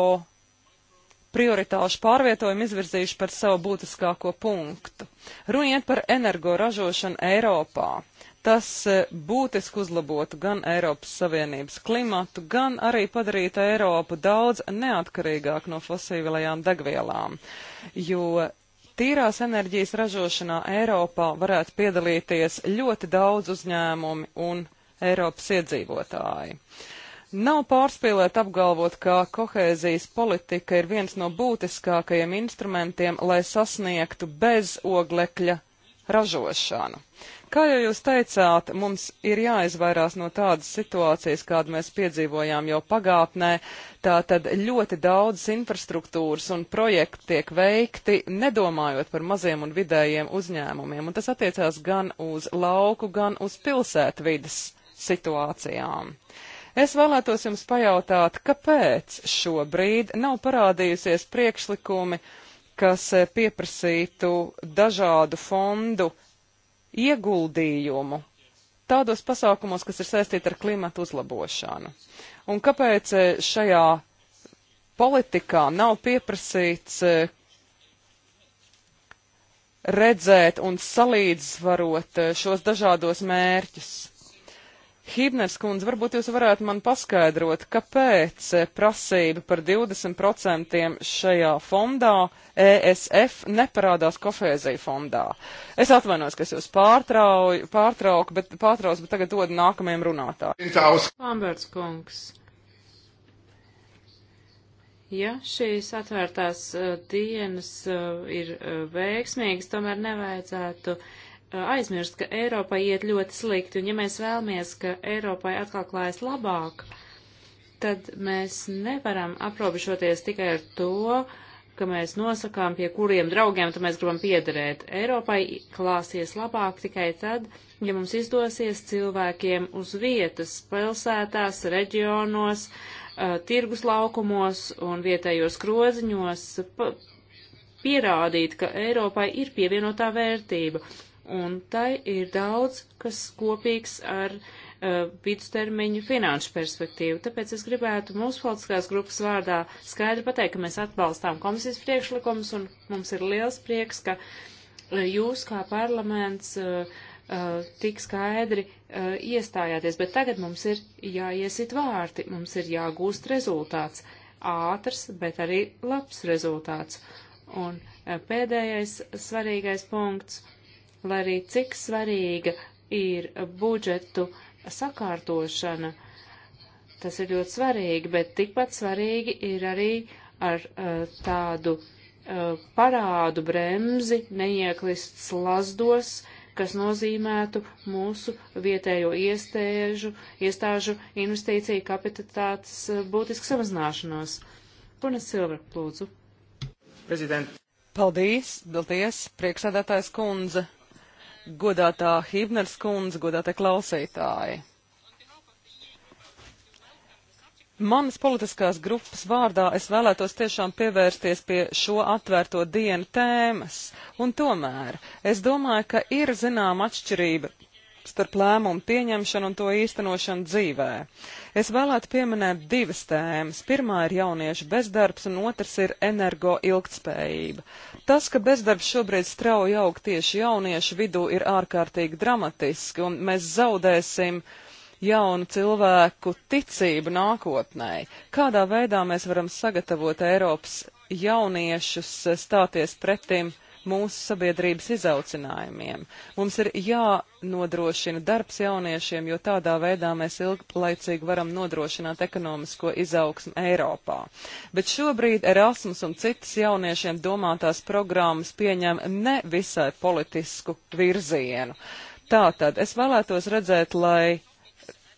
prioritāšu pārvietojumu izvirzījuši par savu būtiskāko punktu. Runiet par energoražošanu Eiropā. Tas e, būtiski uzlabotu gan Eiropas Savienības klimatu, gan arī padarītu Eiropu daudz neatkarīgāk no fosīvilajām degvielām, jo tīrās enerģijas ražošanā Eiropā varētu piedalīties ļoti daudz uzņēmumi un Eiropas iedzīvotāji. Uh, Nav pārspīlēt apgalvot, ka kohēzijas politika ir viens no būtiskākajiem instrumentiem, lai sasniegtu bezoglekļa ražošanu. Kā jau jūs teicāt, mums ir jāizvairās no tādas situācijas, kādu mēs piedzīvojām jau pagātnē. Tātad ļoti daudz infrastruktūras un projektu tiek veikti, nedomājot par maziem un vidējiem uzņēmumiem, un tas attiecās gan uz lauku, gan uz pilsētvidas situācijām. Uh, Es vēlētos jums pajautāt, kāpēc šobrīd nav parādījusies priekšlikumi, kas eh, pieprasītu dažādu fondu ieguldījumu tādos pasākumos, kas ir saistīti ar klimatu uzlabošanu. Un kāpēc eh, šajā politikā nav pieprasīts eh, redzēt un salīdzvarot šos dažādos mērķus? Hībners kundze, varbūt jūs varētu man paskaidrot, kāpēc eh, prasība par 20% šajā fondā ESF neparādās kofēzija fondā. Es atvainojos, ka es jūs pārtrauju, pārtrauku, bet pārtraucu, bet tagad dodu nākamajam runātājiem. Lamberts kungs. Ja šīs atvērtās uh, dienas uh, ir uh, veiksmīgas, tomēr nevajadzētu uh, aizmirst, ka Eiropai iet ļoti slikti, un ja mēs vēlamies, ka Eiropai atkal klājas labāk, tad mēs nevaram aprobežoties tikai ar to, ka mēs nosakām, pie kuriem draugiem mēs gribam piederēt. Eiropai klāsies labāk tikai tad, ja mums izdosies cilvēkiem uz vietas, pilsētās, reģionos, uh, tirgus laukumos un vietējos groziņos pierādīt, ka Eiropai ir pievienotā vērtība un tai ir daudz, kas kopīgs ar uh, vidustermiņu finanšu perspektīvu. Tāpēc es gribētu mūsu politiskās grupas vārdā skaidri pateikt, ka mēs atbalstām komisijas priekšlikumus, un mums ir liels prieks, ka uh, jūs kā parlaments uh, uh, tik skaidri uh, iestājāties, bet tagad mums ir jāiesit vārti, mums ir jāgūst rezultāts. Ātrs, bet arī labs rezultāts. Un uh, pēdējais svarīgais punkts. Uh, lai arī cik svarīga ir budžetu sakārtošana, tas ir ļoti svarīgi, bet tikpat svarīgi ir arī ar uh, tādu uh, parādu bremzi neieklist slazdos, kas nozīmētu mūsu vietējo iestēžu, iestāžu investīciju kapacitātes uh, būtisku samazināšanos. Punes Silver, lūdzu. Prezident. Paldies, paldies, priekšsēdētājs kundze godātā Hībners kundze, godātie klausītāji. Manas politiskās grupas vārdā es vēlētos tiešām pievērsties pie šo atvērto dienu tēmas, un tomēr es domāju, ka ir zināma atšķirība starp lēmumu pieņemšanu un to īstenošanu dzīvē. Es vēlētu pieminēt divas tēmas. Pirmā ir jauniešu bezdarbs un otrs ir energo ilgtspējība. Tas, ka bezdarbs šobrīd strauji aug tieši jauniešu vidū, ir ārkārtīgi dramatiski un mēs zaudēsim jaunu cilvēku ticību nākotnē. Kādā veidā mēs varam sagatavot Eiropas jauniešus stāties pretim mūsu sabiedrības izaucinājumiem. Mums ir jānodrošina darbs jauniešiem, jo tādā veidā mēs ilglaicīgi varam nodrošināt ekonomisko izaugsmu Eiropā. Bet šobrīd Erasmus un citas jauniešiem domātās programmas pieņem ne visai politisku virzienu. Tātad es vēlētos redzēt, lai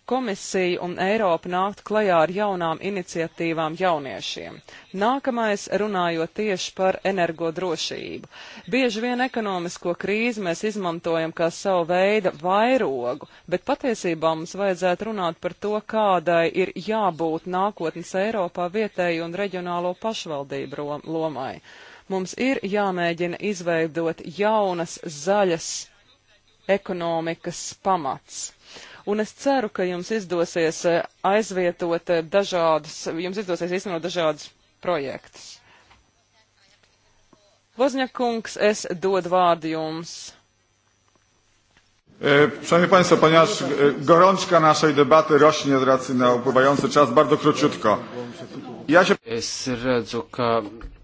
komisija un Eiropa nākt klajā ar jaunām iniciatīvām jauniešiem. Nākamais runājot tieši par energodrošību. Bieži vien ekonomisko krīzi mēs izmantojam kā savu veidu vairogu, bet patiesībā mums vajadzētu runāt par to, kādai ir jābūt nākotnes Eiropā vietēju un reģionālo pašvaldību lomai. Mums ir jāmēģina izveidot jaunas zaļas ekonomikas pamats un es ceru, ka jums izdosies eh, aizvietot eh, dažādas, jums izdosies īstenot dažādas projektus. Vozņakungs, es dodu vārdu jums. E, Szanowni Państwo, ponieważ e, gorączka naszej debaty rośnie z racji na upływający czas, bardzo króciutko. Ja się...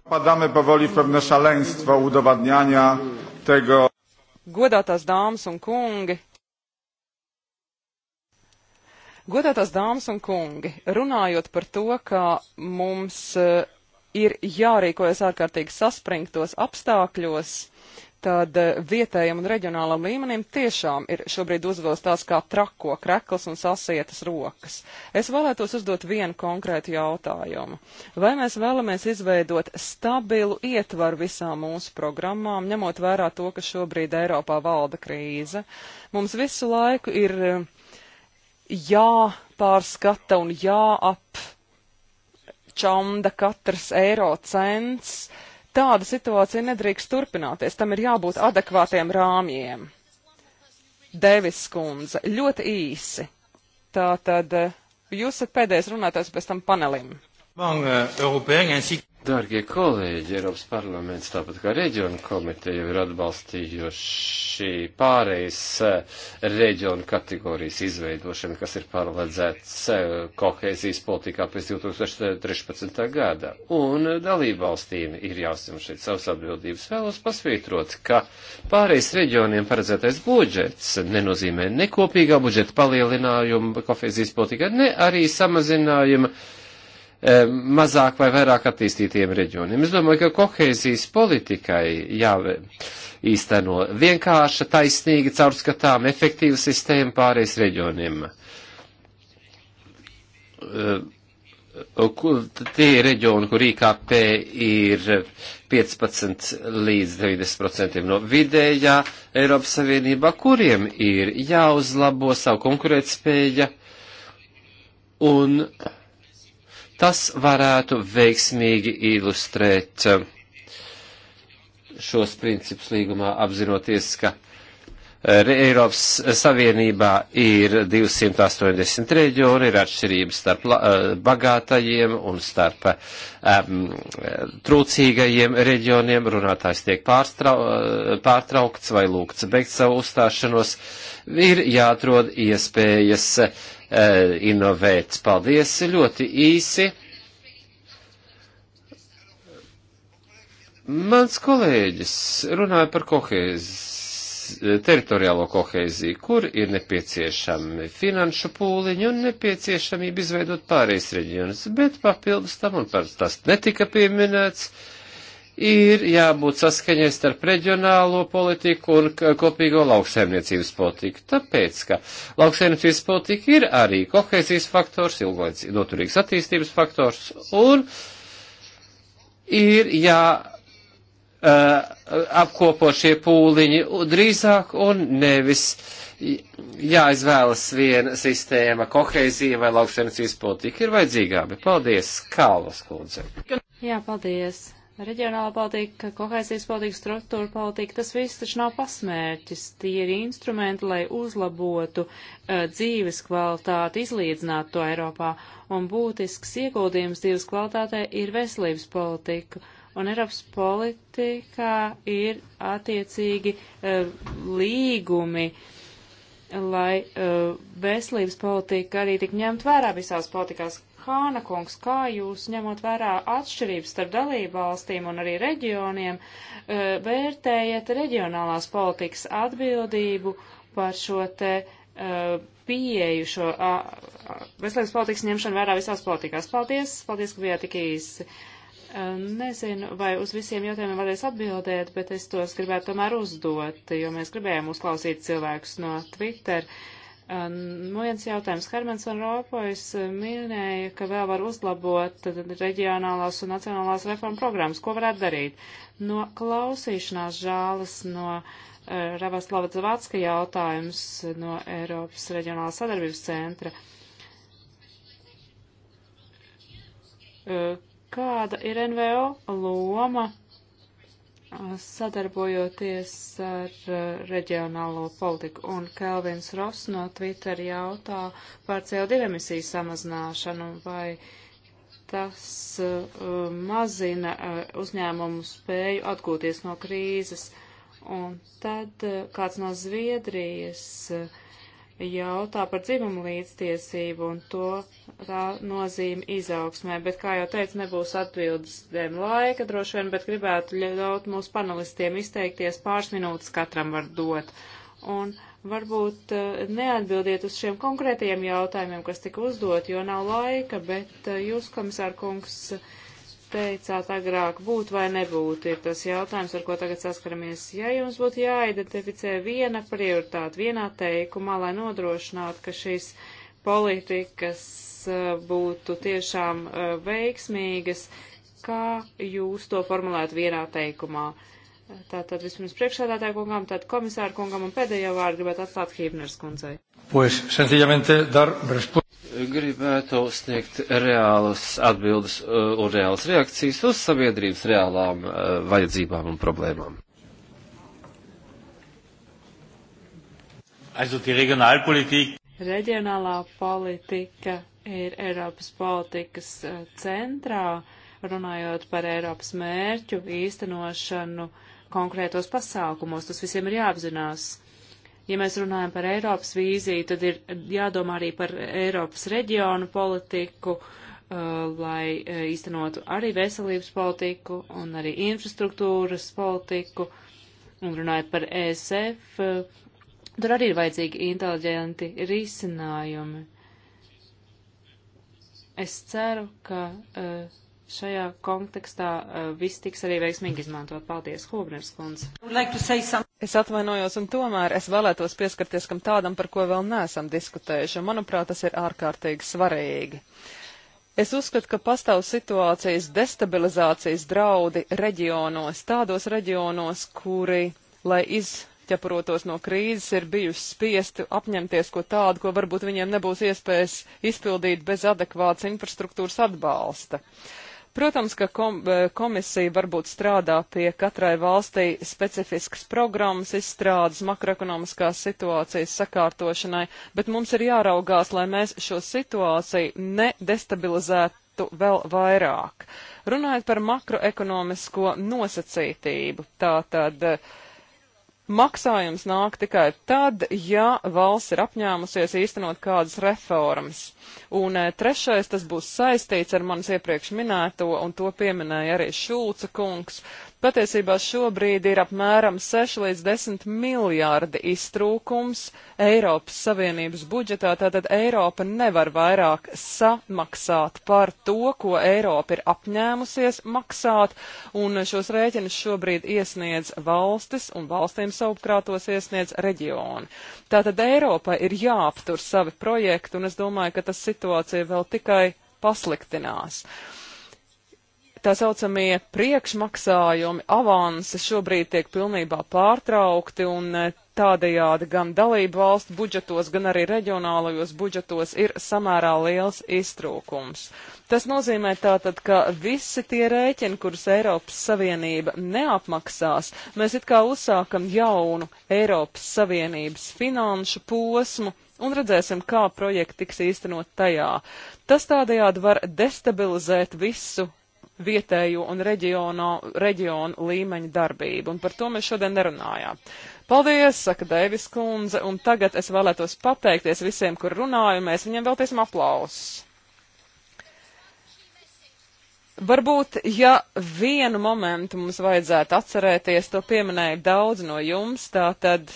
Padamy powoli w pewne szaleństwo udowadniania tego... Godātās dāmas un kungi, Godātās dāmas un kungi, runājot par to, ka mums eh, ir jārīkojas ārkārtīgi saspringtos apstākļos, tad eh, vietējiem un reģionālam līmenim tiešām ir šobrīd uzvilst tās kā trako krekls un sasietas rokas. Es vēlētos uzdot vienu konkrētu jautājumu. Vai mēs vēlamies izveidot stabilu ietvaru visām mūsu programmām, ņemot vērā to, ka šobrīd Eiropā valda krīze? Mums visu laiku ir eh, jāpārskata un jāapčamda katrs eiro cents. Tāda situācija nedrīkst turpināties. Tam ir jābūt adekvātiem rāmjiem. Devis kundze, ļoti īsi. Tā tad eh, jūs esat pēdējais runātājs pēc tam panelim. Bank, uh, Dārgie kolēģi, Eiropas parlaments, tāpat kā reģiona komiteja, ir atbalstījuši pārejas eh, reģiona kategorijas izveidošanu, kas ir paredzēts eh, kohēzijas politikā pēc 2013. gada. Un dalībvalstīm ir jāsam šeit savas atbildības. Vēlos pasvītrot, ka pārejas reģioniem paredzētais budžets nenozīmē nekopīgā budžeta palielinājumu kohēzijas politikā, ne arī samazinājuma E, mazāk vai vairāk attīstītiem reģioniem. Es domāju, ka kohēzijas politikai jāīsteno vienkārša, taisnīga, caurskatām, efektīva sistēma pārējais reģioniem. E, tie reģioni, kur IKP ir 15 līdz 90% no vidējā Eiropas Savienībā, kuriem ir jāuzlabo savu konkurētspēja un uh, Tas varētu veiksmīgi ilustrēt eh, šos principus līgumā, apzinoties, ka eh, Eiropas Savienībā ir 280 reģioni, ir atšķirības starp eh, bagātajiem un starp um, trūcīgajiem reģioniem. Runātājs tiek pārtraukts vai lūgts beigt savu uzstāšanos. Uh, ir jāatrod iespējas e, inovēt. Paldies, ļoti īsi. Mans kolēģis runāja par kohēzi, eh, teritoriālo kohēziju, kur ir nepieciešami finanšu pūliņi un nepieciešamība izveidot pārējais reģionus, bet papildus tam, un par tas netika pieminēts, uh, ir jābūt saskaņai starp reģionālo politiku un kopīgo lauksaimniecības politiku. Tāpēc, ka lauksaimniecības politika ir arī kohēzijas faktors, ilgojas noturīgs attīstības faktors un ir jā. Uh, apkopo šie pūliņi drīzāk un nevis jāizvēlas viena sistēma, kohēzija vai lauksaimniecības politika ir vajadzīgā, bet paldies Kālas kundze. Jā, paldies. Reģionāla politika, kohēsijas politika, struktūra politika, tas viss taču nav pasmērķis. Tie ir instrumenti, lai uzlabotu uh, dzīves kvalitāti, izlīdzinātu to Eiropā. Un būtisks ieguldījums dzīves kvalitātē ir veselības politika. Un Eiropas politikā ir attiecīgi uh, līgumi, lai uh, veselības politika arī tik ņemt vērā visās politikās, Hāna kungs, kā jūs ņemot vērā atšķirības starp dalību valstīm un arī reģioniem, eh, vērtējat reģionālās politikas atbildību par šo te eh, pieeju šo veselības politikas ņemšanu vērā visās politikās. Paldies, paldies, ka bijāt tik īsi. Eh, nezinu, vai uz visiem jautājumiem varēs atbildēt, bet es tos gribētu tomēr uzdot, jo mēs gribējām uzklausīt cilvēkus no Twitter. Uh, Nu, viens jautājums. Hermans un Ropojas eh, minēja, ka vēl var uzlabot reģionālās un nacionālās reformu programmas. Ko varētu darīt? No klausīšanās žāles, no uh, eh, Ravaslava Zavatska jautājums no Eiropas reģionālās sadarbības centra. Uh, kāda ir NVO loma sadarbojoties ar eh, reģionālo politiku. Un Kelvins Ross no Twitter jautā par CO2 emisiju samazināšanu, vai tas uh, mazina uh, uzņēmumu spēju atgūties no krīzes. Un tad uh, kāds no Zviedrijas uh, jautā par dzimumu līdztiesību un to tā nozīme izaugsmē, bet, kā jau teicu, nebūs atbildes dēļ laika droši vien, bet gribētu ļaut mūsu panelistiem izteikties pāris minūtes katram var dot. Un varbūt eh, neatbildiet uz šiem konkrētajiem jautājumiem, kas tika uzdot, jo nav laika, bet eh, jūs, komisār kungs, uh, teicāt agrāk, būt vai nebūt, ir tas jautājums, ar ko tagad saskaramies. Ja jums būtu jāidentificē viena prioritāte, vienā teikumā, lai nodrošinātu, ka šīs politikas eh, būtu tiešām eh, veiksmīgas, kā jūs to formulētu vienā teikumā? Tātad vispirms priekšsēdētāju kungam, tad komisāru kungam un pēdējo vārdu gribētu atstāt Hībners kundzei. Pues, sencillamente dar respuesta gribētu sniegt reālas atbildes uh, un reālas reakcijas uz sabiedrības reālām uh, vajadzībām un problēmām. Reģionālā politika ir Eiropas politikas uh, centrā, runājot par Eiropas mērķu īstenošanu konkrētos pasākumos. Tas visiem ir jāapzinās. Ja mēs runājam par Eiropas vīziju, tad ir jādomā arī par Eiropas reģionu politiku, uh, lai uh, īstenotu arī veselības politiku un arī infrastruktūras politiku. Un runājot par ESF, uh, tur arī ir vajadzīgi inteliģenti risinājumi. Es ceru, ka uh, šajā kontekstā eh, viss tiks arī veiksmīgi izmantot. Paldies, Hūbners kundze. Es atvainojos, un tomēr es vēlētos pieskarties kam tādam, par ko vēl neesam diskutējuši, un manuprāt, tas ir ārkārtīgi svarīgi. Es uzskatu, ka pastāv situācijas destabilizācijas draudi reģionos, tādos reģionos, kuri, lai izķeprotos no krīzes, ir bijuši spiesti apņemties ko tādu, ko varbūt viņiem nebūs iespējas izpildīt bez adekvātas infrastruktūras atbalsta. Uh, Protams, ka kom eh, komisija varbūt strādā pie katrai valstī specifiskas programmas izstrādes makroekonomiskās situācijas sakārtošanai, bet mums ir jāraugās, lai mēs šo situāciju nedestabilizētu vēl vairāk. Runājot par makroekonomisko nosacītību, tātad. Uh, Maksājums nāk tikai tad, ja valsts ir apņēmusies īstenot kādas reformas. Un eh, trešais, tas būs saistīts ar manis iepriekš minēto, un to pieminēja arī Šulca kungs, Patiesībā šobrīd ir apmēram 6 līdz 10 miljārdi iztrūkums Eiropas Savienības budžetā, tātad Eiropa nevar vairāk samaksāt par to, ko Eiropa ir apņēmusies maksāt, un šos rēķinus šobrīd iesniedz valstis, un valstīm savukārt tos iesniedz reģioni. Tātad Eiropa ir jāaptur savi projekti, un es domāju, ka tas situācija vēl tikai pasliktinās. Uh, tā saucamie priekšmaksājumi, avanses šobrīd tiek pilnībā pārtraukti un e, tādējādi gan dalību valstu budžetos, gan arī reģionālajos budžetos ir samērā liels iztrūkums. Tas nozīmē tātad, ka visi tie rēķini, kurus Eiropas Savienība neapmaksās, mēs it kā uzsākam jaunu Eiropas Savienības finanšu posmu, un redzēsim, kā projekti tiks īstenot tajā. Tas tādējādi var destabilizēt visu vietējo un reģiono, reģionu līmeņu darbību, un par to mēs šodien nerunājām. Paldies, saka Dēvis kundze, un tagad es vēlētos pateikties visiem, kur runāju, mēs viņiem veltīsim aplausus. Varbūt, ja vienu momentu mums vajadzētu atcerēties, to pieminēja daudz no jums, tā tad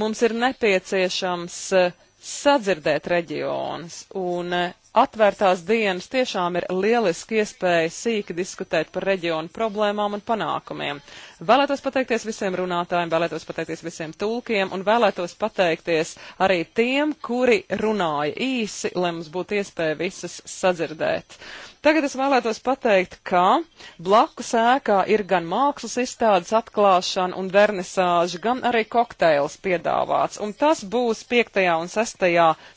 mums ir nepieciešams eh, sadzirdēt reģionus, un eh, Atvērtās dienas tiešām ir lieliski iespēja sīki diskutēt par reģionu problēmām un panākumiem. Vēlētos pateikties visiem runātājiem, vēlētos pateikties visiem tulkiem un vēlētos pateikties arī tiem, kuri runāja īsi, lai mums būtu iespēja visus sadzirdēt. Tagad es vēlētos pateikt, ka blakus ēkā ir gan mākslas izstādes atklāšana un vernisāža, gan arī kokteils piedāvāts, un tas būs 5. un 6.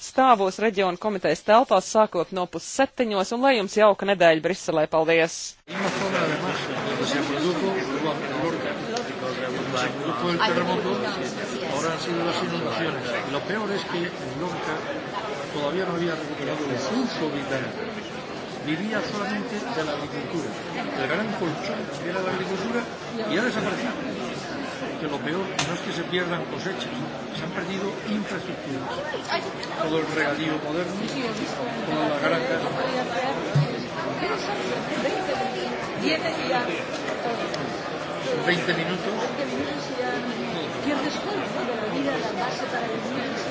stāvos reģionu komitejas telpās sākot no pusseptiņos, un lai jums jauka nedēļa Briselē, paldies! el terremoto, ahora han sido las inundaciones. Lo peor es que nunca, todavía no había recuperado el uso vital vivía solamente de la agricultura. El gran colchón era la agricultura y ha desaparecido. Que lo peor no es que se pierdan cosechas, se han perdido infraestructuras. Todo el regadío moderno, toda la granja. Veinte minutos. Pierdes cuerpo de la vida, la base para vivir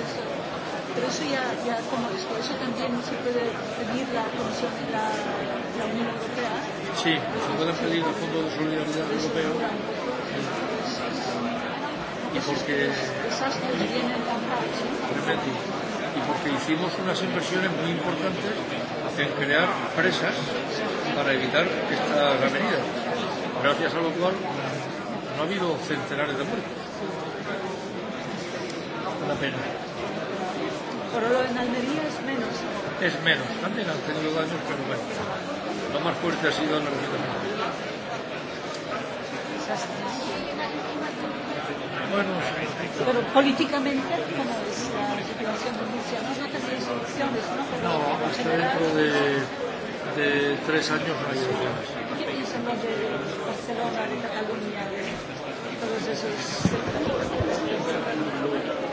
pero eso ya, ya como por eso también se puede pedir la Comisión, la, la Unión Europea. Sí, se pueden pedir el Fondo de Solidaridad Europeo. Sí. Y porque. Desastres vienen lanzados. Tremendo. Y porque hicimos unas inversiones muy importantes en crear presas para evitar estas avenidas, gracias a lo cual no ha habido centenares de muertos. Una pena. Corolo en Almería es menos. Es menos, también han tenido daños, pero bueno. Lo más fuerte ha sido en la región de Bueno, sí. Pero políticamente, ¿cómo es la situación de Murcia? No es una casi de soluciones, ¿no? Pero no, hasta general... dentro de, de tres años no hay soluciones. ¿Qué piensan los de Barcelona, de Cataluña, de todos esos sectores?